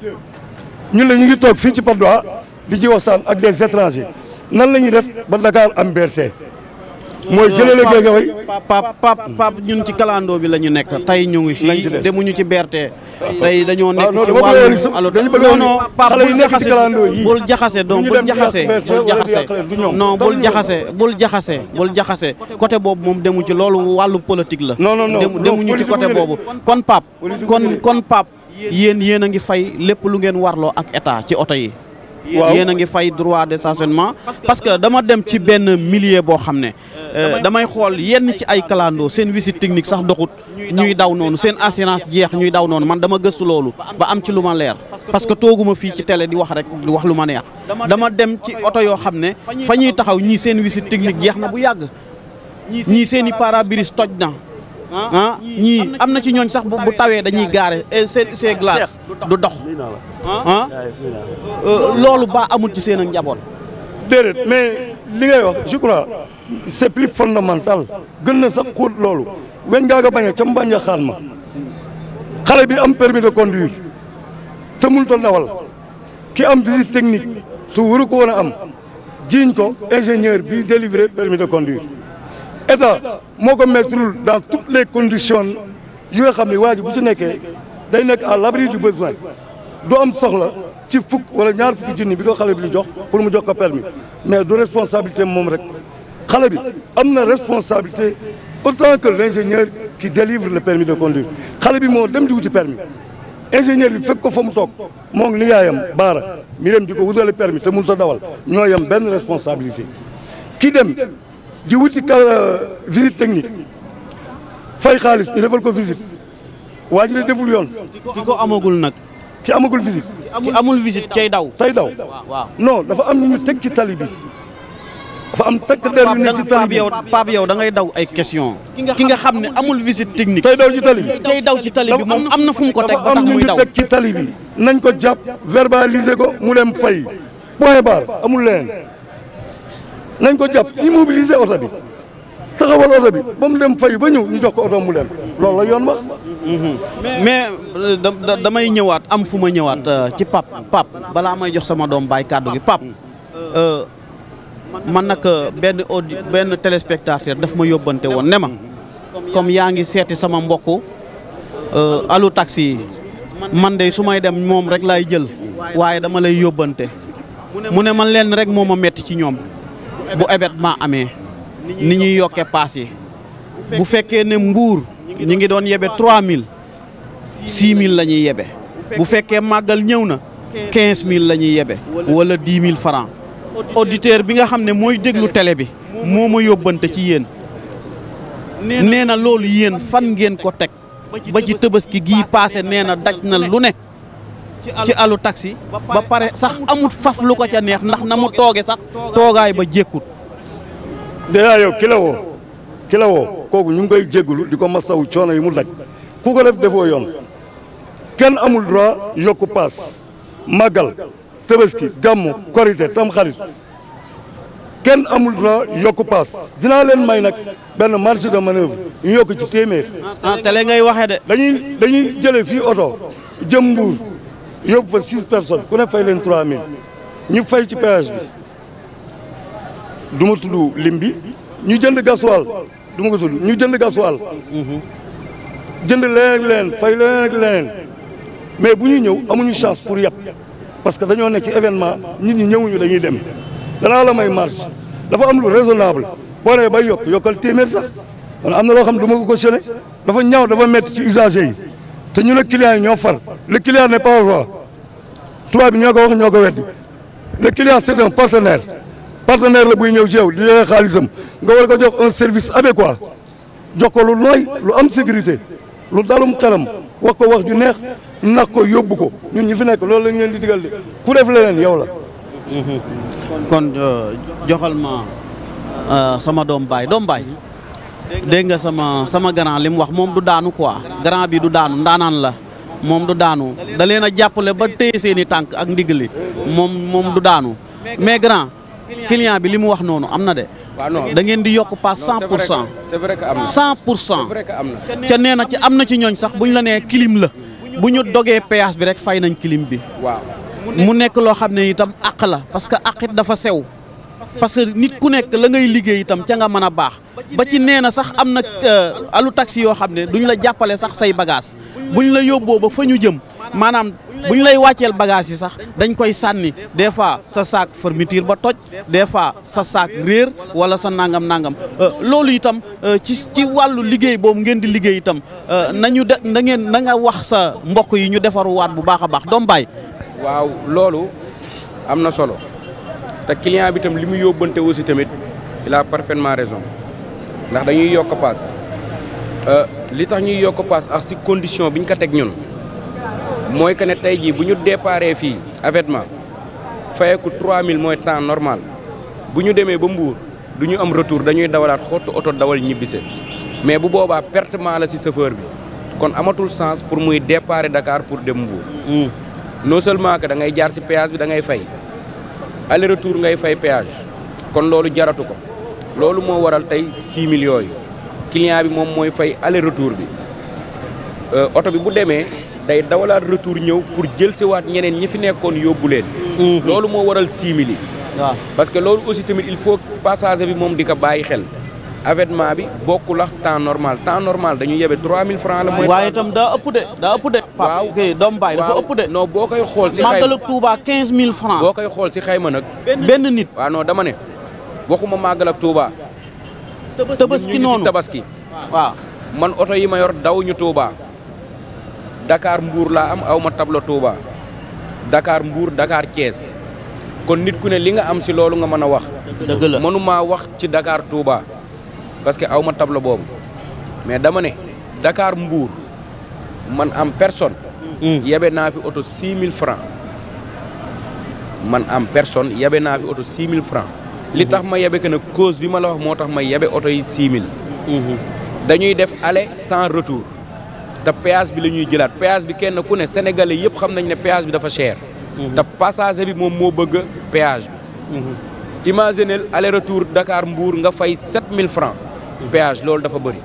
S7: ñun la ñu ngi toog fii ci Patte d'Oie
S6: di ji ci waxtaan ak des étrangers nan la ñuy def ba Dakar am BRT mooy euh, jëlale Guédiawaye pap pap pap ñun ci kalandoo bi la ñu nekk tey ñu ngi fii demuñu ci bertee tey dañoo nekk ah, ci wàllu alors non non pap bul jaxase bul jaxase donc bul jaxase bul jaxase non bul jaxase bul jaxase bul jaxase côté boobu moom demu ci loolu wàllu politique la demuñu ci côté boobu kon pap kon kon pap yéen yéen a ngi fay lépp lu ngeen warloo ak état ci oto yi yéen a ngi fay droit de stationnement parce que dama dem ci benn milieu boo xam ne euh, damay xool yenn ci ay clando seen visite technique sax doxut ñuy daw noonu seen assurance jeex ñuy daw noonu man dama gëstu loolu ba am ci lu ma leer parce que tooguma fii ci télé di wax rek di wax lu ma neex dama dem ci oto yoo xam ne fa ñuy taxaw ñii seen visite technique jeex na bu yàgg ñii seeni i toj na ah ñii am na ci ñooñ sax bu tawee dañuy gaare eh, seen seen glace du dox ah, ah? Euh, loolu baa amul ci seen a njaboot déedéet mais li ngay wax je crois c'est plus fondamental
S7: gën na sax xóot loolu weñ ngaa nga bañee ca mbànja xaan ma xale bi am permis de conduire te mënut a dawal ki am visite technique su waru ko woon am jiiñ ko ingénieur bi délivrer permis de conduire état moo ko mettre dans toutes les conditions yu nga xam ne waa ji bu ci nekkee day nekk à l'abri du besoin du am soxla ci fukk wala ñaar fukk junni bi ko xale bi di jox pour mu jox ko permis mais du responsabilité moom rek xale bi am na responsabilité autant que l'ingénieur qui délivre le permis de conduire xale bi moo dem di wuti permis ingénieur bi fekk ko fa mu toog moom ni yaayam baara mi dem di ko wutale permis te mënut ta dawal ñoo yem benn responsabilité di wuti ka euh, visite technique fay xaalis ñu defal ko visite waa ji deful
S6: yoon. ki ko amagul nag. ki amagul visite. ki amul visite cay daw. tey daw waaw non dafa am ñu teg ci tali bi. dafa am takk der yu ne ci tali bi yow ngay daw ay question ki nga xam ne amul visite technique. tey daw ci tali bi daw ci tali bi moom am na fu mu ko teg ba tax muy daw dafa am ñu bi. nañ ko jàpp verbaliser ko mu dem fay
S7: point barre amul leneen. nañ ko jàpp immobiliser oto bi taxawal oto bi ba mu dem fay ba ñëw ñu jox ko oto mu dem loolu la yoon wax. Mhm.
S6: mais damay ñëwaat am fu ma ñëwaat euh, ci pap pap balaa may jox sama doom bàyyi kàddu gi pap euh, man nag euh, benn audi benn téléspectateur ma yóbbante woon ne ma comme yaa ngi seeti sama mbokk alu taxi man de su may dem moom rek laay jël waaye dama lay yóbbante mu ne man leen rek moo ma metti ci ñoom. bu événement amee ni ñuy yokkee paas bu fekkee ne mbuur ñu ngi doon yebe 3000 6000 la lañuy yebe bu fekkee màggal ñëw na 15000 la ñuy yebe wala 10 000 francs auditeur bi nga xam ne mooy déglu tele bi moo ma yóbbante ci yéen nee na loolu yéen fan ngeen ko teg ba ci tëbaski gii paase nee na daj na lu ne ci àllu taxi ba pare sax amut faf lu ko ca neex ndax na mu tooge sax toogaay ba jékkut dèjà yow
S7: ki la kooku ñu ngi koy jéggulu di ko masawu coono yi mu daj ku ko def defoo yoon kenn amul droit yokku paas màggal tabaski gàmmu korité tamxarit kenn amul droit yokku paas dinaa leen may nag benn marge de manœuvre ñu yokk ci téeméer. ah ngay waxee de. dañuy dañuy jëlee fii oto jëm Mbuur yóbbu fa six personne ku ne fay leen trois mille ñu fay ci péage bi du ma tudd lim bi ñu jënd gasoil du ko tudd ñu jënd gasoil jënd leen leen fay leen leen mais bu ñuy ñëw amuñu chance pour yàpp parce que dañoo nekk ci événement nit ñi ñëwuñu dañuy dem danaa la may marge dafa am lu raisonnable boo nee bay yokk yokkal téeméer sax man am na loo xam ne du ma ko cautionné dafa ñaaw dafa métti ci usager yi te ñu ne client yi ñoo far le client n'est pas le roi ñoo ko wax ñoo ko weddi le la buy ñëw ci yow di joxe xaalisam nga war ko jox un service adéquat jox ko lu nooy lu am sécurité lu dalum xelam wax ko wax ju
S6: neex nax ko yóbbu ko ñun ñi fi nekk loolu lañ leen di digal de ku def leneen yow la. Mhm. kon euh, joxal ma euh, sama doom baay doom baay. dégg nga sama sama grand li mu wax moom du daanu quoi grand bi du daanu ndaanaan la moom du daanu da leen a jàppale ba téye seen i tànk ak ndigali moom moom du daanu mais grand client bi li mu wax noonu am na de. da ngeen di yokk pas cent pour cent. c'est vrai que am cent pour cent. ca nee na ci am na ci ñooñ sax bu ñu la nee clim la bu ñu dogee péage bi rek fay nañ kilim bi. waaw mu nekk loo xam ne itam àq la parce que àq it dafa sew. parce que nit ku nekk la ngay liggéey itam ca nga mën a baax ba ci nee na sax am na euh, alu taxi yoo xam ne duñ la jàppale sax say bu ñu la yóbboo ba fa ñu jëm maanaam buñ lay wàcceel bagage yi sax dañ koy sànni des fois sa saak fermeture ba toj des fois sa saak réer wala sa nangam nangam euh, loolu itam euh, ci ci wàllu liggéey boobu ngeen di liggéey itam nañu de na ngeen na nga wax sa mbokk yi ñu defaruwaat bu baax a baax doom baay waaw loolu am na solo
S8: te client bi tam li mu yóbbante aussi tamit il a parfaitement raison ndax dañuy yokk paas euh, li tax ñuy yokk paas ak si condition bi ñu ko teg ñun mooy que ne tey jii bu ñu déparé fii fayeeku fayeku 3000 mooy temps normal bu ñu demee ba Mbour du ñu am retour dañuy dawalaat xottu oto dawal ñibbise mais bu boobaa pertement la si chauffeur bi kon amatul sens pour muy déparé Dakar pour dem Mbour hmm. non seulement que da ngay jaar si péage bi da ngay fay aller retour ngay fay péage kon loolu jaratu ko loolu moo waral tey 6 millions yooyu client bi moom mooy fay aller retour bi euh, oto bi bu demee day dawalaat retour ñëw pour jël si waat ñeneen ñi fi nekkoon yóbbu leen. Mhm. loolu moo waral 6 mille yi. parce que loolu aussi tamit il faut passager bi moom di ko bàyyi xel. avènement bi bokkul ak temps normal temps normal dañu yebe 3000 francs la. mooy waaye daa ëpp
S6: Pape Gueye doomu baay dafa boo koy xool si màggalu Touba mille francs boo koy xool si xayma
S8: nag benn nit waaw non dama ne waxuma màggal ak Touba
S6: tabaski noonu
S8: tabaski waaw man oto yi ma yor daw ñu Touba Dakar Mbour laa am aw ma tabla Touba dakaar mbuur dakaar Thiès kon nit ku ne li nga am si loolu nga mën a wax dëgg la wax ci Dakar Touba parce que aw ma boobu mais dama ne Dakar Mbour man am personne. Hmm. yabe naa fi oto 6000 francs man am personne yabe naa fi oto 6000 francs li tax ma yabe que ne cause bi ma la wax moo tax ma yabe oto yi 6000. Hmm. dañuy def aller sans retour te péage bi la ñuy jëlaat péage bi kenn ku ne sénégalais yëpp xam nañ ne péage bi dafa cher. Hmm. te passager bi moom moo bëgg péage bi. imaginez aller retour dakaar Mbour nga fay 7000 francs péage loolu dafa bëri.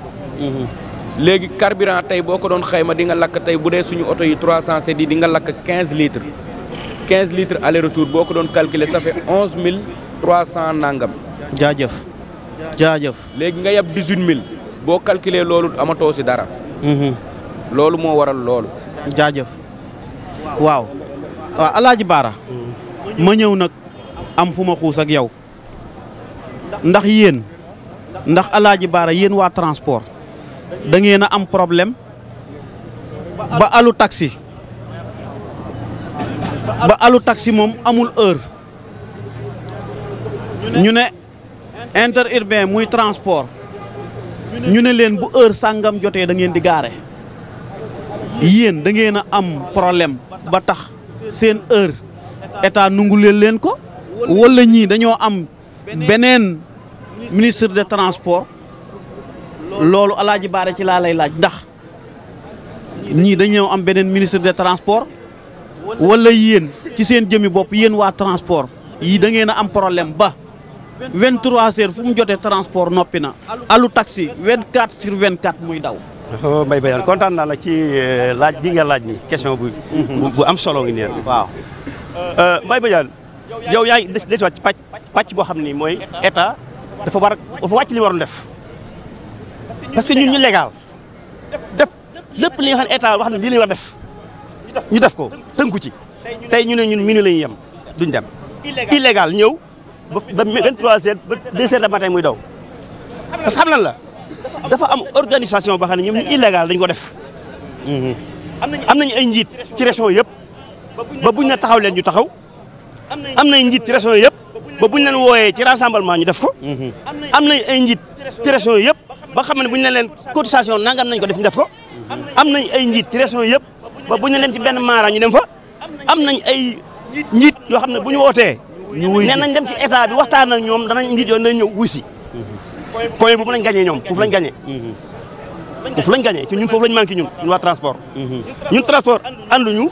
S8: léegi carburant tey boo ko doon xayma di nga lakk tey bu dee suñu oto yi 307 yi di nga lakk 15 litres 15 litres aller retour boo ko doon calculer ça fait 11 300 nangam.
S6: jaajëf jaajëf.
S8: léegi nga yab 18000 boo calculer loolu amatoo si dara. Mhm. loolu moo waral loolu.
S6: jaajëf waaw waaw Alaaji Baara. ma ñëw nag am fu ma xuus ak yow. ndax yéen. ndax Alaaji Baara yéen waa transport. da ngeen a am problème ba alu taxi ba alu taxi moom amul heure ñu ne interurbain muy transport ñu ne leen bu heure sàngam jotee da ngeen di gaare yéen da ngeen a am problème ba tax seen heure état nunguleel leen ko wala ñii dañoo am beneen ministre de transport loolu alaaji baare ci laa lay laaj ndax ñii dañoo am beneen ministre de transport wala yéen ci seen jëmi bopp yéen waa transport yii da ngeen a am problème ba 23 heures fu mu jotee transport noppi na alu
S4: taxi 24 sur 24 muy daw. bay bayaan kontaan naa la ci euh, laaj bi nga laaj ni question bu. Mhm. bu am solo ngi nii waaw euh, mbay bayaan yow yaay ngi des des waat ci pàcc pàcc boo xam ni mooy état dafa war dafa wàcc li waroon def. parce que ñun ñu légal def lépp li nga xam ne état wax na lii lay war def ñu def ko tënku ci tey ñu ne ñun minuit la ñuy yem duñ dem illégal ñëw ba 23h ba 2h de matin muy daw parce que xam lan la dafa am organisation boo xam ne ñoom ñu illégal dañ ko def mhm. am nañu ay njiit ci région yëpp ba buñ na taxaw leen ñu taxaw am nañ njiit ci yëpp ba buñ leen wooyee ci rassemblement ñu def ko mhm. am nañ ay njiit ci région yëpp ba xam ne bu ñu ne leen cotisation nangam nañ ko def ñu am nañ ay njiit ci région yëpp ba bu ñu leen ci benn maara ñu dem fa am nañ ay njiit yoo xam ne bu ñu wootee nee nañ dem ci état bi waxtaan ak ñoom danañ njiit yooyu nañ ñëw wuy si boobu lañ gagné ñoom foofu lañ gagné foofu lañ gagné ci ñun foofu lañ manqué ñun ñun waa transport ñun transport anduñu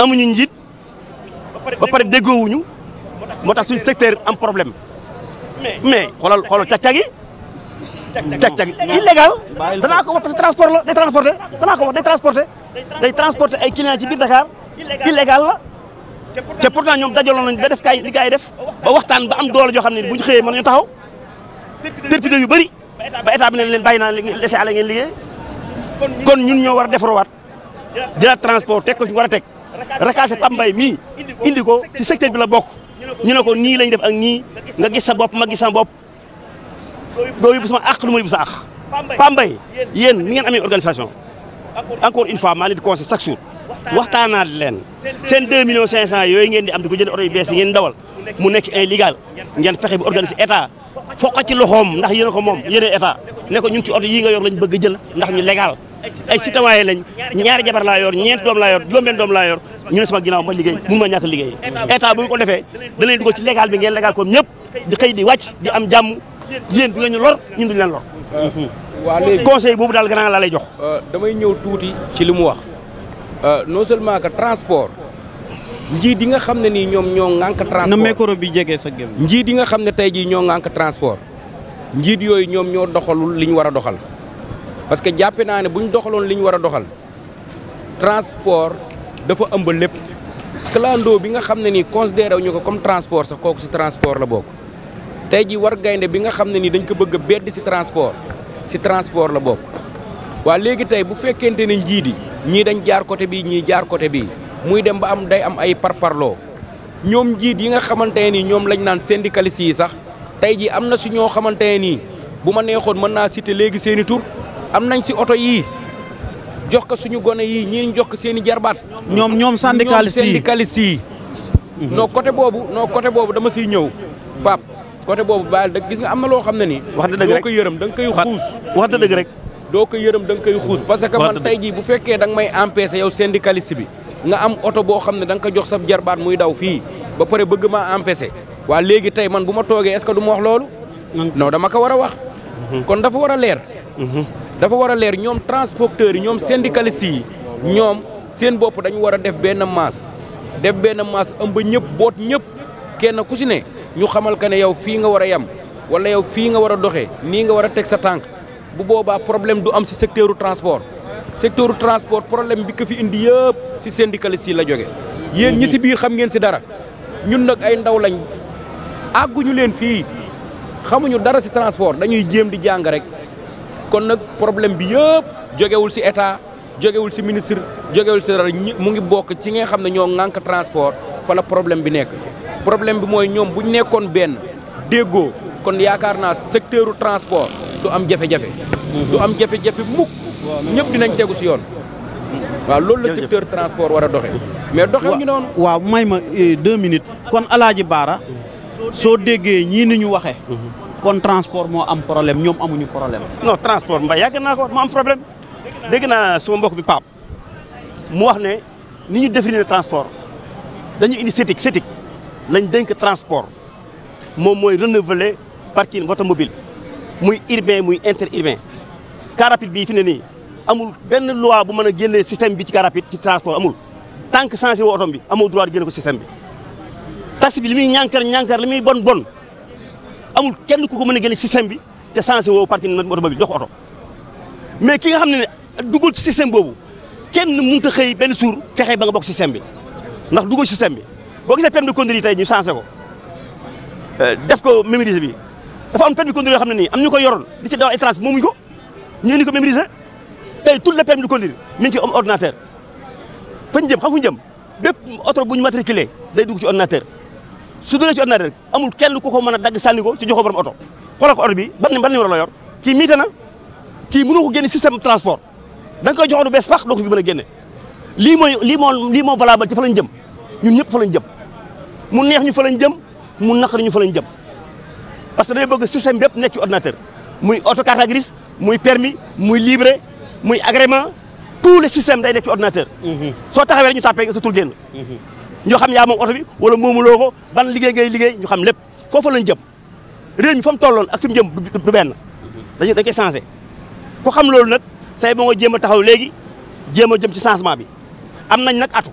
S4: amuñu njiit ba pare déggoowuñu moo tax suñu secteur am problème mais xoolal xoolal càccagi cag cag illégal danaa ko wax parce que transport la day transporté danaa ko wax day transporté day transporté ay clients ci biir Dakar illégal la te pourtant ñoom dajaloon nañ ba def kaay li kaay def ba waxtaan ba am doole joo xam ne bu ñu xëyee mën nañu taxaw député yu bëri ba état bi ne leen bàyyi naa leen laissé àll ngeen liggéey kon ñun ñoo war a defaruwaat jëlaat transport teg ko ci war a teg rakaase Pape Mbaye mii indi ko ci secteur bi la bokk ñu ne ko nii lañ def ak nii nga gis sa bopp ma gis sa bopp doo yóbbu sama àq lu ma yóbbu sa àq Pambay yéen ni ngeen amee organisation encore une fois maa leen di conseil chaque jour waxtaanaat leen seen 2 millions 500 yooyu ngeen di am di ko jënd oto bees yi ngeen dawal mu nekk illégal ngeen fexe bi organiser état foqa loxoom ndax yéen a ko moom yéen a état ne ñun ci oto yi nga yor lañ bëgg jël ndax ñu légal ay citoyen lañ ñaari jabar laa yor ñeent doom laa yor juróom-benn doom laa yor ñu ne sama yéen du ngeen ñu lor ñun duñ leen lor.
S8: waaw léegi
S4: boobu daal gannaaw laa lay jox. Euh, damay ñëw tuuti
S8: ci li mu wax euh, non seulement que transport njiit yi nga xam ne nii ñoom ñoo ŋànk transport micro bi jege sa gëm. njiit yi nga xam ne tey jii ñoo ŋànk transport njiit yooyu ñoom ñoo doxalul li ñu war a doxal parce que jàppe naa ne bu ñu doxaloon li ñu war a doxal transport dafa ëmb lépp clando bi nga xam ne nii considéré wu ñu ko comme transport sax kooku si transport la bokk. tey ji war gaynde bi nga xam ne nii dañ ko bëgg a bedd ci transport ci transport la bokk waa léegi tey bu fekkente ne njiit ñii dañ jaar côté bii ñii jaar côté bii muy dem ba am day am ay parparloo ñoom njiit yi nga xamante nii ñoom lañ naan seen syndicaliste yi sax tey ji am na si ñoo xamante ne nii bu ma neexoon mën naa citer léegi seen i tur am nañ si oto yii jox ko suñu gone yi ñii jox ko seen i jarbaat. ñoom ñoom syndicaliste yi ñoom syndicaliste yi. Mhm. non côté boobu noo côté boobu dama siy ñëw Pape. côté boobu baal da gis nga am na loo xam ne nii. wax dëgg rek doo ko yërëm da nga koy xuus. wax dëgg rek. doo ko yërëm da koy xuus. parce que man tey jii bu fekkee da nga may empêcher di syndicaliste bi nga am oto boo xam ne danga nga ko jox sa jarbaat muy daw fii ba pare bëgg maa empêcher waa léegi tey man bu ma toogee est-ce que du ma wax loolu. non dama ko war a wax. Mhm. kon dafa war a leer. Mhm. dafa war a leer ñoom transporteurs yi ñoom syndicalistes yi ñoom seen bopp dañu war a def benn masse def benn masse ba ñëpp boot ñëpp kenn ku si ñu xamal que ne yow fii nga war a yem wala yow fii nga war a doxee nii nga war a teg sa tànk bu booba problème du am si secteur transport secteur transport problème bi ko fi indi yëpp ci syndicaliste yi la jóge yéen ñi ci biir xam ngeen si dara ñun nag ay ndaw lañ àgguñu leen fii xamuñu dara si transport dañuy jéem di jàng rek kon nag problème bi yëpp jógewul si état jógewul si ministre jógewul ci dara mu ngi bokk ci nga xam ne ñoo ŋànk transport fa la problème bi nekk problème bi mooy ñoom bu ñu nekkoon benn déggoo kon yaakaar naa secteur transport du am jafe-jafe. Mhm. du am jafe-jafe mukk ñëpp dinañ tegu si yoon. waaw loolu la
S6: secteur transport war a doxe mais doxe ñu noonu. waaw may ma euh, deux minute kon Alaaji Baara soo déggee ñii ni ñu waxee. Mhm. kon transport moo am problème ñoom amuñu problème.
S4: non transport mbay yàgg naa ko moo am problème dégg naa sama mbokk bi Pape mu wax ne ni ñu définir transport dañu indi CETIC CETIC. lañ dénk transport moom mooy renouveler parking automobile muy urbain muy inter urbain car rapide bii fi ne nii amul benn loi bu mën a génnee système bi ci car ci transport amul tant que sensé woo otom bi amoo droit di ko système bi taxi bi li muy ñànkar ñànkar li muy bon bon amul kenn ku ko mën a génne système bi te sensé woo parking automobile jox oto mais ki nga xam ne ne duggul ci système boobu kenn mënut a xëy benn suur fexe ba nga bokk système bi ndax duggul système bi boo gisee permis de conduire yi tey ñu changé ko euh, def ko mémoriser bi dafa am permis de conduire yoo xam ne nii am ñu ko yoroon di ci daw ay trans moomuñ ko ñu ni ko mémoriser tey tout le permis de conduire mi ngi ci am ordinateur fañ jëm xam jëm bépp oto bu materi matriculé day dugg ci ordinateur su duggee ci ordinateur amul kenn ku ko mën a dagg sànni ko ci joxoo borom oto xoolal ko oto bi ban ban numéro la yor kii miite na kii mënoo ko génne système transport da nga koy joxoon bees pax doo ko mën a génne lii mooy lii moo lii moo valable ci fa lañ jëm ñun ñëpp fa lañ jëm mu neex ñu fa lañ jëm mu naqari ñu fa lañ jëm parce que day bëgg système bépp nekk ci ordinateur muy auto carte grise muy permis muy libre muy agrément tous les systèmes day nekk ci ordinateur. Mhm. soo taxawee rek ñu tàppee sa tur génn. Mhm. xam yaa moom oto bi wala moomuloo ko ban liggéey ngay liggéey ñu xam lépp foofa lañ jëm réew mi fa mu tolloon ak fi mu jëm du benn mhm. dañu dañ koy changé ku xam loolu nag say bo jéem a taxaw léegi jéem a jëm ci changement bi am nañ nag atu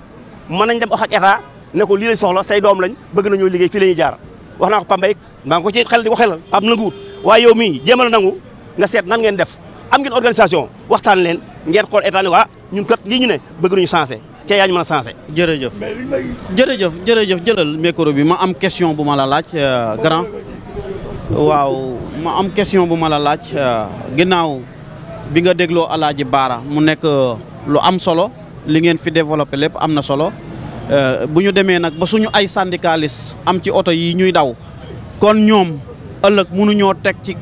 S4: mën nañ dem wax ak ne ko lii soxla say doom lañ bëgg nañoo liggéey fii la jaar wax naa ko Pambay maa ko ci xel di ko xelal am nanguwut waaye yow mii jéemal nangu nga seet nan ngeen def am ngeen organisation waxtaan leen ngeen xool état ne waa ñun kat lii ñu ne bëgg nañu sanse ca yaa ma mën a jërëjëf jërëjëf jërëjëf jëlal micro bi ma am question bu
S6: ma la laaj euh, grand. waaw ma am question bu ma la laaj euh, ginnaaw bi nga dégloo Alaaji Baara mu nekk euh, lu am solo li ngeen fi développé lépp am na solo. Euh, bu ñu demee nag ba suñu ay syndicaliste am ci oto yi ñuy daw kon ñoom ëllëg mënuñoo teg ci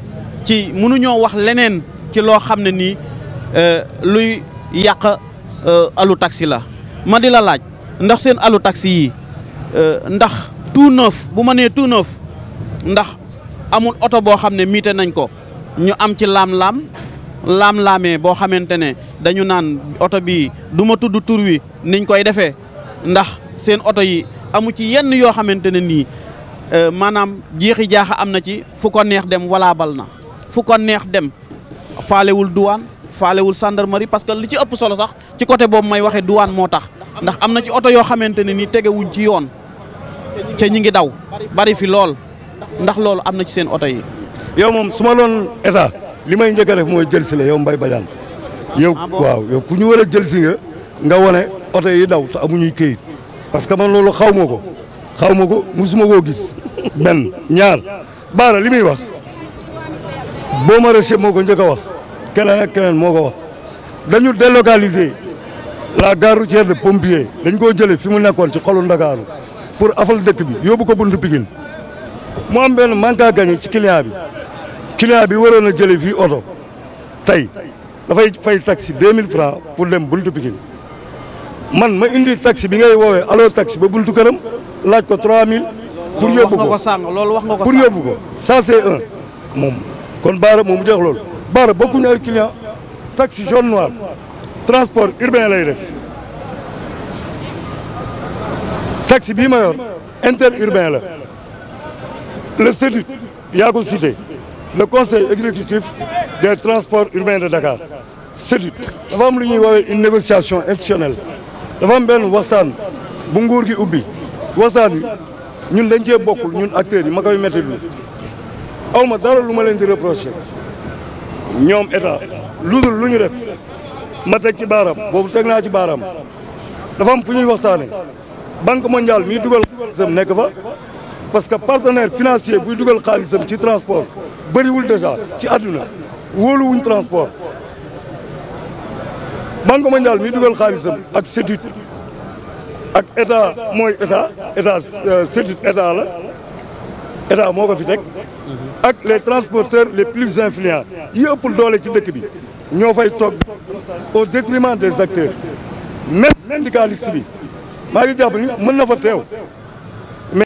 S6: ci mënuñoo wax leneen ci loo xam ne nii euh, luy yàq euh, alu taxi la ma di la laaj ndax seen alu taxi yi ndax tout neuf bu ma nee tout ndax amul oto boo xam ne miite nañ ko ñu am ci laam-laam laam-laamee boo xamante ne dañu naan oto bii du ma tudd tur wi niñ koy defee ndax seen oto yi amu ci yenn yoo xamante ne nii euh, maanaam jeexi jaaxa am na ci fu neex dem walaa na fu ko neex dem faalewul duwaan faalewul gendarmerie parce que li ci ëpp solo sax ci côté boobu may waxee duwaan moo tax ndax am na ci oto yoo xamante ne nii tegewuñ ci yoon te ñi ngi daw bari fi lool ndax loolu am na ci seen oto yi. yow moom su ma doon li may njëkk
S7: a def mooy jël si la yow Mbaye Badiane ah yow ku ñu war jël si nga nga wone oto yi daw te amuñuy këyit parce que man loolu xaw ma ko xaw ma ko musuma koo gis benn ñaar baara li muy wax boo mare reche moo ko njëkk a wax keneen ak keneen moo ko wax dañu délocaliser la gare routière de pompier dañ koo jële fi mu nekkoon ci xolu Ndakaaru pour afal dëkk bi yóbbu ko buntu Pikine moo am benn manque à ci client bi client bi waroon a jële fii oto tey dafay fay taxi deux mille francs pour dem buntu Pikine man ma indi taxi bi ngay woowee allo taxi ba buntu këram laaj ko 3000. pour yóbbu ko loolu wax nga ko pour yóbbu ko ça c'est un moom kon Baara moomu jox loolu Baara bokkuñu ay client taxi jaune noir transport urbain lay def taxi bii ma yor interurbain la le CETUD yaa ko cité le conseil exécutif des transport urbains de Dakar CETUD dafa am lu ñuy woowee une négociation institutionnelle dafa am benn waxtaan bu nguur gi ubbi waxtaan wi ñun dañ cee bokkul ñun acteurs yi ma koy métti lu aw ma dara lu ma leen di reproché ñoom état lu dul lu ñu def ma teg ci baaraam boobu teg naa ci baaraam dafa am fu ñuy waxtaane banque mondiale mi dugal xaalisam nekk fa parce que partenaire financier buy dugal xaalisam ci transport bëriwul déjà ci àdduna wóoluwuñ transport banque mondiale mi dugal xaalisam ak CETUD ak état mooy état état CETUD état la état moo ko ak les transporteurs les plus influents yi ëpp doole ci dëkk bi ñoo fay toog au détriment des acteurs même syndicaliste bi maa ngi jàpp ni mën na fa teew